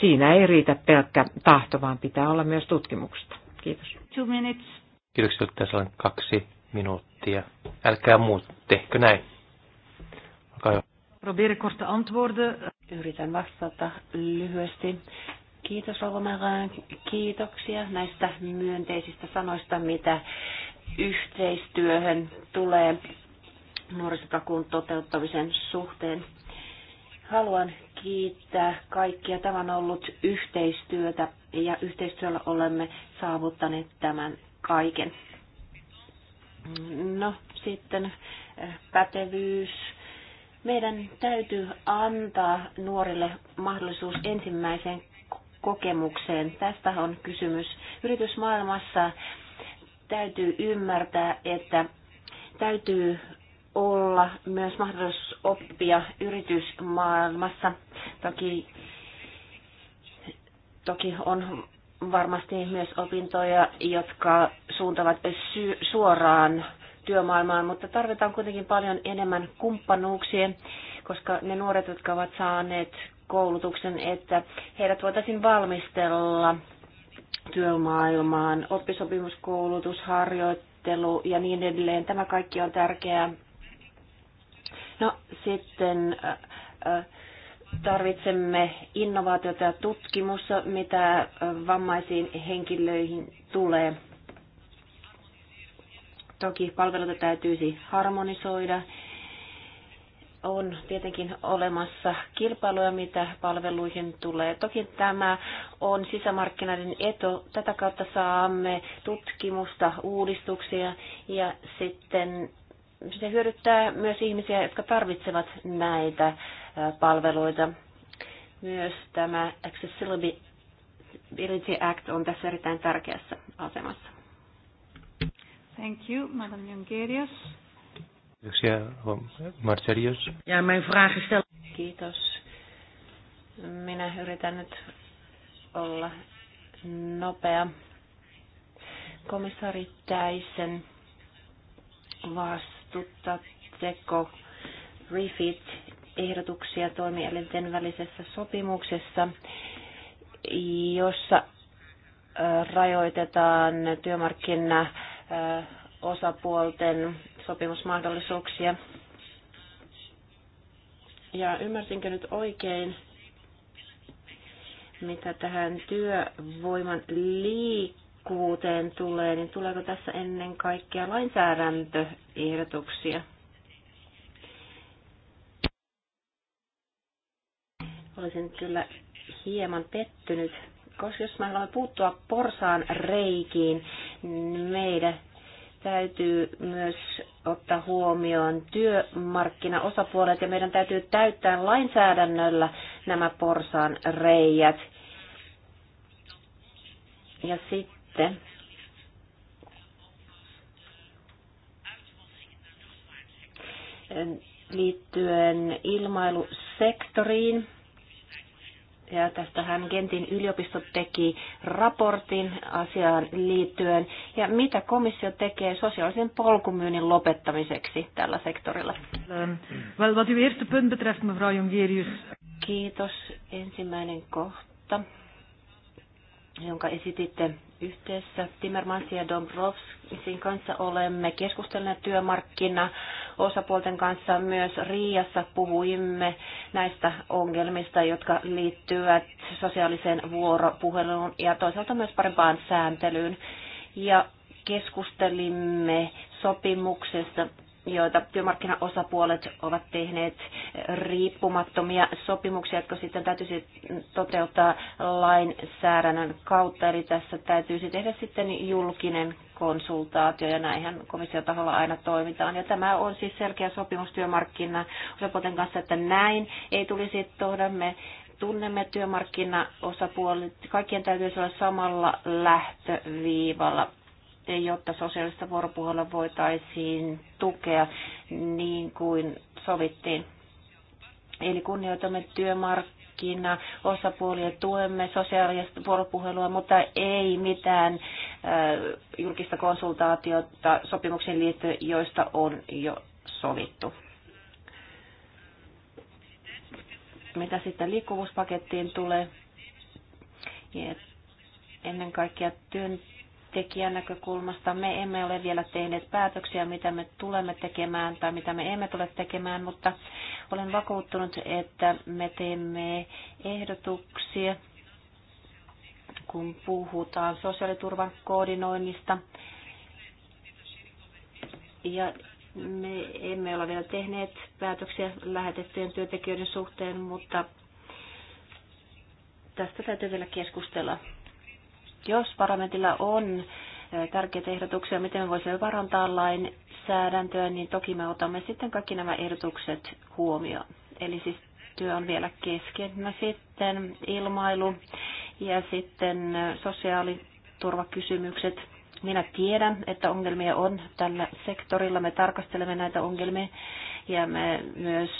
siinä ei riitä pelkkä tahto, vaan pitää olla myös tutkimuksesta. Kiitos. Two minutes. Kiitoksia, tässä on kaksi minuuttia. Älkää muut, tehkö näin. Olkaa Probeer korte antwoorden. Yritän vastata lyhyesti. Kiitos Rovomerään. Kiitoksia näistä myönteisistä sanoista, mitä yhteistyöhön tulee nuorisotakuun toteuttamisen suhteen. Haluan kiittää kaikkia. Tämä on ollut yhteistyötä ja yhteistyöllä olemme saavuttaneet tämän kaiken. No sitten eh, pätevyys. Meidän täytyy antaa nuorille mahdollisuus ensimmäiseen kokemukseen. Tästä on kysymys. Yritysmaailmassa täytyy ymmärtää, että täytyy olla myös mahdollisuus oppia yritysmaailmassa. Toki, toki on varmasti myös opintoja, jotka suuntavat suoraan työmaailmaan, mutta tarvitaan kuitenkin paljon enemmän kumppanuuksia, koska ne nuoret, jotka ovat saaneet koulutuksen, että heidät voitaisiin valmistella työmaailmaan, oppisopimuskoulutus, harjoittelu ja niin edelleen. Tämä kaikki on tärkeää No sitten äh, äh, tarvitsemme innovaatiota ja tutkimusta, mitä äh, vammaisiin henkilöihin tulee. Toki palveluita täytyisi harmonisoida. On tietenkin olemassa kilpailuja, mitä palveluihin tulee. Toki tämä on sisämarkkinoiden eto. Tätä kautta saamme tutkimusta, uudistuksia ja sitten se hyödyttää myös ihmisiä, jotka tarvitsevat näitä palveluita. Myös tämä Accessibility Act on tässä erittäin tärkeässä asemassa. Thank you, Madam Jungerius. Kiitoksia, Marcelius. Ja minä vraag is Kiitos. Minä yritän nyt olla nopea. Komissaari Täisen vasta vastustatteko refit-ehdotuksia toimielinten välisessä sopimuksessa, jossa rajoitetaan työmarkkina osapuolten sopimusmahdollisuuksia. Ja ymmärsinkö nyt oikein, mitä tähän työvoiman liikkeeseen tehokkuuteen tulee, niin tuleeko tässä ennen kaikkea lainsäädäntöehdotuksia? Olisin kyllä hieman pettynyt, koska jos mä haluan puuttua porsaan reikiin, niin meidän täytyy myös ottaa huomioon työmarkkinaosapuolet ja meidän täytyy täyttää lainsäädännöllä nämä porsaan reijät. Ja sitten totesitte. liittyen ilmailusektoriin. Ja tästä hän Gentin yliopisto teki raportin asiaan liittyen. Ja mitä komissio tekee sosiaalisen polkumyynnin lopettamiseksi tällä sektorilla? Ähm, Kiitos. Ensimmäinen kohta jonka esititte yhdessä Timmermans ja Dombrovskin kanssa olemme keskustelleet työmarkkina osapuolten kanssa myös Riassa puhuimme näistä ongelmista, jotka liittyvät sosiaaliseen vuoropuheluun ja toisaalta myös parempaan sääntelyyn. Ja keskustelimme sopimuksesta joita työmarkkinaosapuolet ovat tehneet, riippumattomia sopimuksia, jotka sitten täytyisi toteuttaa lainsäädännön kautta. Eli tässä täytyisi tehdä sitten julkinen konsultaatio, ja näinhän komissiotaholla aina toimitaan. Ja tämä on siis selkeä sopimus työmarkkinaosapuolten kanssa, että näin ei tulisi tuoda Me tunnemme työmarkkinaosapuolet, kaikkien täytyisi olla samalla lähtöviivalla jotta sosiaalista vuoropuhelua voitaisiin tukea niin kuin sovittiin. Eli kunnioitamme työmarkkina osapuolia, tuemme sosiaalista vuoropuhelua, mutta ei mitään julkista konsultaatiota sopimuksen liittyen, joista on jo sovittu. Mitä sitten liikkuvuuspakettiin tulee, ennen kaikkea työn tekijän näkökulmasta. Me emme ole vielä tehneet päätöksiä, mitä me tulemme tekemään tai mitä me emme tule tekemään, mutta olen vakuuttunut, että me teemme ehdotuksia, kun puhutaan sosiaaliturvan koordinoinnista. Ja me emme ole vielä tehneet päätöksiä lähetettyjen työntekijöiden suhteen, mutta tästä täytyy vielä keskustella. Jos parlamentilla on tärkeitä ehdotuksia, miten me voisimme parantaa lainsäädäntöä, niin toki me otamme sitten kaikki nämä ehdotukset huomioon. Eli siis työ on vielä kesken. No sitten ilmailu ja sitten sosiaaliturvakysymykset. Minä tiedän, että ongelmia on tällä sektorilla. Me tarkastelemme näitä ongelmia ja me myös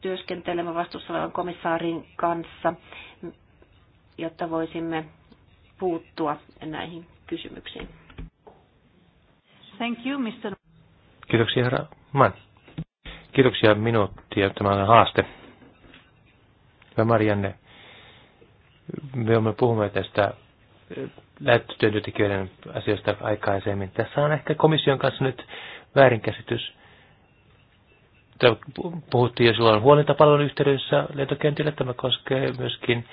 työskentelemme vastuussa olevan komissaarin kanssa, jotta voisimme puuttua näihin kysymyksiin. Thank you, Mr. Kiitoksia, herra Mann. Kiitoksia minuuttia. Tämä on haaste. Hyvä Marianne, me olemme puhuneet tästä eh, lähetystyöntekijöiden asioista aikaisemmin. Tässä on ehkä komission kanssa nyt väärinkäsitys. Puhuttiin jo silloin huolintapalvelun yhteydessä lentokentillä. Tämä koskee myöskin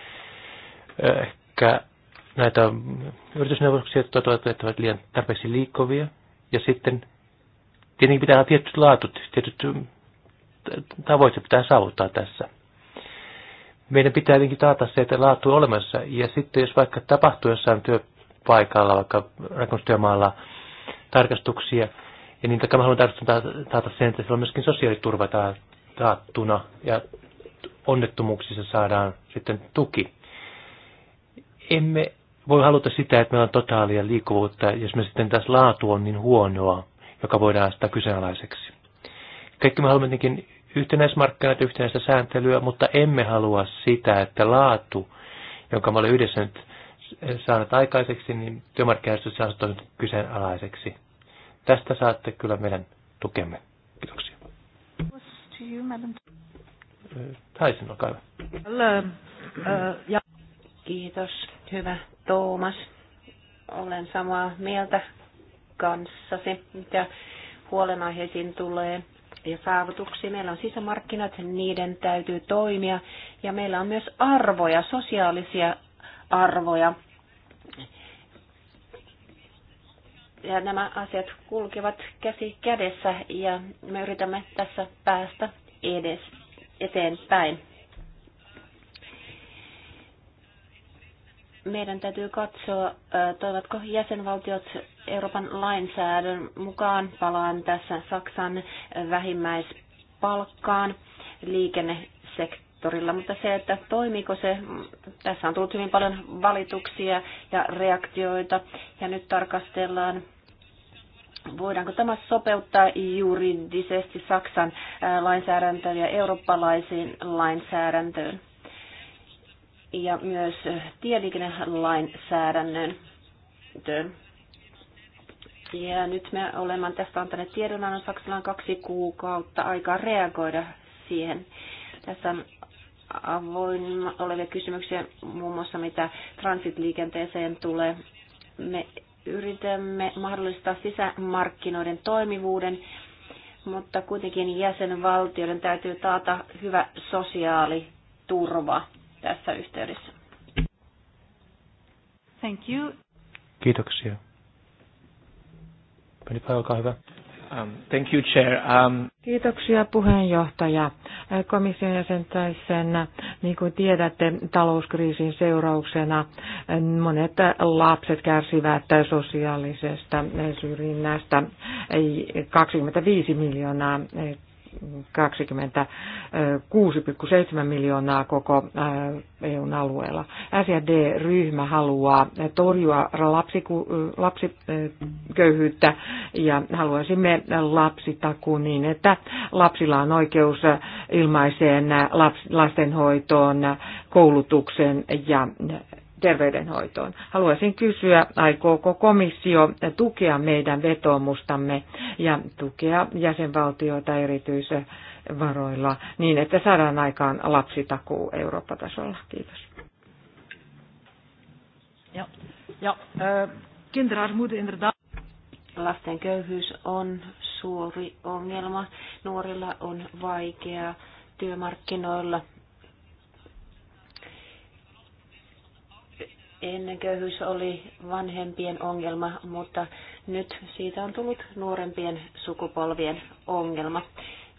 eh, ehkä näitä yritysneuvoksia ovat liian tarpeeksi liikkuvia. Ja sitten tietenkin pitää olla tietyt laatut, tietyt mm, tavoitteet pitää saavuttaa tässä. Meidän pitää jotenkin taata se, että laatu on olemassa. Ja sitten jos vaikka tapahtuu jossain työpaikalla, vaikka rakennustyömaalla tarkastuksia, ja niin takia me haluamme taata sen, että siellä on myöskin sosiaaliturva taattuna ja onnettomuuksissa saadaan sitten tuki. Emme voi haluta sitä, että meillä on totaalia liikkuvuutta, jos me sitten taas laatu on niin huonoa, joka voidaan sitä kyseenalaiseksi. Kaikki me haluamme tietenkin yhtenäismarkkinat, yhtenäistä sääntelyä, mutta emme halua sitä, että laatu, jonka me olemme yhdessä nyt saaneet aikaiseksi, niin työmarkkinajärjestöt saa kyseenalaiseksi. Tästä saatte kyllä meidän tukemme. Kiitoksia. Taisin, äh, olkaa hyvä. Um, uh, Kiitos. Hyvä Tuomas, olen samaa mieltä kanssasi, mitä huolenaiheisiin tulee ja saavutuksiin Meillä on sisämarkkinat, niiden täytyy toimia ja meillä on myös arvoja, sosiaalisia arvoja. Ja nämä asiat kulkevat käsi kädessä ja me yritämme tässä päästä edes eteenpäin. meidän täytyy katsoa, toivatko jäsenvaltiot Euroopan lainsäädön mukaan, palaan tässä Saksan vähimmäispalkkaan liikennesektorilla, mutta se, että toimiko se, tässä on tullut hyvin paljon valituksia ja reaktioita, ja nyt tarkastellaan, voidaanko tämä sopeuttaa juridisesti Saksan lainsäädäntöön ja eurooppalaisiin lainsäädäntöön ja myös tieliikennelainsäädännön. Ja nyt me olemme tästä antaneet tiedonannon. Saksalla on kaksi kuukautta aikaa reagoida siihen. Tässä on avoin olevia kysymyksiä, muun muassa mitä transitliikenteeseen tulee. Me yritämme mahdollistaa sisämarkkinoiden toimivuuden, mutta kuitenkin jäsenvaltioiden täytyy taata hyvä sosiaaliturva tässä yhteydessä. Thank you. Kiitoksia. Penipa, olkaa hyvä. Um, thank you, Chair. Um... Kiitoksia puheenjohtaja. Komission jäsentäisen, niin kuin tiedätte, talouskriisin seurauksena monet lapset kärsivät sosiaalisesta syrjinnästä. 25 miljoonaa 26,7 miljoonaa koko EUn alueella. SJD-ryhmä haluaa torjua lapsiköyhyyttä ja haluaisimme lapsitakuun niin, että lapsilla on oikeus ilmaiseen lastenhoitoon, koulutukseen ja terveydenhoitoon. Haluaisin kysyä, aikooko komissio tukea meidän vetoomustamme ja tukea jäsenvaltioita erityisvaroilla niin, että saadaan aikaan lapsitakuu Eurooppa-tasolla. Kiitos. Ja, ja äh, Lasten köyhyys on suuri ongelma. Nuorilla on vaikea työmarkkinoilla Ennen köyhyys oli vanhempien ongelma, mutta nyt siitä on tullut nuorempien sukupolvien ongelma.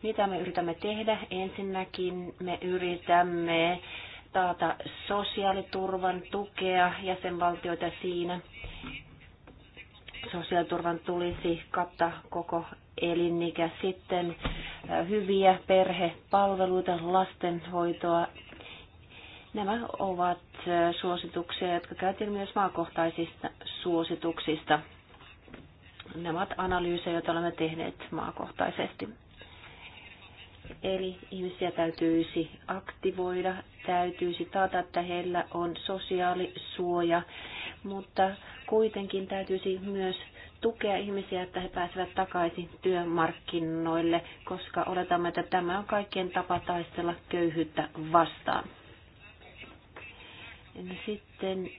Mitä me yritämme tehdä? Ensinnäkin me yritämme taata sosiaaliturvan tukea jäsenvaltioita siinä. Sosiaaliturvan tulisi kattaa koko elinikä. Sitten hyviä perhepalveluita, lastenhoitoa, Nämä ovat äh, suosituksia, jotka käytiin myös maakohtaisista suosituksista. Nämä ovat analyysejä, joita olemme tehneet maakohtaisesti. Eli ihmisiä täytyisi aktivoida, täytyisi taata, että heillä on sosiaalisuoja, mutta kuitenkin täytyisi myös tukea ihmisiä, että he pääsevät takaisin työmarkkinoille, koska oletamme, että tämä on kaikkien tapa taistella köyhyyttä vastaan. No sitten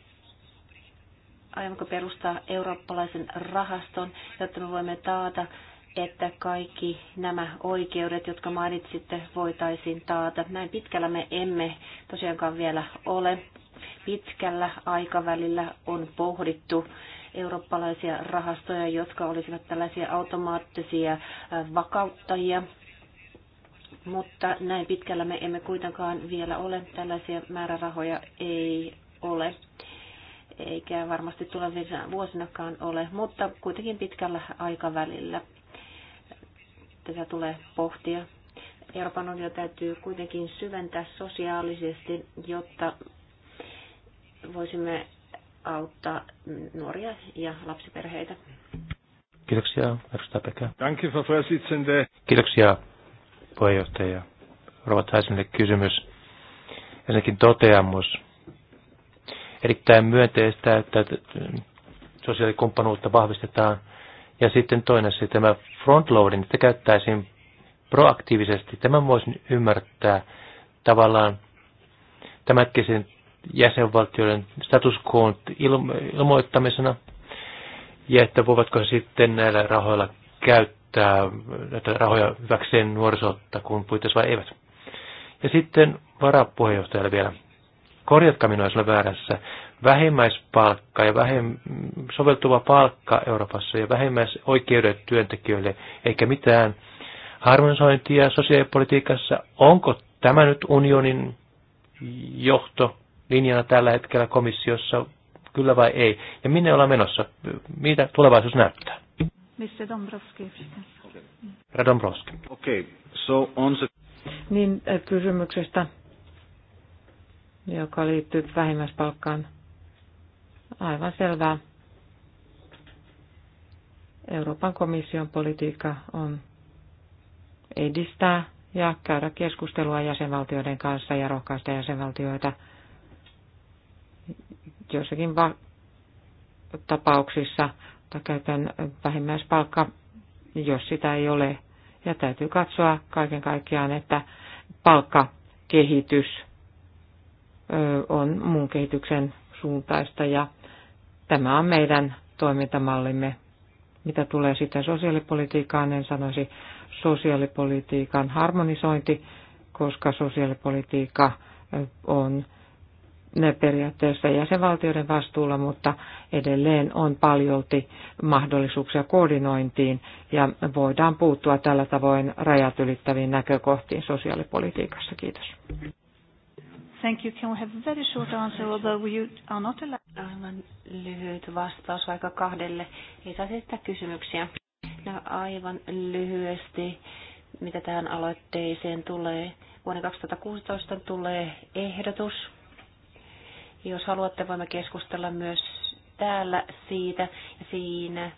aionko perustaa eurooppalaisen rahaston, jotta me voimme taata, että kaikki nämä oikeudet, jotka mainitsitte, voitaisiin taata. Näin pitkällä me emme tosiaankaan vielä ole. Pitkällä aikavälillä on pohdittu eurooppalaisia rahastoja, jotka olisivat tällaisia automaattisia äh, vakauttajia, mutta näin pitkällä me emme kuitenkaan vielä ole. Tällaisia määrärahoja ei ole, eikä varmasti tulevina vuosinakaan ole, mutta kuitenkin pitkällä aikavälillä tätä tulee pohtia. Euroopan unionia täytyy kuitenkin syventää sosiaalisesti, jotta voisimme auttaa nuoria ja lapsiperheitä. Kiitoksia, edustaja Pekka. Danke, Frau Kiitoksia, puheenjohtaja Robert Heisenille kysymys. Ensinnäkin toteamus. Erittäin myönteistä, että sosiaalikumppanuutta vahvistetaan. Ja sitten toinen se tämä frontloading, että käyttäisiin proaktiivisesti. Tämän voisin ymmärtää tavallaan tämänhetkisen jäsenvaltioiden status quo ilmoittamisena, ja että voivatko sitten näillä rahoilla käyttää käyttää näitä rahoja hyväkseen nuorisotta, kun puitteissa vai eivät. Ja sitten varapuheenjohtajalle vielä. Korjatka minua, jos olen väärässä. Vähimmäispalkka ja vähem... soveltuva palkka Euroopassa ja vähimmäisoikeudet työntekijöille, eikä mitään harmonisointia sosiaalipolitiikassa. Onko tämä nyt unionin johto linjana tällä hetkellä komissiossa, kyllä vai ei? Ja minne ollaan menossa? Mitä tulevaisuus näyttää? Mr. Dombrovski. Herra Dombrovski. okay. so on Niin äh, kysymyksestä, joka liittyy vähimmäispalkkaan. Aivan selvää. Euroopan komission politiikka on edistää ja käydä keskustelua jäsenvaltioiden kanssa ja rohkaista jäsenvaltioita joissakin va- tapauksissa mutta käytän vähimmäispalkka, jos sitä ei ole. Ja täytyy katsoa kaiken kaikkiaan, että palkkakehitys on muun kehityksen suuntaista ja tämä on meidän toimintamallimme. Mitä tulee sitten sosiaalipolitiikkaan, en sanoisi sosiaalipolitiikan harmonisointi, koska sosiaalipolitiikka on periaatteessa jäsenvaltioiden vastuulla, mutta edelleen on paljolti mahdollisuuksia koordinointiin ja voidaan puuttua tällä tavoin rajat ylittäviin näkökohtiin sosiaalipolitiikassa. Kiitos. Thank you. Can we have a very short answer, although you are not allowed? Aivan lyhyt vastaus vaikka kahdelle. Ei saa sitä kysymyksiä. No aivan lyhyesti, mitä tähän aloitteeseen tulee. Vuonna 2016 tulee ehdotus jos haluatte, voimme keskustella myös täällä siitä ja siinä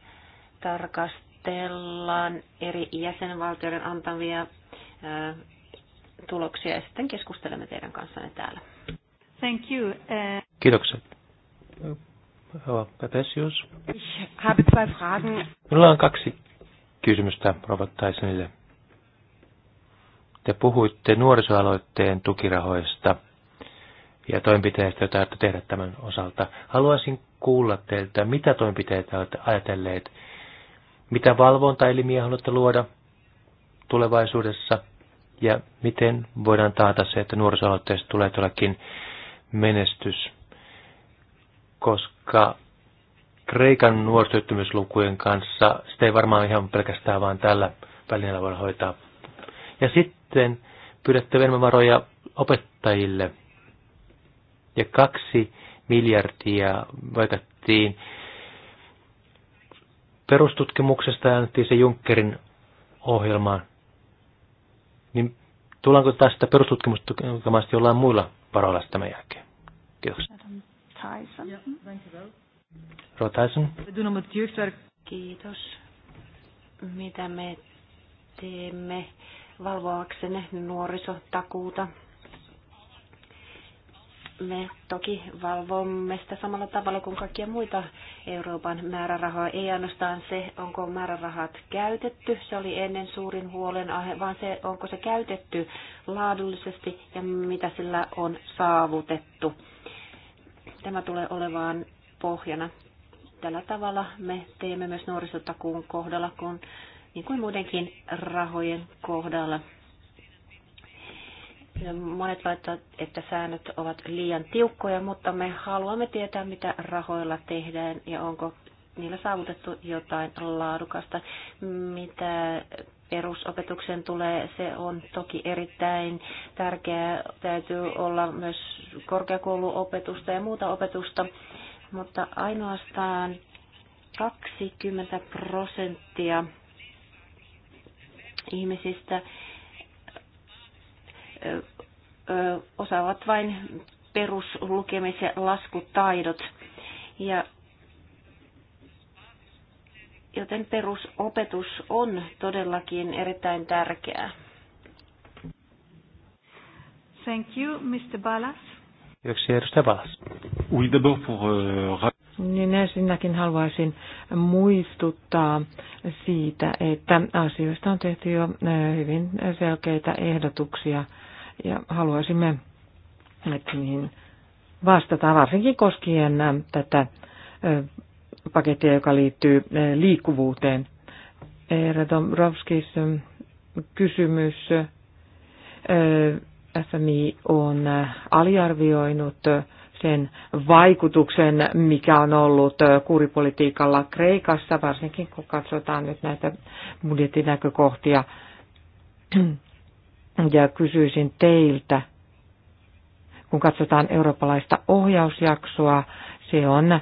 tarkastellaan eri jäsenvaltioiden ää, tuloksia ja sitten keskustelemme teidän kanssanne täällä. Thank you. Kiitokset. Pepesius. Minulla on kaksi kysymystä Robert Tysonille. Te puhuitte nuorisoaloitteen tukirahoista – ja toimenpiteistä, joita olette tehdä tämän osalta. Haluaisin kuulla teiltä, mitä toimenpiteitä olette ajatelleet, mitä valvontaelimiä haluatte luoda tulevaisuudessa ja miten voidaan taata se, että nuorisoaloitteesta tulee todellakin menestys, koska Kreikan nuorisotyöttömyyslukujen kanssa sitä ei varmaan ihan pelkästään vaan tällä välineellä voida hoitaa. Ja sitten pyydätte enemmän varoja opettajille – ja kaksi miljardia väitettiin perustutkimuksesta annettiin se Junckerin ohjelmaan. Niin tullaanko taas sitä perustutkimusta jollain muilla varoilla tämän jälkeen? Kiitos. Tyson. Kiitos. Mitä me teemme valvoaksenne nuorisotakuuta? Me toki valvomme sitä samalla tavalla kuin kaikkia muita Euroopan määrärahoja. Ei ainoastaan se, onko määrärahat käytetty, se oli ennen suurin huolenaihe, vaan se, onko se käytetty laadullisesti ja mitä sillä on saavutettu. Tämä tulee olevaan pohjana. Tällä tavalla me teemme myös nuorisotakuun kohdalla, kun, niin kuin muidenkin rahojen kohdalla – Monet laittavat, että säännöt ovat liian tiukkoja, mutta me haluamme tietää, mitä rahoilla tehdään ja onko niillä saavutettu jotain laadukasta. Mitä perusopetuksen tulee, se on toki erittäin tärkeää. Täytyy olla myös korkeakouluopetusta ja muuta opetusta, mutta ainoastaan 20 prosenttia ihmisistä osaavat vain peruslukemis- ja laskutaidot. Ja joten perusopetus on todellakin erittäin tärkeää. Thank you, Mr. Balas. Kiitoksia, edustaja Balas. Oui, d'abord pour, euh, niin ensinnäkin haluaisin muistuttaa siitä, että asioista on tehty jo äh, hyvin selkeitä ehdotuksia ja haluaisimme, että niihin vastata, varsinkin koskien tätä pakettia, joka liittyy liikkuvuuteen. Radomrovskis kysymys. FMI on aliarvioinut sen vaikutuksen, mikä on ollut kuripolitiikalla Kreikassa, varsinkin kun katsotaan nyt näitä budjettinäkökohtia. Ja kysyisin teiltä, kun katsotaan eurooppalaista ohjausjaksoa, se on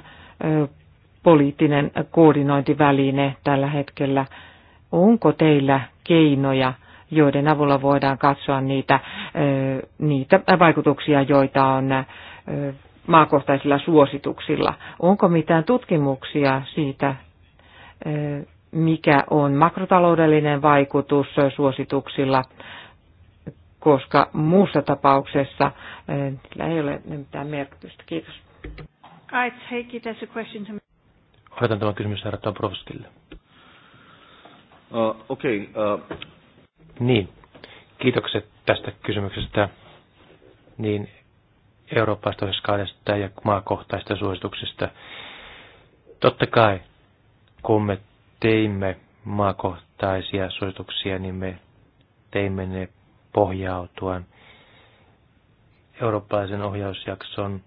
poliittinen koordinointiväline tällä hetkellä. Onko teillä keinoja, joiden avulla voidaan katsoa niitä, niitä vaikutuksia, joita on maakohtaisilla suosituksilla? Onko mitään tutkimuksia siitä, mikä on makrotaloudellinen vaikutus suosituksilla koska muussa tapauksessa eh, sillä ei ole mitään merkitystä. Kiitos. I take it as a question to Otan tämän kysymys herra Tabrovskille. Uh, Okei. Okay, uh... Niin, kiitokset tästä kysymyksestä. Niin, eurooppaista ja maakohtaista suosituksista. Totta kai, kun me teimme maakohtaisia suosituksia, niin me teimme ne pohjautuen eurooppalaisen ohjausjakson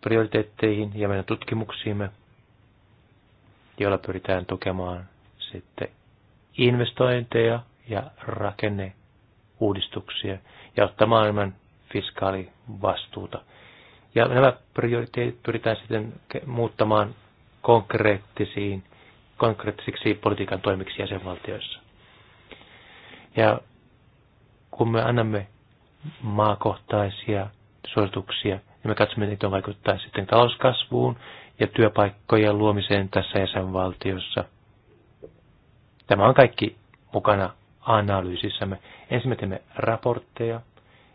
prioriteetteihin ja meidän tutkimuksiimme, joilla pyritään tukemaan sitten investointeja ja rakenneuudistuksia ja ottamaan enemmän fiskaalivastuuta. Ja nämä prioriteetit pyritään sitten muuttamaan konkreettisiin, konkreettisiksi politiikan toimiksi jäsenvaltioissa. Ja kun me annamme maakohtaisia suosituksia, niin me katsomme, että niitä vaikuttaa sitten talouskasvuun ja työpaikkojen luomiseen tässä jäsenvaltiossa. Tämä on kaikki mukana analyysissämme. Ensin me teemme raportteja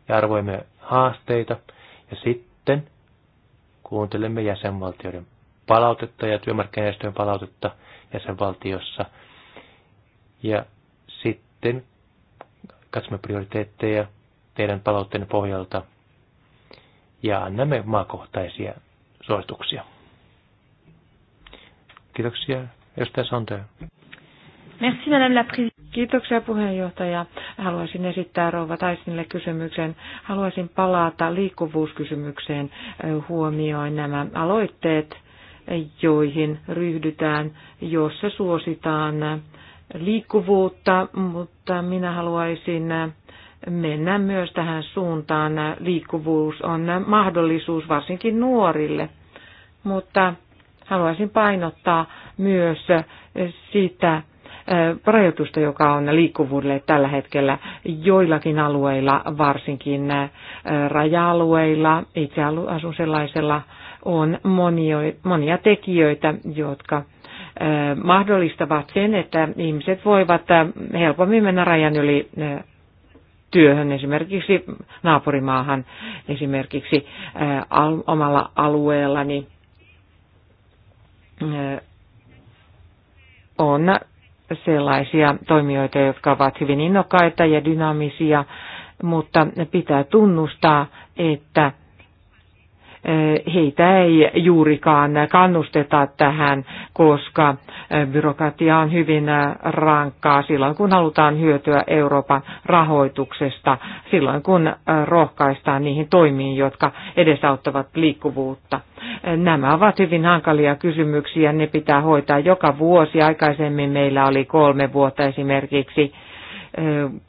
ja arvoimme haasteita ja sitten kuuntelemme jäsenvaltioiden palautetta ja työmarkkinajärjestöjen palautetta jäsenvaltiossa. Ja sitten katsomme prioriteetteja teidän palautteen pohjalta ja annamme maakohtaisia suosituksia. Kiitoksia. Edustaja Santö. Merci, Madame la Kiitoksia puheenjohtaja. Haluaisin esittää Rouva Taisnille kysymyksen. Haluaisin palata liikkuvuuskysymykseen eh, huomioin nämä aloitteet, eh, joihin ryhdytään, jos se suositaan eh, liikkuvuutta, mutta minä haluaisin mennä myös tähän suuntaan. Liikkuvuus on mahdollisuus varsinkin nuorille, mutta haluaisin painottaa myös sitä rajoitusta, joka on liikkuvuudelle tällä hetkellä joillakin alueilla, varsinkin raja-alueilla. Itse asun sellaisella, on monia, monia tekijöitä, jotka mahdollistavat sen, että ihmiset voivat helpommin mennä rajan yli työhön, esimerkiksi naapurimaahan, esimerkiksi omalla alueellani on sellaisia toimijoita, jotka ovat hyvin innokkaita ja dynaamisia, mutta pitää tunnustaa, että Eh, heitä ei juurikaan kannusteta tähän, koska eh, byrokratia on hyvin eh, rankkaa silloin, kun halutaan hyötyä Euroopan rahoituksesta, silloin kun rohkaistaan niihin toimiin, jotka edesauttavat liikkuvuutta. Nämä ovat hyvin hankalia kysymyksiä, ne pitää hoitaa joka vuosi. Aikaisemmin meillä oli kolme vuotta esimerkiksi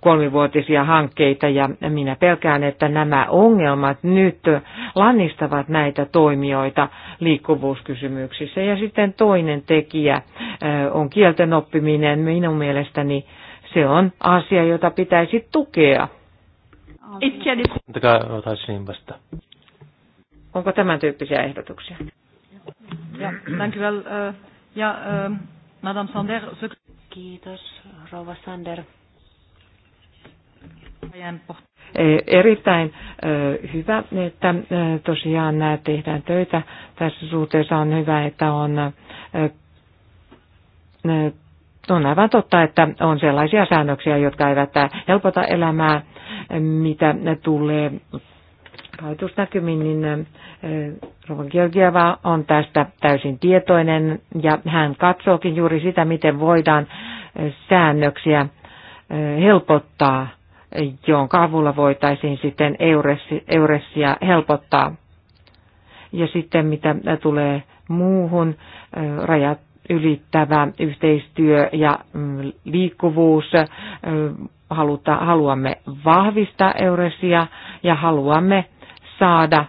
kolmivuotisia hankkeita ja minä pelkään, että nämä ongelmat nyt lannistavat näitä toimijoita liikkuvuuskysymyksissä. Ja sitten toinen tekijä on kielten oppiminen. Minun mielestäni se on asia, jota pitäisi tukea. Onko tämän tyyppisiä ehdotuksia? Ja, dank ja, uh, Madame Sander. Kiitos, rouva Sander. Eh, erittäin eh, hyvä, että eh, tosiaan tehdään töitä. Tässä suhteessa on hyvä, että on, on aivan totta, että on sellaisia säännöksiä, jotka eivät helpota elämää, mitä tulee rahoitusnäkymiin, niin Rova Georgieva on tästä täysin tietoinen ja hän katsookin juuri sitä, miten voidaan säännöksiä helpottaa jonka avulla voitaisiin sitten euressia helpottaa. Ja sitten mitä tulee muuhun, rajat ylittävä yhteistyö ja mm, liikkuvuus. Haluta, haluamme vahvistaa euresia ja haluamme saada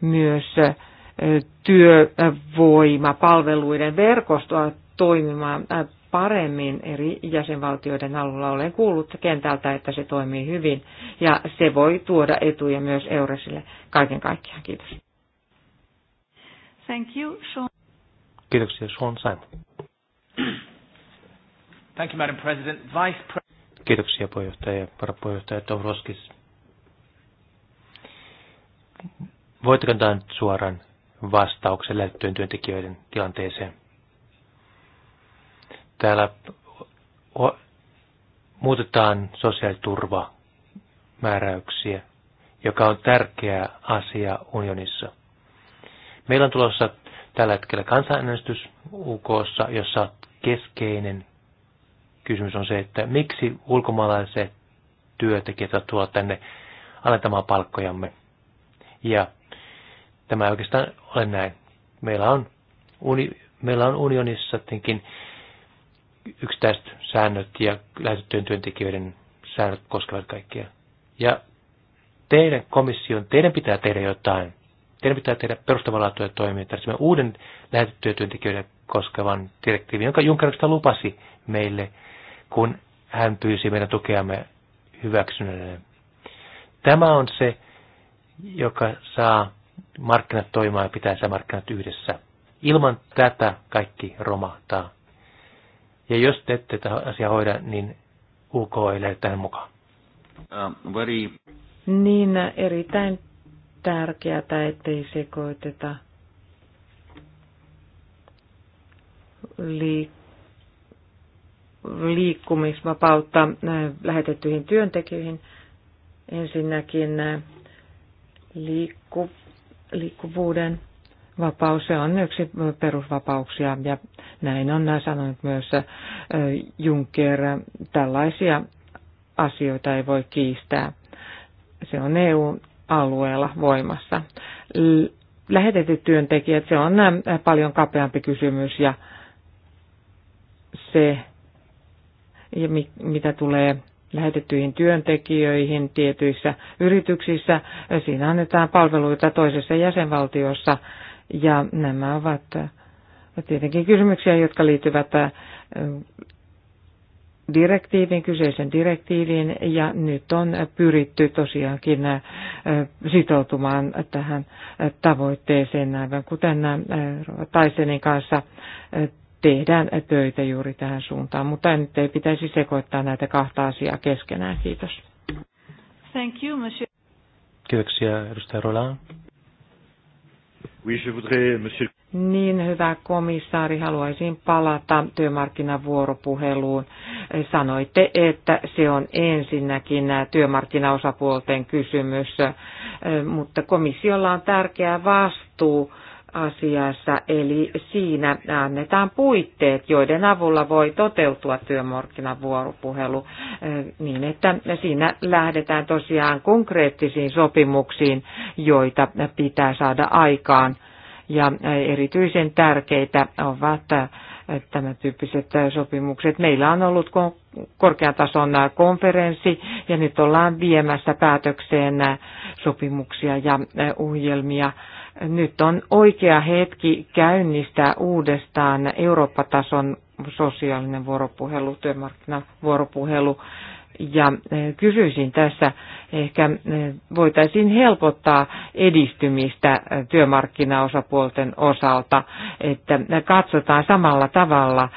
myös työvoimapalveluiden verkostoa toimimaan paremmin eri jäsenvaltioiden alulla. Olen kuullut kentältä, että se toimii hyvin ja se voi tuoda etuja myös Euresille kaiken kaikkiaan. Kiitos. Thank you, Sean. Kiitoksia, Sean Simon. Thank you, Madam President. Vice President. Kiitoksia puheenjohtaja ja varapuheenjohtaja Tovroskis. Voitteko antaa suoran vastauksen lähetettyjen työntekijöiden tilanteeseen? täällä muutetaan sosiaaliturvamääräyksiä, joka on tärkeä asia unionissa. Meillä on tulossa tällä hetkellä kansanäänestys UK, jossa keskeinen kysymys on se, että miksi ulkomaalaiset työntekijät tulla tänne alentamaan palkkojamme. Ja tämä oikeastaan ole näin. Meillä on, uni, meillä on unionissa tietenkin yksittäiset säännöt ja lähetettyjen työntekijöiden säännöt koskevat kaikkia. Ja teidän komission, teidän pitää tehdä jotain. Teidän pitää tehdä perustavanlaatuja toimia. Tarvitsemme uuden lähetettyjen työntekijöiden koskevan direktiivin, jonka Juncker lupasi meille, kun hän pyysi meidän tukeamme hyväksynnälle. Tämä on se, joka saa markkinat toimimaan ja pitää saa markkinat yhdessä. Ilman tätä kaikki romahtaa. Ja jos te ette tätä asiaa hoida, niin UK ei lähde tähän mukaan. Uh, very... Niin, erittäin tärkeää, ettei sekoiteta liik- liikkumisvapautta äh, lähetettyihin työntekijöihin. Ensinnäkin äh, liikku, liikkuvuuden vapaus, se on yksi perusvapauksia ja näin on näin sanonut myös Juncker. Tällaisia asioita ei voi kiistää. Se on EU-alueella voimassa. Lähetetyt työntekijät, se on paljon kapeampi kysymys ja se, ja mitä tulee lähetettyihin työntekijöihin tietyissä yrityksissä. Siinä annetaan palveluita toisessa jäsenvaltiossa ja nämä ovat tietenkin kysymyksiä, jotka liittyvät äh, direktiivin, kyseisen direktiiviin ja nyt on pyritty tosiaankin äh, sitoutumaan tähän tavoitteeseen, aivan kuten äh, Taisenin kanssa tehdään töitä juuri tähän suuntaan, mutta nyt ei pitäisi sekoittaa näitä kahta asiaa keskenään. Kiitos. Thank you, monsieur. Kiitoksia, edustaja Roland. Niin, hyvä komissaari, haluaisin palata työmarkkinavuoropuheluun. Sanoitte, että se on ensinnäkin työmarkkinaosapuolten kysymys, mutta komissiolla on tärkeä vastuu asiassa, eli siinä annetaan puitteet, joiden avulla voi toteutua työmarkkinavuoropuhelu eh, niin, että siinä lähdetään tosiaan konkreettisiin sopimuksiin, joita pitää saada aikaan. Ja eh, erityisen tärkeitä ovat eh, tämän tyyppiset sopimukset. Meillä on ollut korkean tason konferenssi ja nyt ollaan viemässä päätökseen sopimuksia ja ohjelmia nyt on oikea hetki käynnistää uudestaan Eurooppa-tason sosiaalinen vuoropuhelu, työmarkkinavuoropuhelu. vuoropuhelu ja e, kysyisin tässä, ehkä e, voitaisiin helpottaa edistymistä e, työmarkkinaosapuolten osalta, että katsotaan samalla tavalla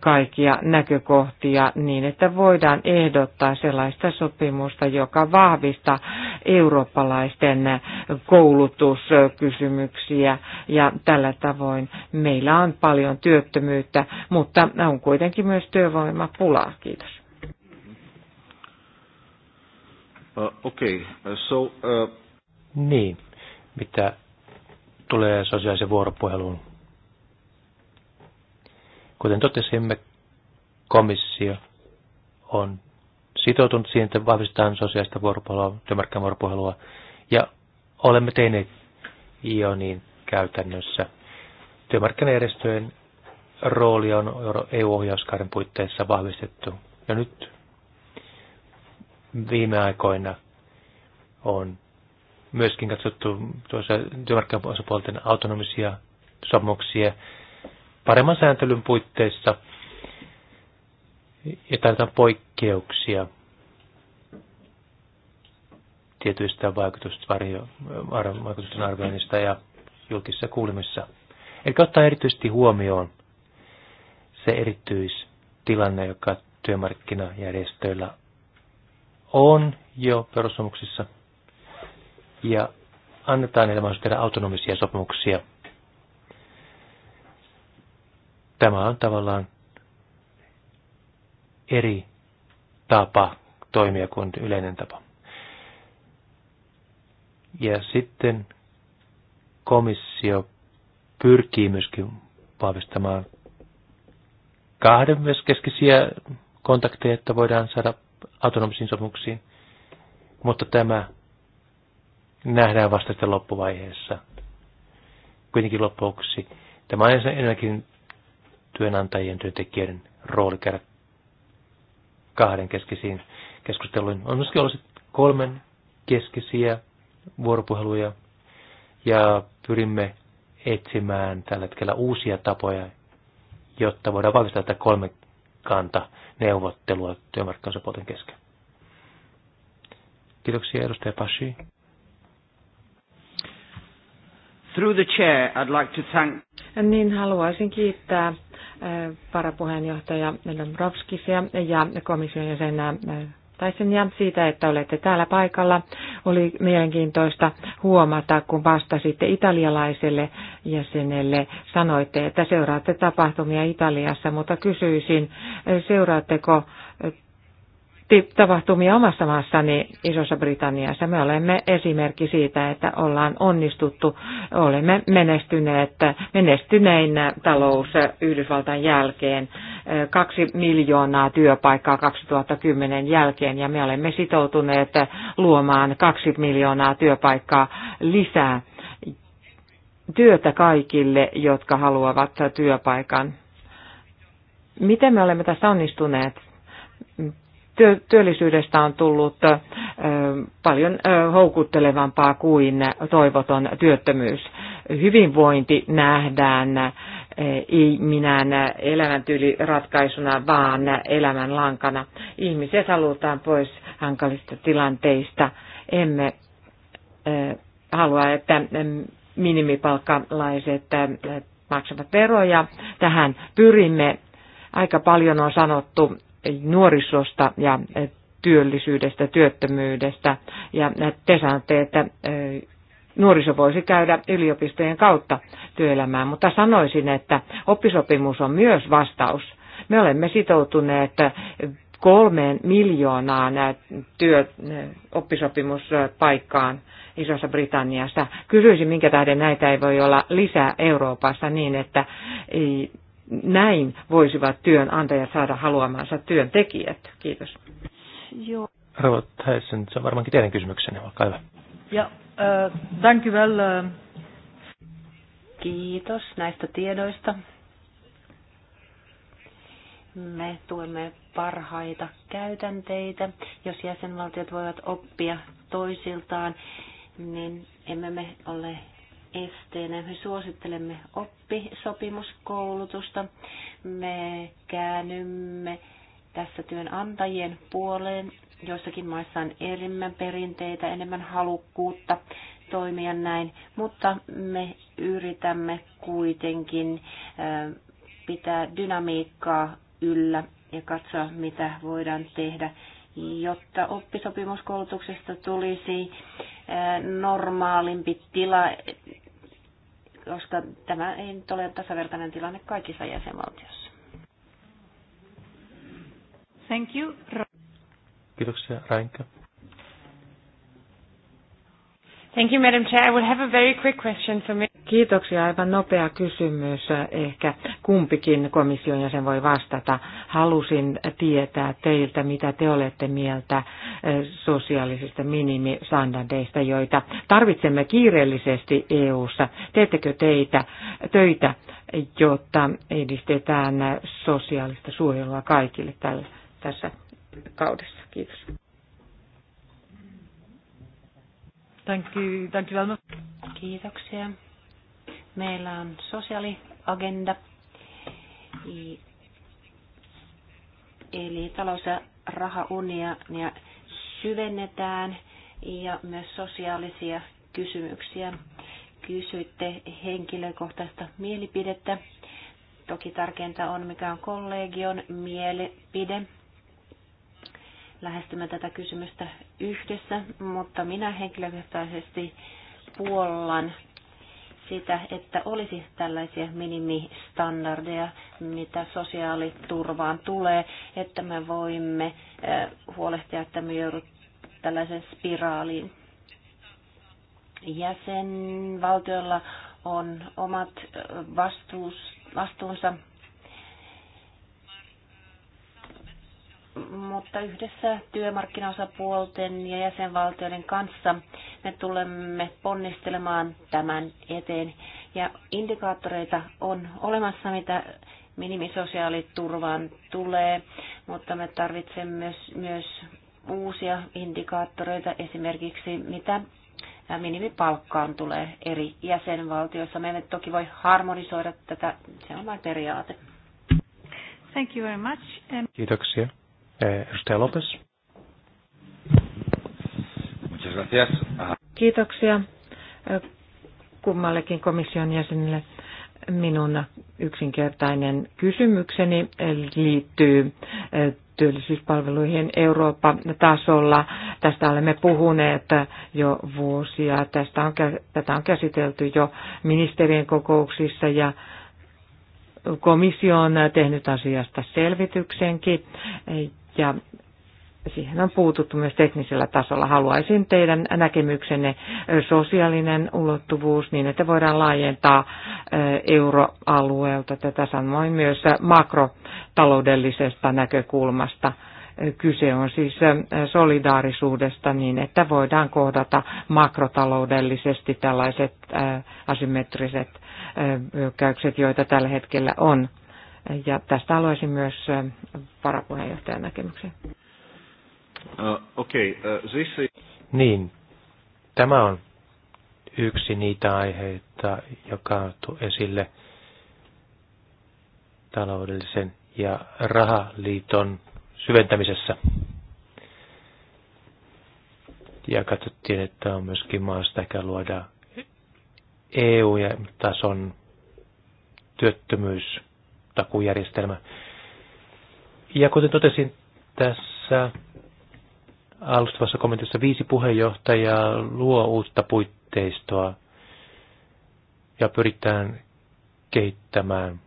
kaikkia näkökohtia niin, että voidaan ehdottaa sellaista sopimusta, joka vahvistaa eurooppalaisten koulutuskysymyksiä ja tällä tavoin meillä on paljon työttömyyttä, mutta on kuitenkin myös työvoimapulaa. Kiitos. Uh, okay. Uh, so, uh... Niin, mitä tulee sosiaalisen vuoropuheluun. Kuten totesimme, komissio on sitoutunut siihen, että vahvistetaan sosiaalista vuoropuhelua, vuoropuhelua, ja olemme tehneet jo niin käytännössä. Työmarkkinajärjestöjen rooli on EU-ohjauskaaren puitteissa vahvistettu. Ja nyt viime aikoina on myöskin katsottu tuossa työmarkkinaosapuolten autonomisia sopimuksia paremman sääntelyn puitteissa ja tarvitaan poikkeuksia tietyistä vaikutusten arvioinnista ja julkisissa kuulemissa. Eli ottaa erityisesti huomioon se erityistilanne, joka työmarkkinajärjestöillä on jo perussopimuksissa ja annetaan niille mahdollisuus tehdä autonomisia sopimuksia. Tämä on tavallaan eri tapa toimia kuin yleinen tapa. Ja sitten komissio pyrkii myöskin vahvistamaan kahden keskisiä kontakteja, että voidaan saada autonomisiin sopimuksiin, mutta tämä nähdään vasta sitten loppuvaiheessa. Kuitenkin loppuksi tämä on ensinnäkin työnantajien työntekijöiden rooli käydä kahden keskisiin keskusteluihin. On myöskin ollut kolmen keskisiä vuoropuheluja ja pyrimme etsimään tällä hetkellä uusia tapoja, jotta voidaan vahvistaa tätä kolme kolmikanta neuvottelua työmarkkinoisapuolten kesken. Kiitoksia edustaja Pashi. Through the chair, I'd like to thank... Niin haluaisin kiittää äh, varapuheenjohtaja Dombrovskisia ja komission jäsenää äh, Taisin ja siitä, että olette täällä paikalla. Oli mielenkiintoista huomata, kun vastasitte italialaiselle jäsenelle. Sanoitte, että seuraatte tapahtumia Italiassa, mutta kysyisin, seuraatteko eh, tapahtumia omassa maassani Isossa Britanniassa. Me olemme esimerkki siitä, että ollaan onnistuttu, olemme menestyneet, menestynein talous Yhdysvaltain jälkeen kaksi miljoonaa työpaikkaa 2010 jälkeen ja me olemme sitoutuneet luomaan kaksi miljoonaa työpaikkaa lisää työtä kaikille, jotka haluavat työpaikan. Miten me olemme tässä onnistuneet? työllisyydestä on tullut paljon houkuttelevampaa kuin toivoton työttömyys. Hyvinvointi nähdään ei minään elämäntyliratkaisuna, vaan elämän lankana Ihmiset halutaan pois hankalista tilanteista. Emme halua, että minimipalkkalaiset maksavat veroja. Tähän pyrimme. Aika paljon on sanottu nuorisosta ja työllisyydestä, työttömyydestä. Ja te sanotte, että nuoriso voisi käydä yliopistojen kautta työelämään, mutta sanoisin, että oppisopimus on myös vastaus. Me olemme sitoutuneet kolmeen miljoonaan työ, oppisopimuspaikkaan Isossa Britanniassa. Kysyisin, minkä tähden näitä ei voi olla lisää Euroopassa niin, että ei, näin voisivat työnantajat saada haluamansa työntekijät. Kiitos. Joo. Arvo se on varmaankin teidän kysymyksenne, olkaa hyvä. Joo. Thank eh, you well. Eh. Kiitos näistä tiedoista. Me tuemme parhaita käytänteitä. Jos jäsenvaltiot voivat oppia toisiltaan, niin emme me ole esteenä. Me suosittelemme oppisopimuskoulutusta. Me käännymme tässä työnantajien puoleen Joissakin maissa on enemmän perinteitä, enemmän halukkuutta toimia näin, mutta me yritämme kuitenkin pitää dynamiikkaa yllä ja katsoa, mitä voidaan tehdä, jotta oppisopimuskoulutuksesta tulisi normaalimpi tila, koska tämä ei nyt ole tasavertainen tilanne kaikissa jäsenvaltioissa. Thank you. Kiitoksia, Rainka. Thank you, Madam Chair. I will have a very quick question for me. Kiitoksia. Aivan nopea kysymys. Ehkä kumpikin komission jäsen voi vastata. Halusin tietää teiltä, mitä te olette mieltä eh, sosiaalisista minimistandardeista, joita tarvitsemme kiireellisesti EU-ssa. Teettekö teitä töitä, jotta edistetään sosiaalista suojelua kaikille tällä, tässä kaudessa. Kiitos. Thank you. Thank you Kiitoksia. Meillä on sosiaaliagenda, eli talous- ja rahaunia ja syvennetään ja myös sosiaalisia kysymyksiä. Kysyitte henkilökohtaista mielipidettä. Toki tärkeintä on, mikä on kollegion mielipide lähestymme tätä kysymystä yhdessä, mutta minä henkilökohtaisesti puollan sitä, että olisi tällaisia minimistandardeja, mitä sosiaaliturvaan tulee, että me voimme huolehtia, että me joudut tällaisen spiraaliin. Jäsenvaltiolla on omat vastuus, vastuunsa mutta yhdessä työmarkkinaosapuolten ja jäsenvaltioiden kanssa me tulemme ponnistelemaan tämän eteen. Ja indikaattoreita on olemassa, mitä minimisosiaaliturvaan tulee, mutta me tarvitsemme myös, myös uusia indikaattoreita, esimerkiksi mitä minimipalkkaan tulee eri jäsenvaltioissa. Me emme toki voi harmonisoida tätä, se on vain periaate. Thank you very much. Kiitoksia. Eh, edustaja Lopes. Kiitoksia eh, kummallekin komission jäsenille Minun yksinkertainen kysymykseni liittyy eh, työllisyyspalveluihin Eurooppa-tasolla. Tästä olemme puhuneet jo vuosia. Tästä on, tätä on käsitelty jo ministerien kokouksissa ja komissio on tehnyt asiasta selvityksenkin ja siihen on puututtu myös teknisellä tasolla. Haluaisin teidän näkemyksenne sosiaalinen ulottuvuus niin, että voidaan laajentaa euroalueelta tätä samoin myös makrotaloudellisesta näkökulmasta. Kyse on siis solidaarisuudesta niin, että voidaan kohdata makrotaloudellisesti tällaiset asymmetriset hyökkäykset, joita tällä hetkellä on ja tästä haluaisin myös varapuheenjohtajan näkemyksen. Uh, Okei, okay. uh, this Niin, tämä on yksi niitä aiheita, joka on esille taloudellisen ja rahaliiton syventämisessä. Ja katsottiin, että on myöskin maasta ehkä luoda EU-tason työttömyys takujärjestelmä. Ja kuten totesin tässä alustavassa kommentissa, viisi puheenjohtajaa luo uutta puitteistoa ja pyritään kehittämään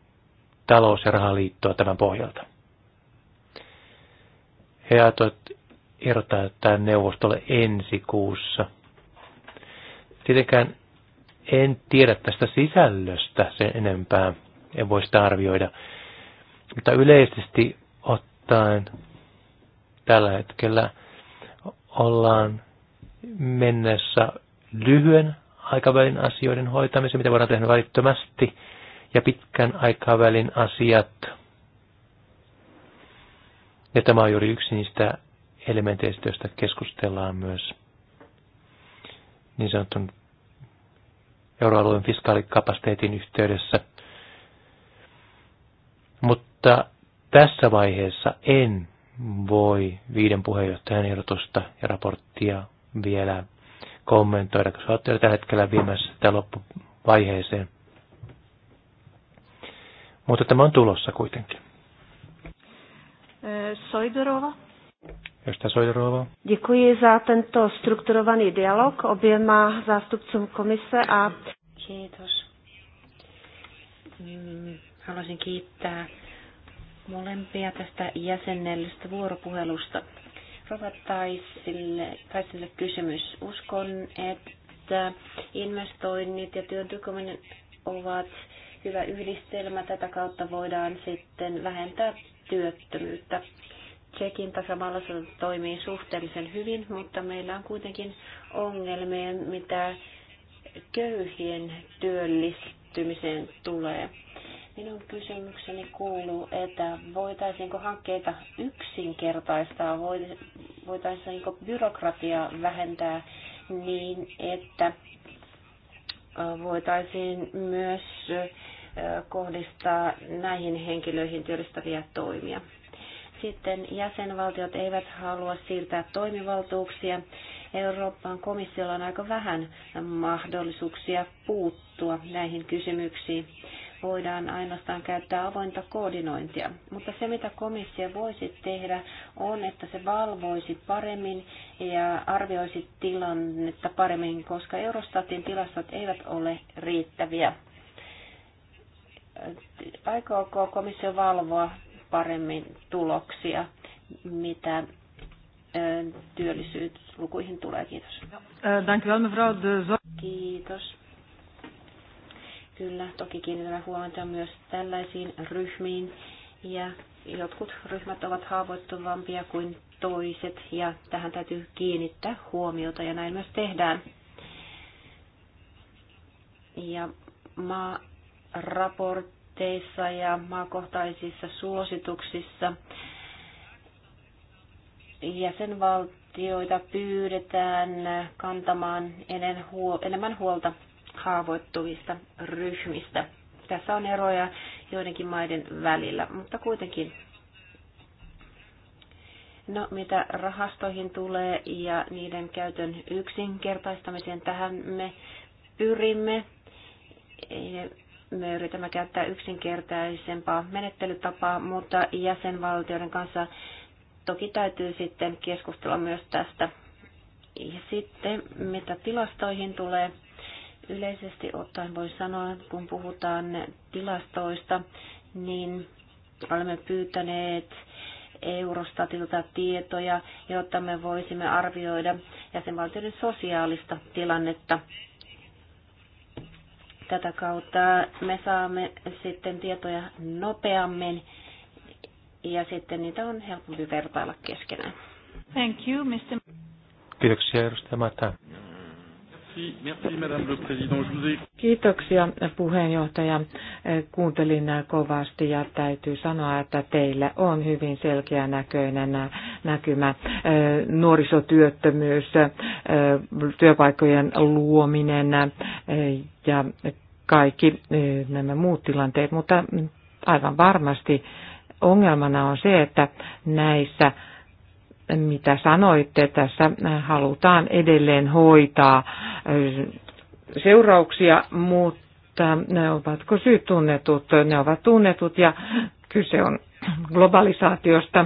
talous- ja rahaliittoa tämän pohjalta. He ajattelut erottaa tämän neuvostolle ensi kuussa. Tietenkään en tiedä tästä sisällöstä sen enempää, en voi sitä arvioida. Mutta yleisesti ottaen tällä hetkellä ollaan mennessä lyhyen aikavälin asioiden hoitamiseen, mitä voidaan tehdä välittömästi, ja pitkän aikavälin asiat. Ja tämä on juuri yksi niistä elementeistä, joista keskustellaan myös niin sanotun euroalueen fiskaalikapasiteetin yhteydessä – mutta tässä vaiheessa en voi viiden puheenjohtajan ehdotusta ja raporttia vielä kommentoida, koska olette tällä hetkellä viimeisessä tämän loppuvaiheeseen. Mutta tämä on tulossa kuitenkin. Eh, Soidorova. Ještě Sojdorova. Děkuji za tento strukturovaný dialog oběma zástupcům komise a... Kiitos. Mm Haluaisin kiittää molempia tästä jäsennellystä vuoropuhelusta. Rova Taisille, Taisille kysymys. Uskon, että investoinnit ja työn tykkäminen ovat hyvä yhdistelmä. Tätä kautta voidaan sitten vähentää työttömyyttä. Tsekin tasavallas toimii suhteellisen hyvin, mutta meillä on kuitenkin ongelmia, mitä köyhien työllistymiseen tulee. Minun kysymykseni kuuluu, että voitaisiinko hankkeita yksinkertaistaa, voitaisiinko byrokratiaa vähentää niin, että voitaisiin myös kohdistaa näihin henkilöihin työllistäviä toimia. Sitten jäsenvaltiot eivät halua siirtää toimivaltuuksia. Euroopan komissiolla on aika vähän mahdollisuuksia puuttua näihin kysymyksiin voidaan ainoastaan käyttää avointa koordinointia. Mutta se, mitä komissio voisi tehdä, on, että se valvoisi paremmin ja arvioisi tilannetta paremmin, koska Eurostatin tilastot eivät ole riittäviä. Aikooko komissio valvoa paremmin tuloksia, mitä työllisyyslukuihin tulee? Kiitos. Kiitos kyllä toki kiinnitämme huomiota myös tällaisiin ryhmiin ja jotkut ryhmät ovat haavoittuvampia kuin toiset ja tähän täytyy kiinnittää huomiota ja näin myös tehdään. Ja raporteissa ja maakohtaisissa suosituksissa jäsenvaltioita pyydetään kantamaan enemmän huolta haavoittuvista ryhmistä. Tässä on eroja joidenkin maiden välillä, mutta kuitenkin. No, mitä rahastoihin tulee ja niiden käytön yksinkertaistamiseen, tähän me pyrimme. Me yritämme käyttää yksinkertaisempaa menettelytapaa, mutta jäsenvaltioiden kanssa toki täytyy sitten keskustella myös tästä. Ja sitten mitä tilastoihin tulee, Yleisesti ottaen voi sanoa, kun puhutaan tilastoista, niin olemme pyytäneet Eurostatilta tietoja, jotta me voisimme arvioida jäsenvaltioiden sosiaalista tilannetta. Tätä kautta me saamme sitten tietoja nopeammin ja sitten niitä on helpompi vertailla keskenään. Thank you, Mr. Kiitoksia, edustaja Mata. Kiitoksia puheenjohtaja. Kuuntelin kovasti ja täytyy sanoa, että teillä on hyvin selkeä näköinen näkymä. Nuorisotyöttömyys, työpaikkojen luominen ja kaikki nämä muut tilanteet, mutta aivan varmasti ongelmana on se, että näissä mitä sanoitte, tässä äh, halutaan edelleen hoitaa äh, seurauksia, mutta ne äh, ovatko syyt tunnetut? Ne ovat tunnetut ja kyse on globalisaatiosta,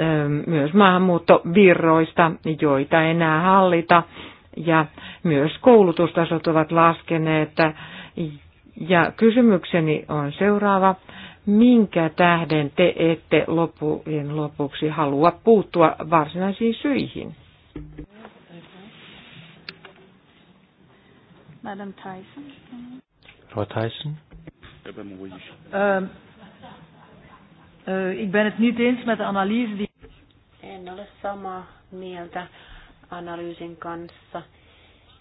ähm, myös maahanmuuttovirroista, joita enää hallita, ja myös koulutustasot ovat laskeneet. Ja kysymykseni on seuraava minkä tähden te ette loppujen lopuksi halua puuttua varsinaisiin syihin? Madam Tyson. Mevrouw Tyson. Ähm, äh, ik ben het niet eens met de analyse die... En ole samaa mieltä analyysin kanssa.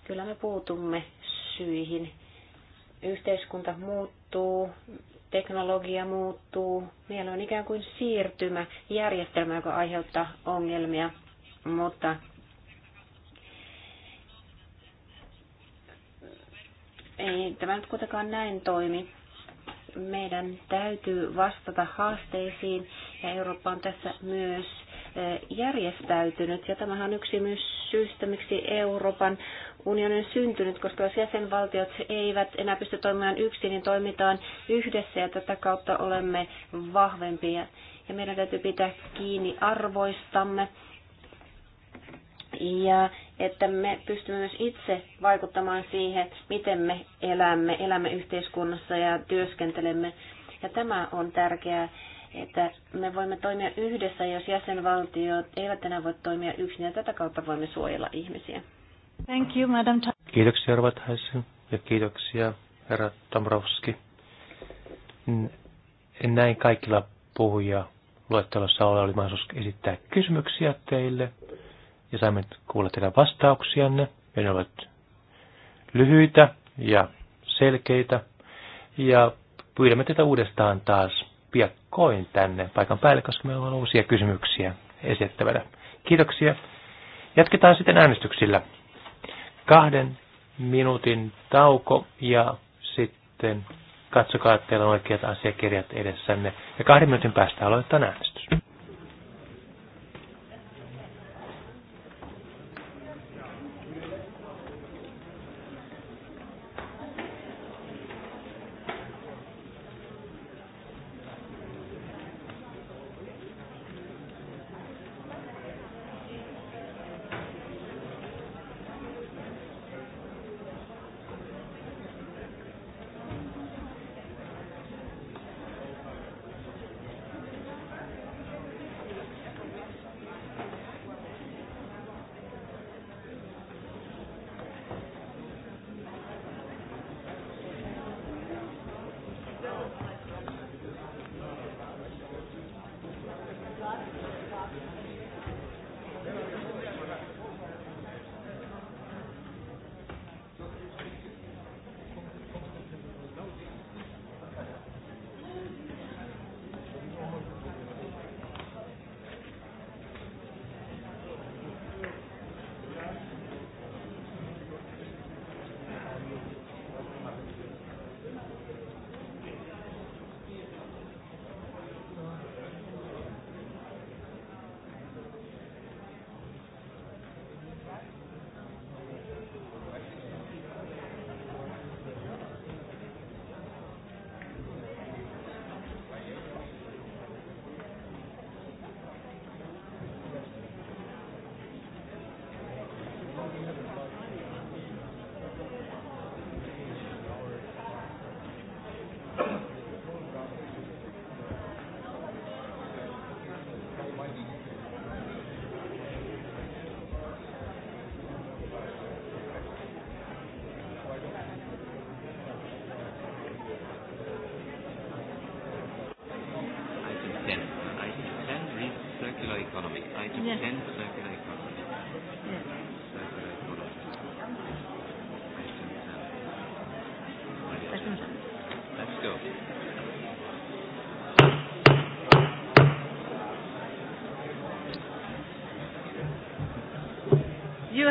Kyllä me puutumme syihin. Yhteiskunta muuttuu, teknologia muuttuu. Meillä on ikään kuin siirtymä järjestelmä, joka aiheuttaa ongelmia, mutta ei tämä nyt kuitenkaan näin toimi. Meidän täytyy vastata haasteisiin ja Eurooppa on tässä myös järjestäytynyt. Ja tämähän on yksi myös syystä, miksi Euroopan unioni on syntynyt, koska jos jäsenvaltiot eivät enää pysty toimimaan yksin, niin toimitaan yhdessä ja tätä kautta olemme vahvempia. Ja meidän täytyy pitää kiinni arvoistamme ja että me pystymme myös itse vaikuttamaan siihen, miten me elämme, elämme yhteiskunnassa ja työskentelemme. Ja tämä on tärkeää että me voimme toimia yhdessä, jos jäsenvaltiot eivät enää voi toimia yksin, ja tätä kautta voimme suojella ihmisiä. Thank you, Madam Kiitoksia, Arva ja kiitoksia, herra Tomrovski. Näin kaikilla puhuja luettelossa oli mahdollisuus esittää kysymyksiä teille, ja saimme kuulla teidän vastauksianne, ja ne ovat lyhyitä ja selkeitä, ja pyydämme teitä uudestaan taas piakkoin tänne paikan päälle, koska meillä on uusia kysymyksiä esittävänä. Kiitoksia. Jatketaan sitten äänestyksillä. Kahden minuutin tauko ja sitten katsokaa, että teillä on oikeat asiakirjat edessänne. Ja kahden minuutin päästä aloitetaan äänestys.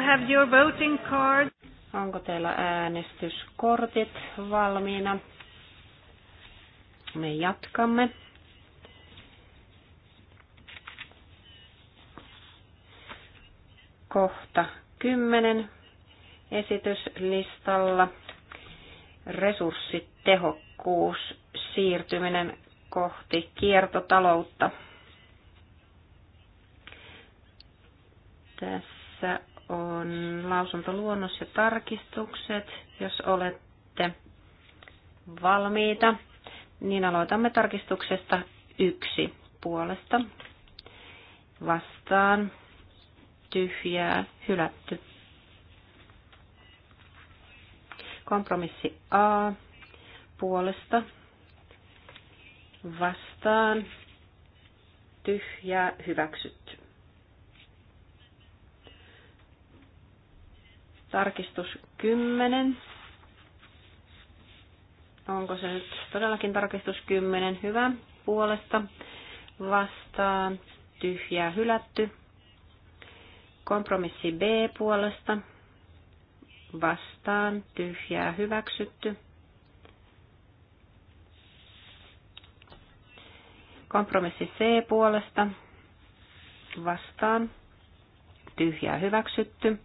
have your voting card? Onko teillä äänestyskortit valmiina? Me jatkamme. Kohta 10 esityslistalla resurssitehokkuus siirtyminen kohti kiertotaloutta. lausuntoluonnos ja tarkistukset. Jos olette valmiita, niin aloitamme tarkistuksesta yksi puolesta. Vastaan tyhjää, hylätty. Kompromissi A puolesta vastaan tyhjää hyväksytty. Tarkistus 10. Onko se nyt todellakin tarkistus 10? Hyvä. Puolesta vastaan tyhjää hylätty. Kompromissi B puolesta vastaan tyhjää hyväksytty. Kompromissi C puolesta vastaan tyhjää hyväksytty.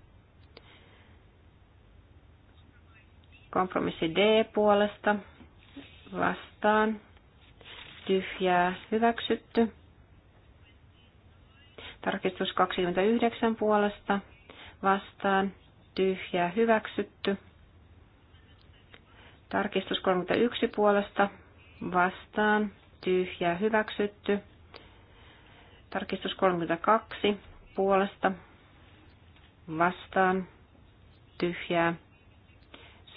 Kompromissi D puolesta vastaan. Tyhjää hyväksytty. Tarkistus 29 puolesta vastaan. Tyhjää hyväksytty. Tarkistus 31 puolesta vastaan. Tyhjää hyväksytty. Tarkistus 32 puolesta vastaan. Tyhjää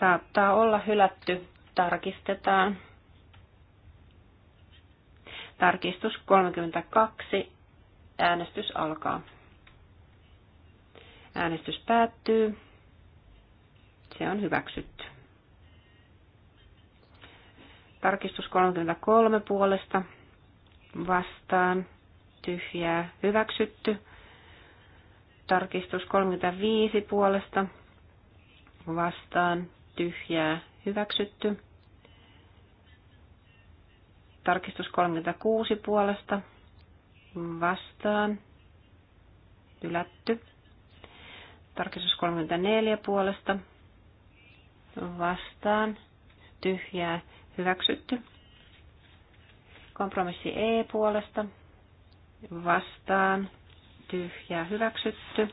Saattaa olla hylätty. Tarkistetaan. Tarkistus 32. Äänestys alkaa. Äänestys päättyy. Se on hyväksytty. Tarkistus 33 puolesta vastaan tyhjää hyväksytty. Tarkistus 35 puolesta vastaan tyhjää hyväksytty. Tarkistus 36 puolesta vastaan hylätty. Tarkistus 34 puolesta vastaan tyhjää hyväksytty. Kompromissi E puolesta vastaan tyhjää hyväksytty.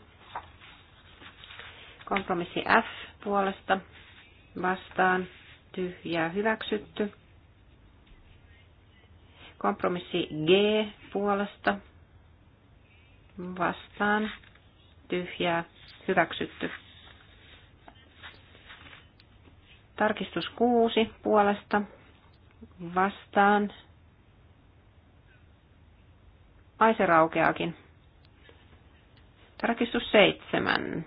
Kompromissi F puolesta vastaan tyhjää hyväksytty. Kompromissi G puolesta vastaan tyhjää hyväksytty. Tarkistus 6 puolesta vastaan. Ai se raukeakin. Tarkistus 7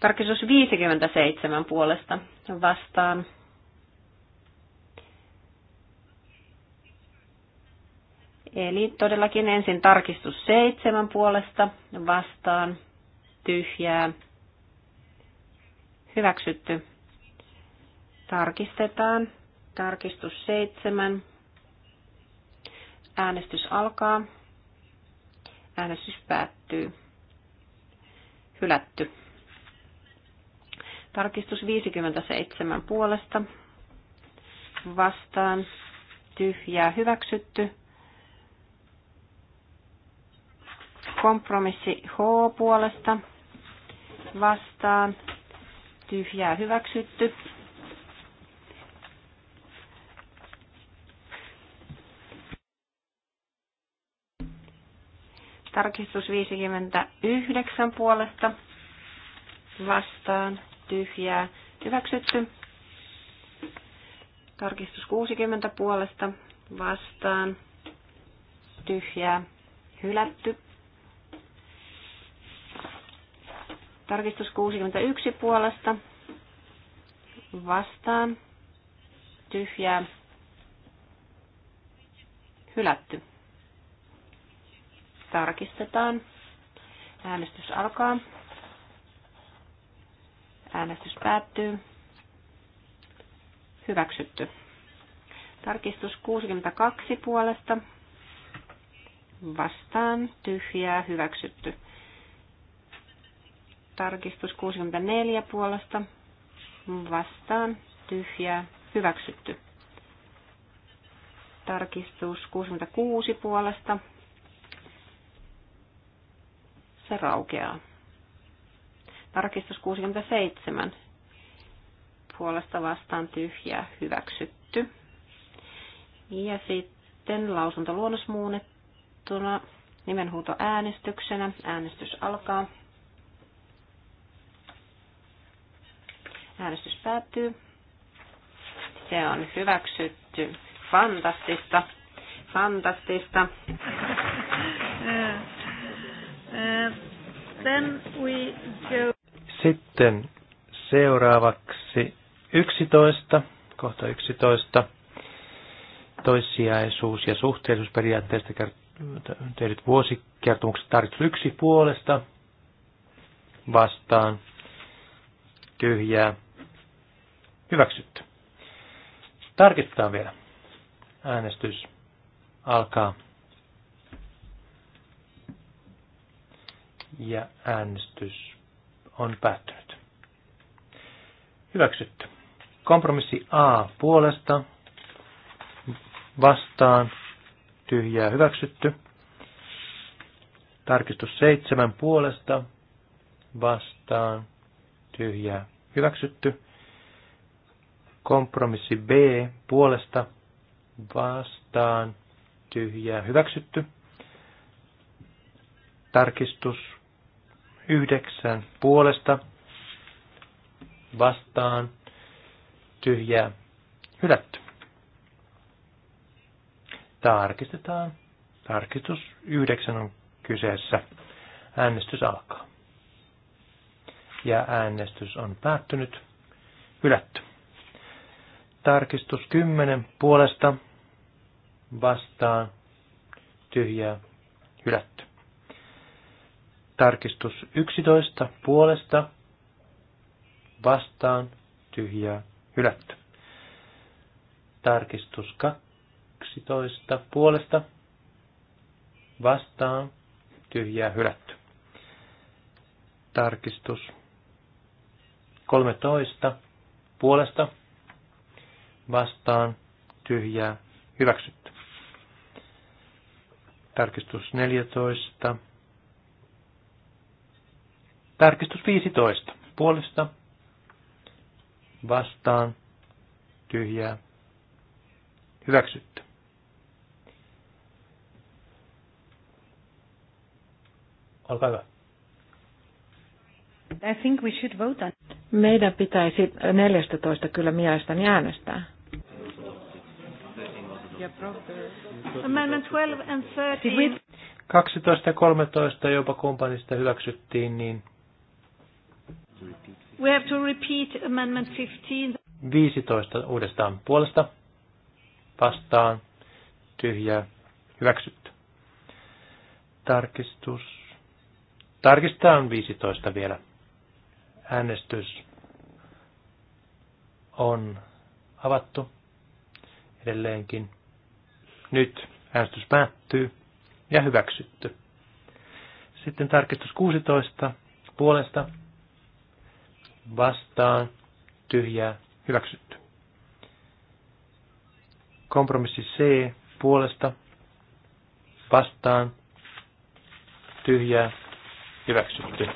Tarkistus 57 puolesta vastaan. Eli todellakin ensin tarkistus 7 puolesta vastaan tyhjää. Hyväksytty. Tarkistetaan. Tarkistus 7. Äänestys alkaa. Äänestys päättyy. Hylätty. Tarkistus 57 puolesta. Vastaan. Tyhjää hyväksytty. Kompromissi H puolesta. Vastaan. Tyhjää hyväksytty. Tarkistus 59 puolesta vastaan tyhjää hyväksytty. Tarkistus 60 puolesta vastaan tyhjää hylätty. Tarkistus 61 puolesta vastaan tyhjää hylätty. Tarkistetaan. Äänestys alkaa. Äänestys päättyy. Hyväksytty. Tarkistus 62 puolesta. Vastaan. Tyhjää. Hyväksytty. Tarkistus 64 puolesta. Vastaan. Tyhjää. Hyväksytty. Tarkistus 66 puolesta. Se raukeaa. Tarkistus 67. Puolesta vastaan tyhjää hyväksytty. Ja sitten lausuntoluonnos muunnettuna nimenhuuto äänestyksenä. Äänestys alkaa. Äänestys päättyy. Se on hyväksytty. Fantastista. Fantastista. Then we go. Sitten seuraavaksi 11, kohta 11, toissijaisuus- ja suhteellisuusperiaatteesta tehdyt vuosikertomukset tarkistus yksi puolesta vastaan tyhjää hyväksytty. Tarkistetaan vielä. Äänestys alkaa. Ja äänestys on päättynyt. Hyväksytty. Kompromissi A puolesta vastaan tyhjää hyväksytty. Tarkistus 7 puolesta vastaan tyhjää hyväksytty. Kompromissi B puolesta vastaan tyhjää hyväksytty. Tarkistus yhdeksän puolesta vastaan tyhjää hylätty. Tarkistetaan. Tarkistus yhdeksän on kyseessä. Äänestys alkaa. Ja äänestys on päättynyt. Hylätty. Tarkistus kymmenen puolesta vastaan tyhjää hylätty. Tarkistus 11 puolesta vastaan tyhjää hylätty. Tarkistus 12 puolesta vastaan tyhjää hylätty. Tarkistus 13 puolesta vastaan tyhjää hyväksytty. Tarkistus 14 Tarkistus 15. Puolesta vastaan tyhjää hyväksytty. Olkaa hyvä. I think we should vote on. Meidän pitäisi 14 kyllä mielestäni äänestää. Amendment 12 and 13. 12 ja 13 jopa kumppanista hyväksyttiin, niin We have to repeat amendment 15. 15 uudestaan puolesta vastaan tyhjä, hyväksytty. Tarkistus. Tarkistetaan 15 vielä. Äänestys on avattu edelleenkin. Nyt äänestys päättyy ja hyväksytty. Sitten tarkistus 16 puolesta vastaan, tyhjää, hyväksytty. Kompromissi C puolesta, vastaan, tyhjää, hyväksytty.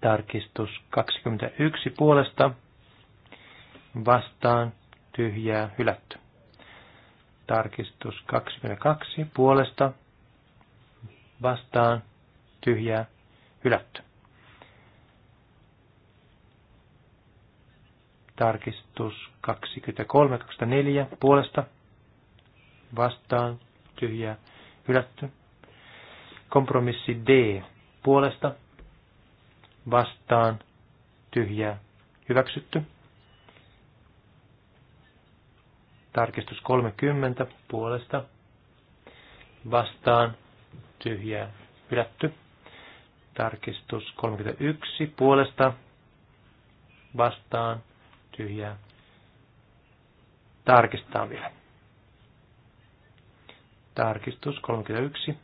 Tarkistus 21 puolesta, vastaan, tyhjää, hylätty. Tarkistus 22 puolesta, vastaan, tyhjää, hylätty. Tarkistus 23-24 puolesta, vastaan, tyhjää, hylätty. Kompromissi D puolesta, vastaan, tyhjää, hyväksytty. Tarkistus 30 puolesta, vastaan, tyhjää hylätty. Tarkistus 31 puolesta vastaan tyhjää. Tarkistetaan vielä. Tarkistus 31.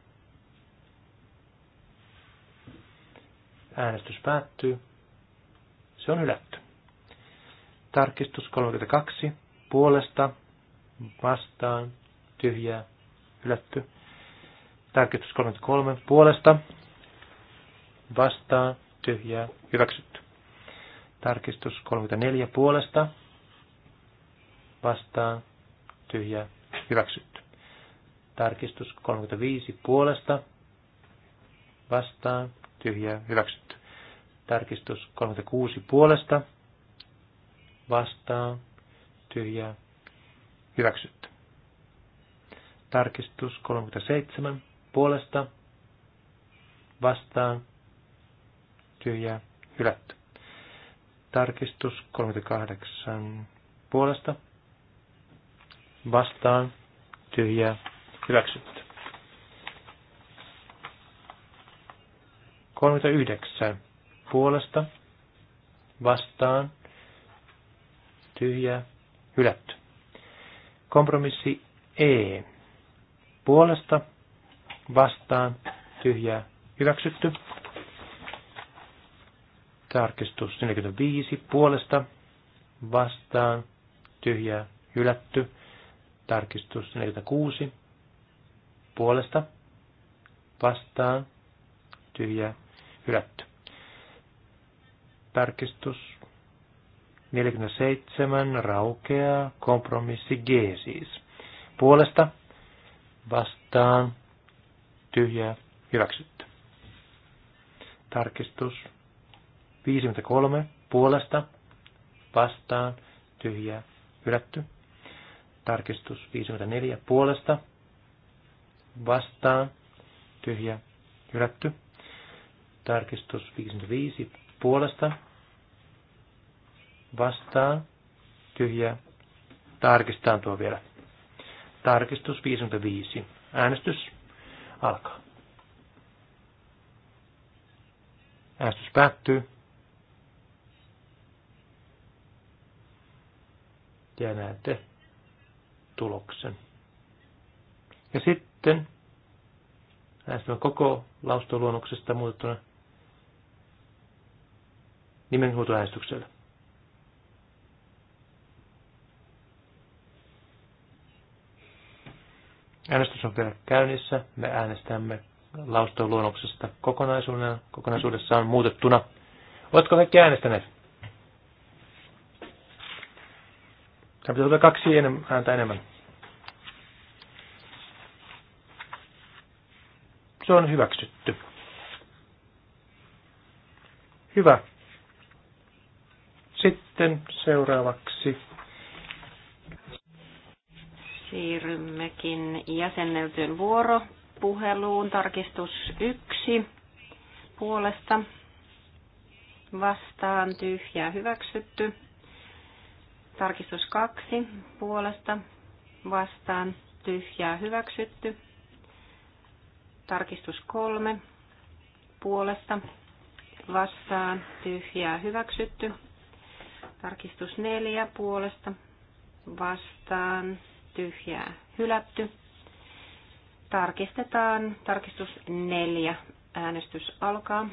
Äänestys päättyy. Se on hylätty. Tarkistus 32. Puolesta, vastaan, tyhjää, hylätty. Tarkistus 33 puolesta vastaan tyhjää hyväksytty. Tarkistus 34 puolesta vastaan tyhjää hyväksytty. Tarkistus 35 puolesta vastaan tyhjää hyväksytty. Tarkistus 36 puolesta vastaan tyhjää hyväksytty. Tarkistus 37 puolesta vastaan tyhjää hylätty. Tarkistus 38 puolesta vastaan tyhjää hyväksytty. 39 puolesta vastaan tyhjää hylätty. Kompromissi E puolesta vastaan, tyhjää, hyväksytty. Tarkistus 45, puolesta, vastaan, tyhjää, hylätty. Tarkistus 46, puolesta, vastaan, tyhjää, hylätty. Tarkistus 47 raukeaa kompromissi G siis. Puolesta vastaan tyhjää, hyväksytty. Tarkistus 53 puolesta, vastaan, tyhjää, hylätty. Tarkistus 54 puolesta, vastaan, tyhjä, hylätty. Tarkistus 55 puolesta, vastaan, tyhjä, tarkistetaan tuo vielä. Tarkistus 55. Äänestys alkaa. Äänestys päättyy. Ja näette tuloksen. Ja sitten äänestämme koko laustoluonnoksesta muutettuna nimenhuutoäänestyksellä. Äänestys on vielä käynnissä. Me äänestämme luonnoksesta kokonaisuudessaan, kokonaisuudessaan muutettuna. Oletko kaikki äänestäneet? Tämä pitää tulla kaksi ääntä enemmän. Se on hyväksytty. Hyvä. Sitten seuraavaksi Siirrymmekin jäsenneltyyn vuoropuheluun. Tarkistus yksi puolesta vastaan tyhjää hyväksytty. Tarkistus kaksi puolesta vastaan tyhjää hyväksytty. Tarkistus kolme puolesta vastaan tyhjää hyväksytty. Tarkistus neljä puolesta vastaan tyhjää hylätty. Tarkistetaan. Tarkistus 4. Äänestys alkaa.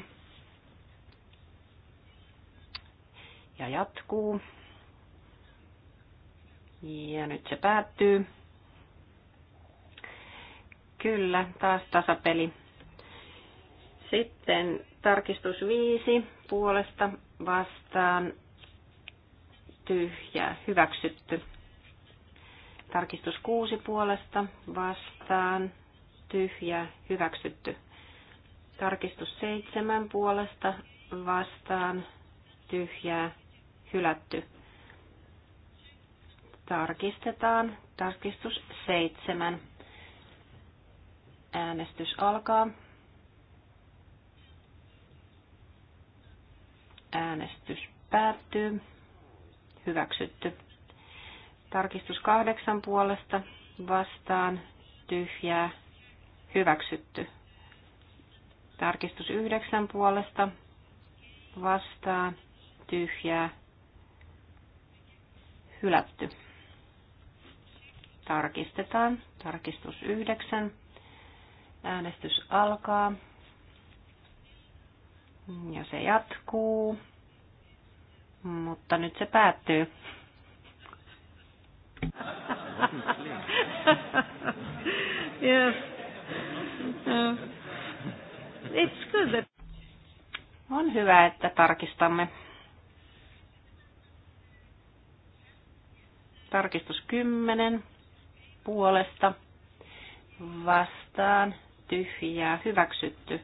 Ja jatkuu. Ja nyt se päättyy. Kyllä, taas tasapeli. Sitten tarkistus 5 puolesta vastaan tyhjää hyväksytty. Tarkistus 6 puolesta vastaan tyhjä hyväksytty. Tarkistus 7 puolesta vastaan tyhjää hylätty. Tarkistetaan. Tarkistus 7. Äänestys alkaa. Äänestys päättyy. Hyväksytty. Tarkistus kahdeksan puolesta vastaan tyhjää hyväksytty. Tarkistus yhdeksän puolesta vastaan tyhjää hylätty. Tarkistetaan. Tarkistus yhdeksän. Äänestys alkaa. Ja se jatkuu. Mutta nyt se päättyy. yes. Uh, it's good that... On hyvä, että tarkistamme. Tarkistus 10 puolesta vastaan tyhjää hyväksytty.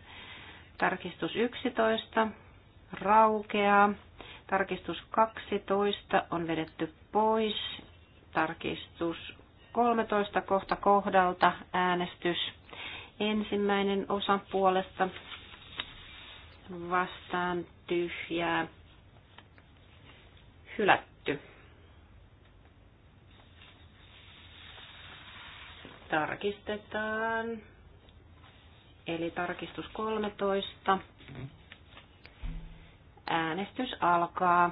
Tarkistus 11 raukeaa. Tarkistus 12 on vedetty pois Tarkistus 13 kohta kohdalta äänestys. Ensimmäinen osa puolesta vastaan tyhjää hylätty. Tarkistetaan. Eli tarkistus 13. Äänestys alkaa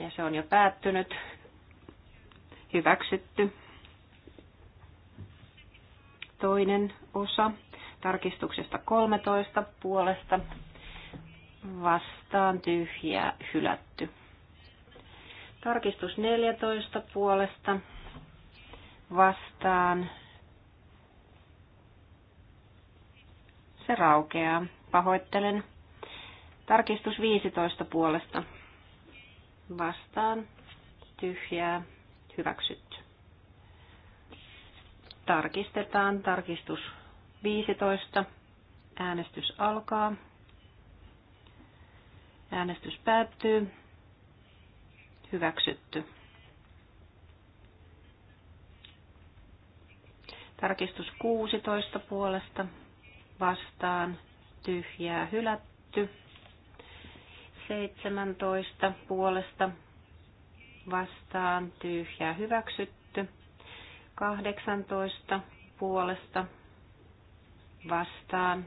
ja se on jo päättynyt. Hyväksytty. Toinen osa tarkistuksesta 13 puolesta vastaan tyhjää hylätty. Tarkistus 14 puolesta vastaan. Se raukeaa. Pahoittelen. Tarkistus 15 puolesta vastaan tyhjää hyväksytty. Tarkistetaan tarkistus 15. Äänestys alkaa. Äänestys päättyy. Hyväksytty. Tarkistus 16 puolesta vastaan tyhjää hylätty. 17 puolesta vastaan tyhjää hyväksytty. 18 puolesta vastaan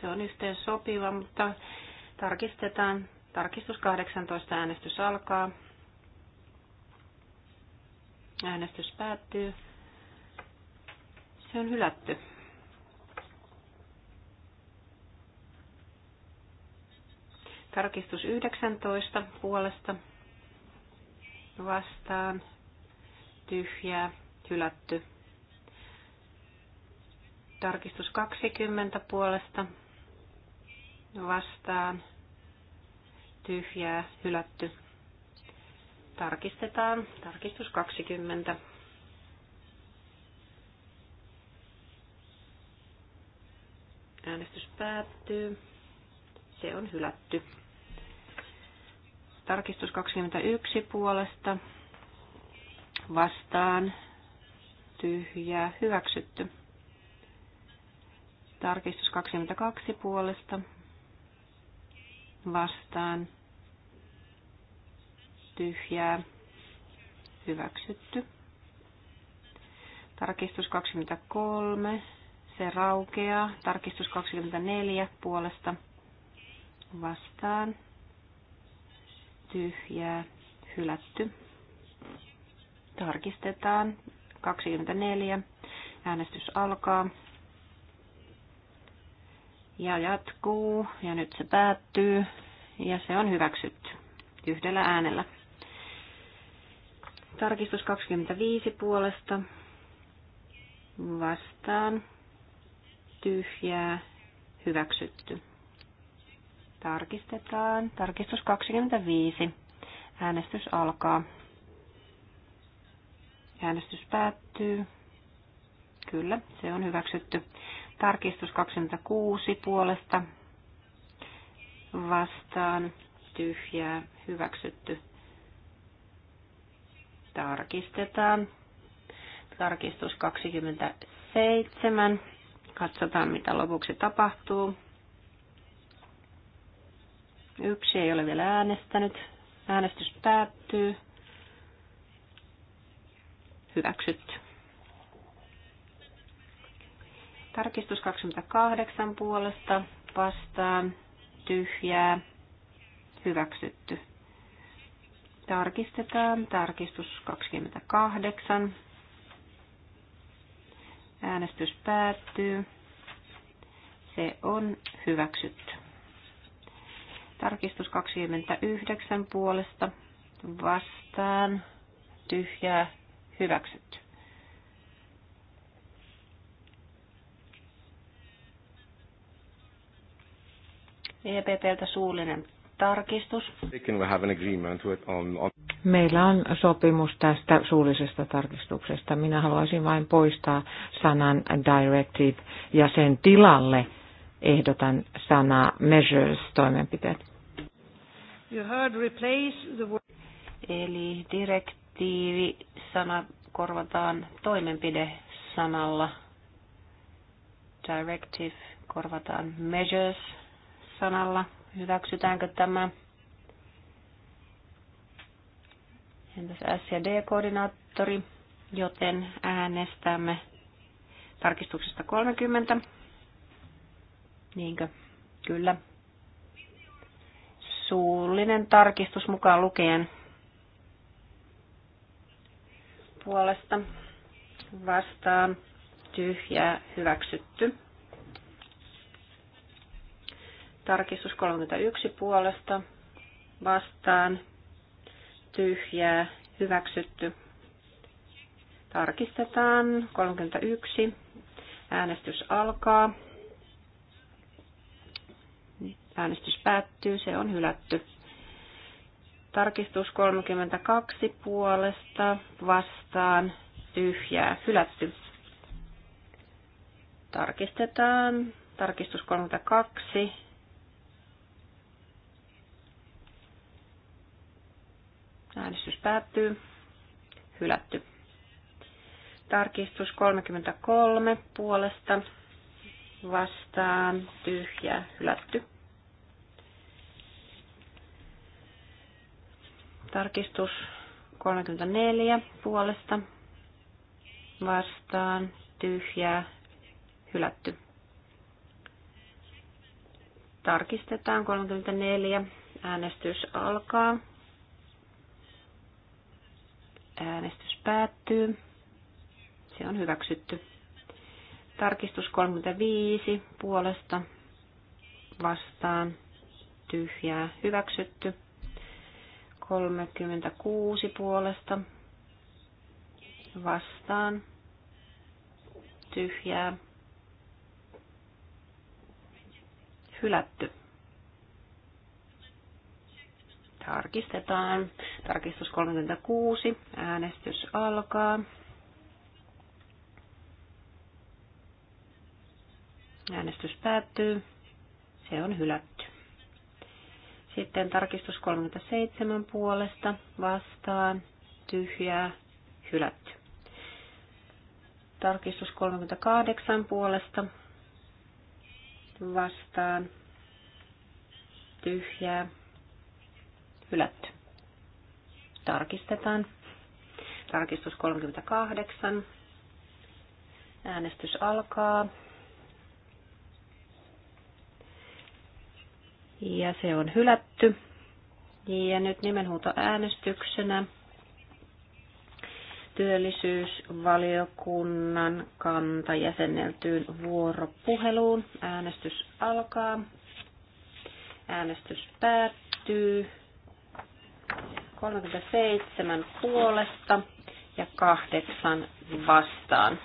se on yhteen sopiva, mutta tarkistetaan. Tarkistus 18 äänestys alkaa. Äänestys päättyy. Se on hylätty. Tarkistus 19 puolesta vastaan tyhjää hylätty. Tarkistus 20 puolesta vastaan tyhjää hylätty. Tarkistetaan. Tarkistus 20. Äänestys päättyy. Se on hylätty. Tarkistus 21 puolesta vastaan tyhjä hyväksytty. Tarkistus 22 puolesta vastaan tyhjää hyväksytty. Tarkistus 23, se raukeaa. Tarkistus 24 puolesta vastaan tyhjää, hylätty. Tarkistetaan. 24. Äänestys alkaa. Ja jatkuu. Ja nyt se päättyy. Ja se on hyväksytty yhdellä äänellä. Tarkistus 25 puolesta. Vastaan. Tyhjää. Hyväksytty. Tarkistetaan. Tarkistus 25. Äänestys alkaa. Äänestys päättyy. Kyllä, se on hyväksytty. Tarkistus 26 puolesta vastaan tyhjää hyväksytty. Tarkistetaan. Tarkistus 27. Katsotaan mitä lopuksi tapahtuu. Yksi ei ole vielä äänestänyt. Äänestys päättyy. Hyväksytty. Tarkistus 28 puolesta vastaan tyhjää hyväksytty. Tarkistetaan tarkistus 28. Äänestys päättyy. Se on hyväksytty. Tarkistus 29 puolesta vastaan tyhjää hyväksytty. EPPltä suullinen tarkistus. Meillä on sopimus tästä suullisesta tarkistuksesta. Minä haluaisin vain poistaa sanan directive ja sen tilalle ehdotan sanaa measures, toimenpiteet. You heard replace the word. Eli direktiivi sana korvataan toimenpide sanalla. Directive korvataan measures sanalla. Hyväksytäänkö tämä? Entäs S- ja D-koordinaattori? Joten äänestämme tarkistuksesta 30. Niinkö? Kyllä suullinen tarkistus mukaan lukien puolesta vastaan tyhjää hyväksytty. Tarkistus 31 puolesta vastaan tyhjää hyväksytty. Tarkistetaan 31. Äänestys alkaa. Äänestys päättyy, se on hylätty. Tarkistus 32 puolesta vastaan tyhjää hylätty. Tarkistetaan. Tarkistus 32. Äänestys päättyy. Hylätty. Tarkistus 33 puolesta vastaan tyhjää hylätty. Tarkistus 34 puolesta vastaan tyhjää hylätty. Tarkistetaan 34. Äänestys alkaa. Äänestys päättyy. Se on hyväksytty. Tarkistus 35 puolesta vastaan tyhjää hyväksytty. 36 puolesta vastaan tyhjää hylätty. Tarkistetaan. Tarkistus 36. Äänestys alkaa. Äänestys päättyy. Se on hylätty. Sitten tarkistus 37 puolesta vastaan tyhjää hylätty. Tarkistus 38 puolesta vastaan tyhjää hylätty. Tarkistetaan. Tarkistus 38. Äänestys alkaa. ja se on hylätty. Ja nyt nimenhuuto äänestyksenä työllisyysvaliokunnan kanta jäsenneltyyn vuoropuheluun. Äänestys alkaa. Äänestys päättyy. 37 puolesta ja 8 vastaan.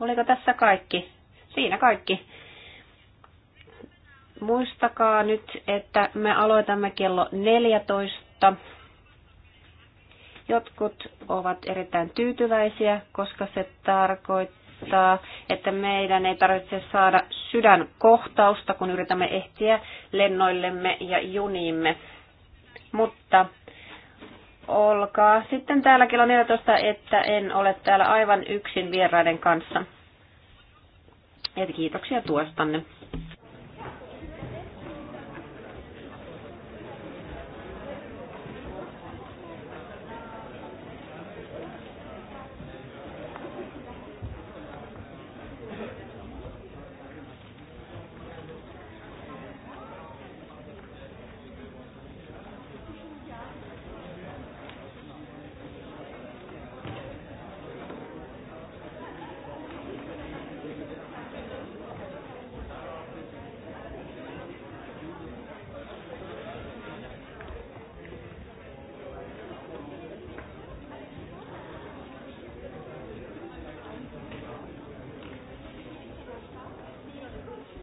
Oliko tässä kaikki? Siinä kaikki. Muistakaa nyt, että me aloitamme kello 14. Jotkut ovat erittäin tyytyväisiä, koska se tarkoittaa, että meidän ei tarvitse saada sydänkohtausta, kun yritämme ehtiä lennoillemme ja juniimme. Mutta olkaa sitten täällä kello 14, että en ole täällä aivan yksin vieraiden kanssa. Et kiitoksia tuostanne.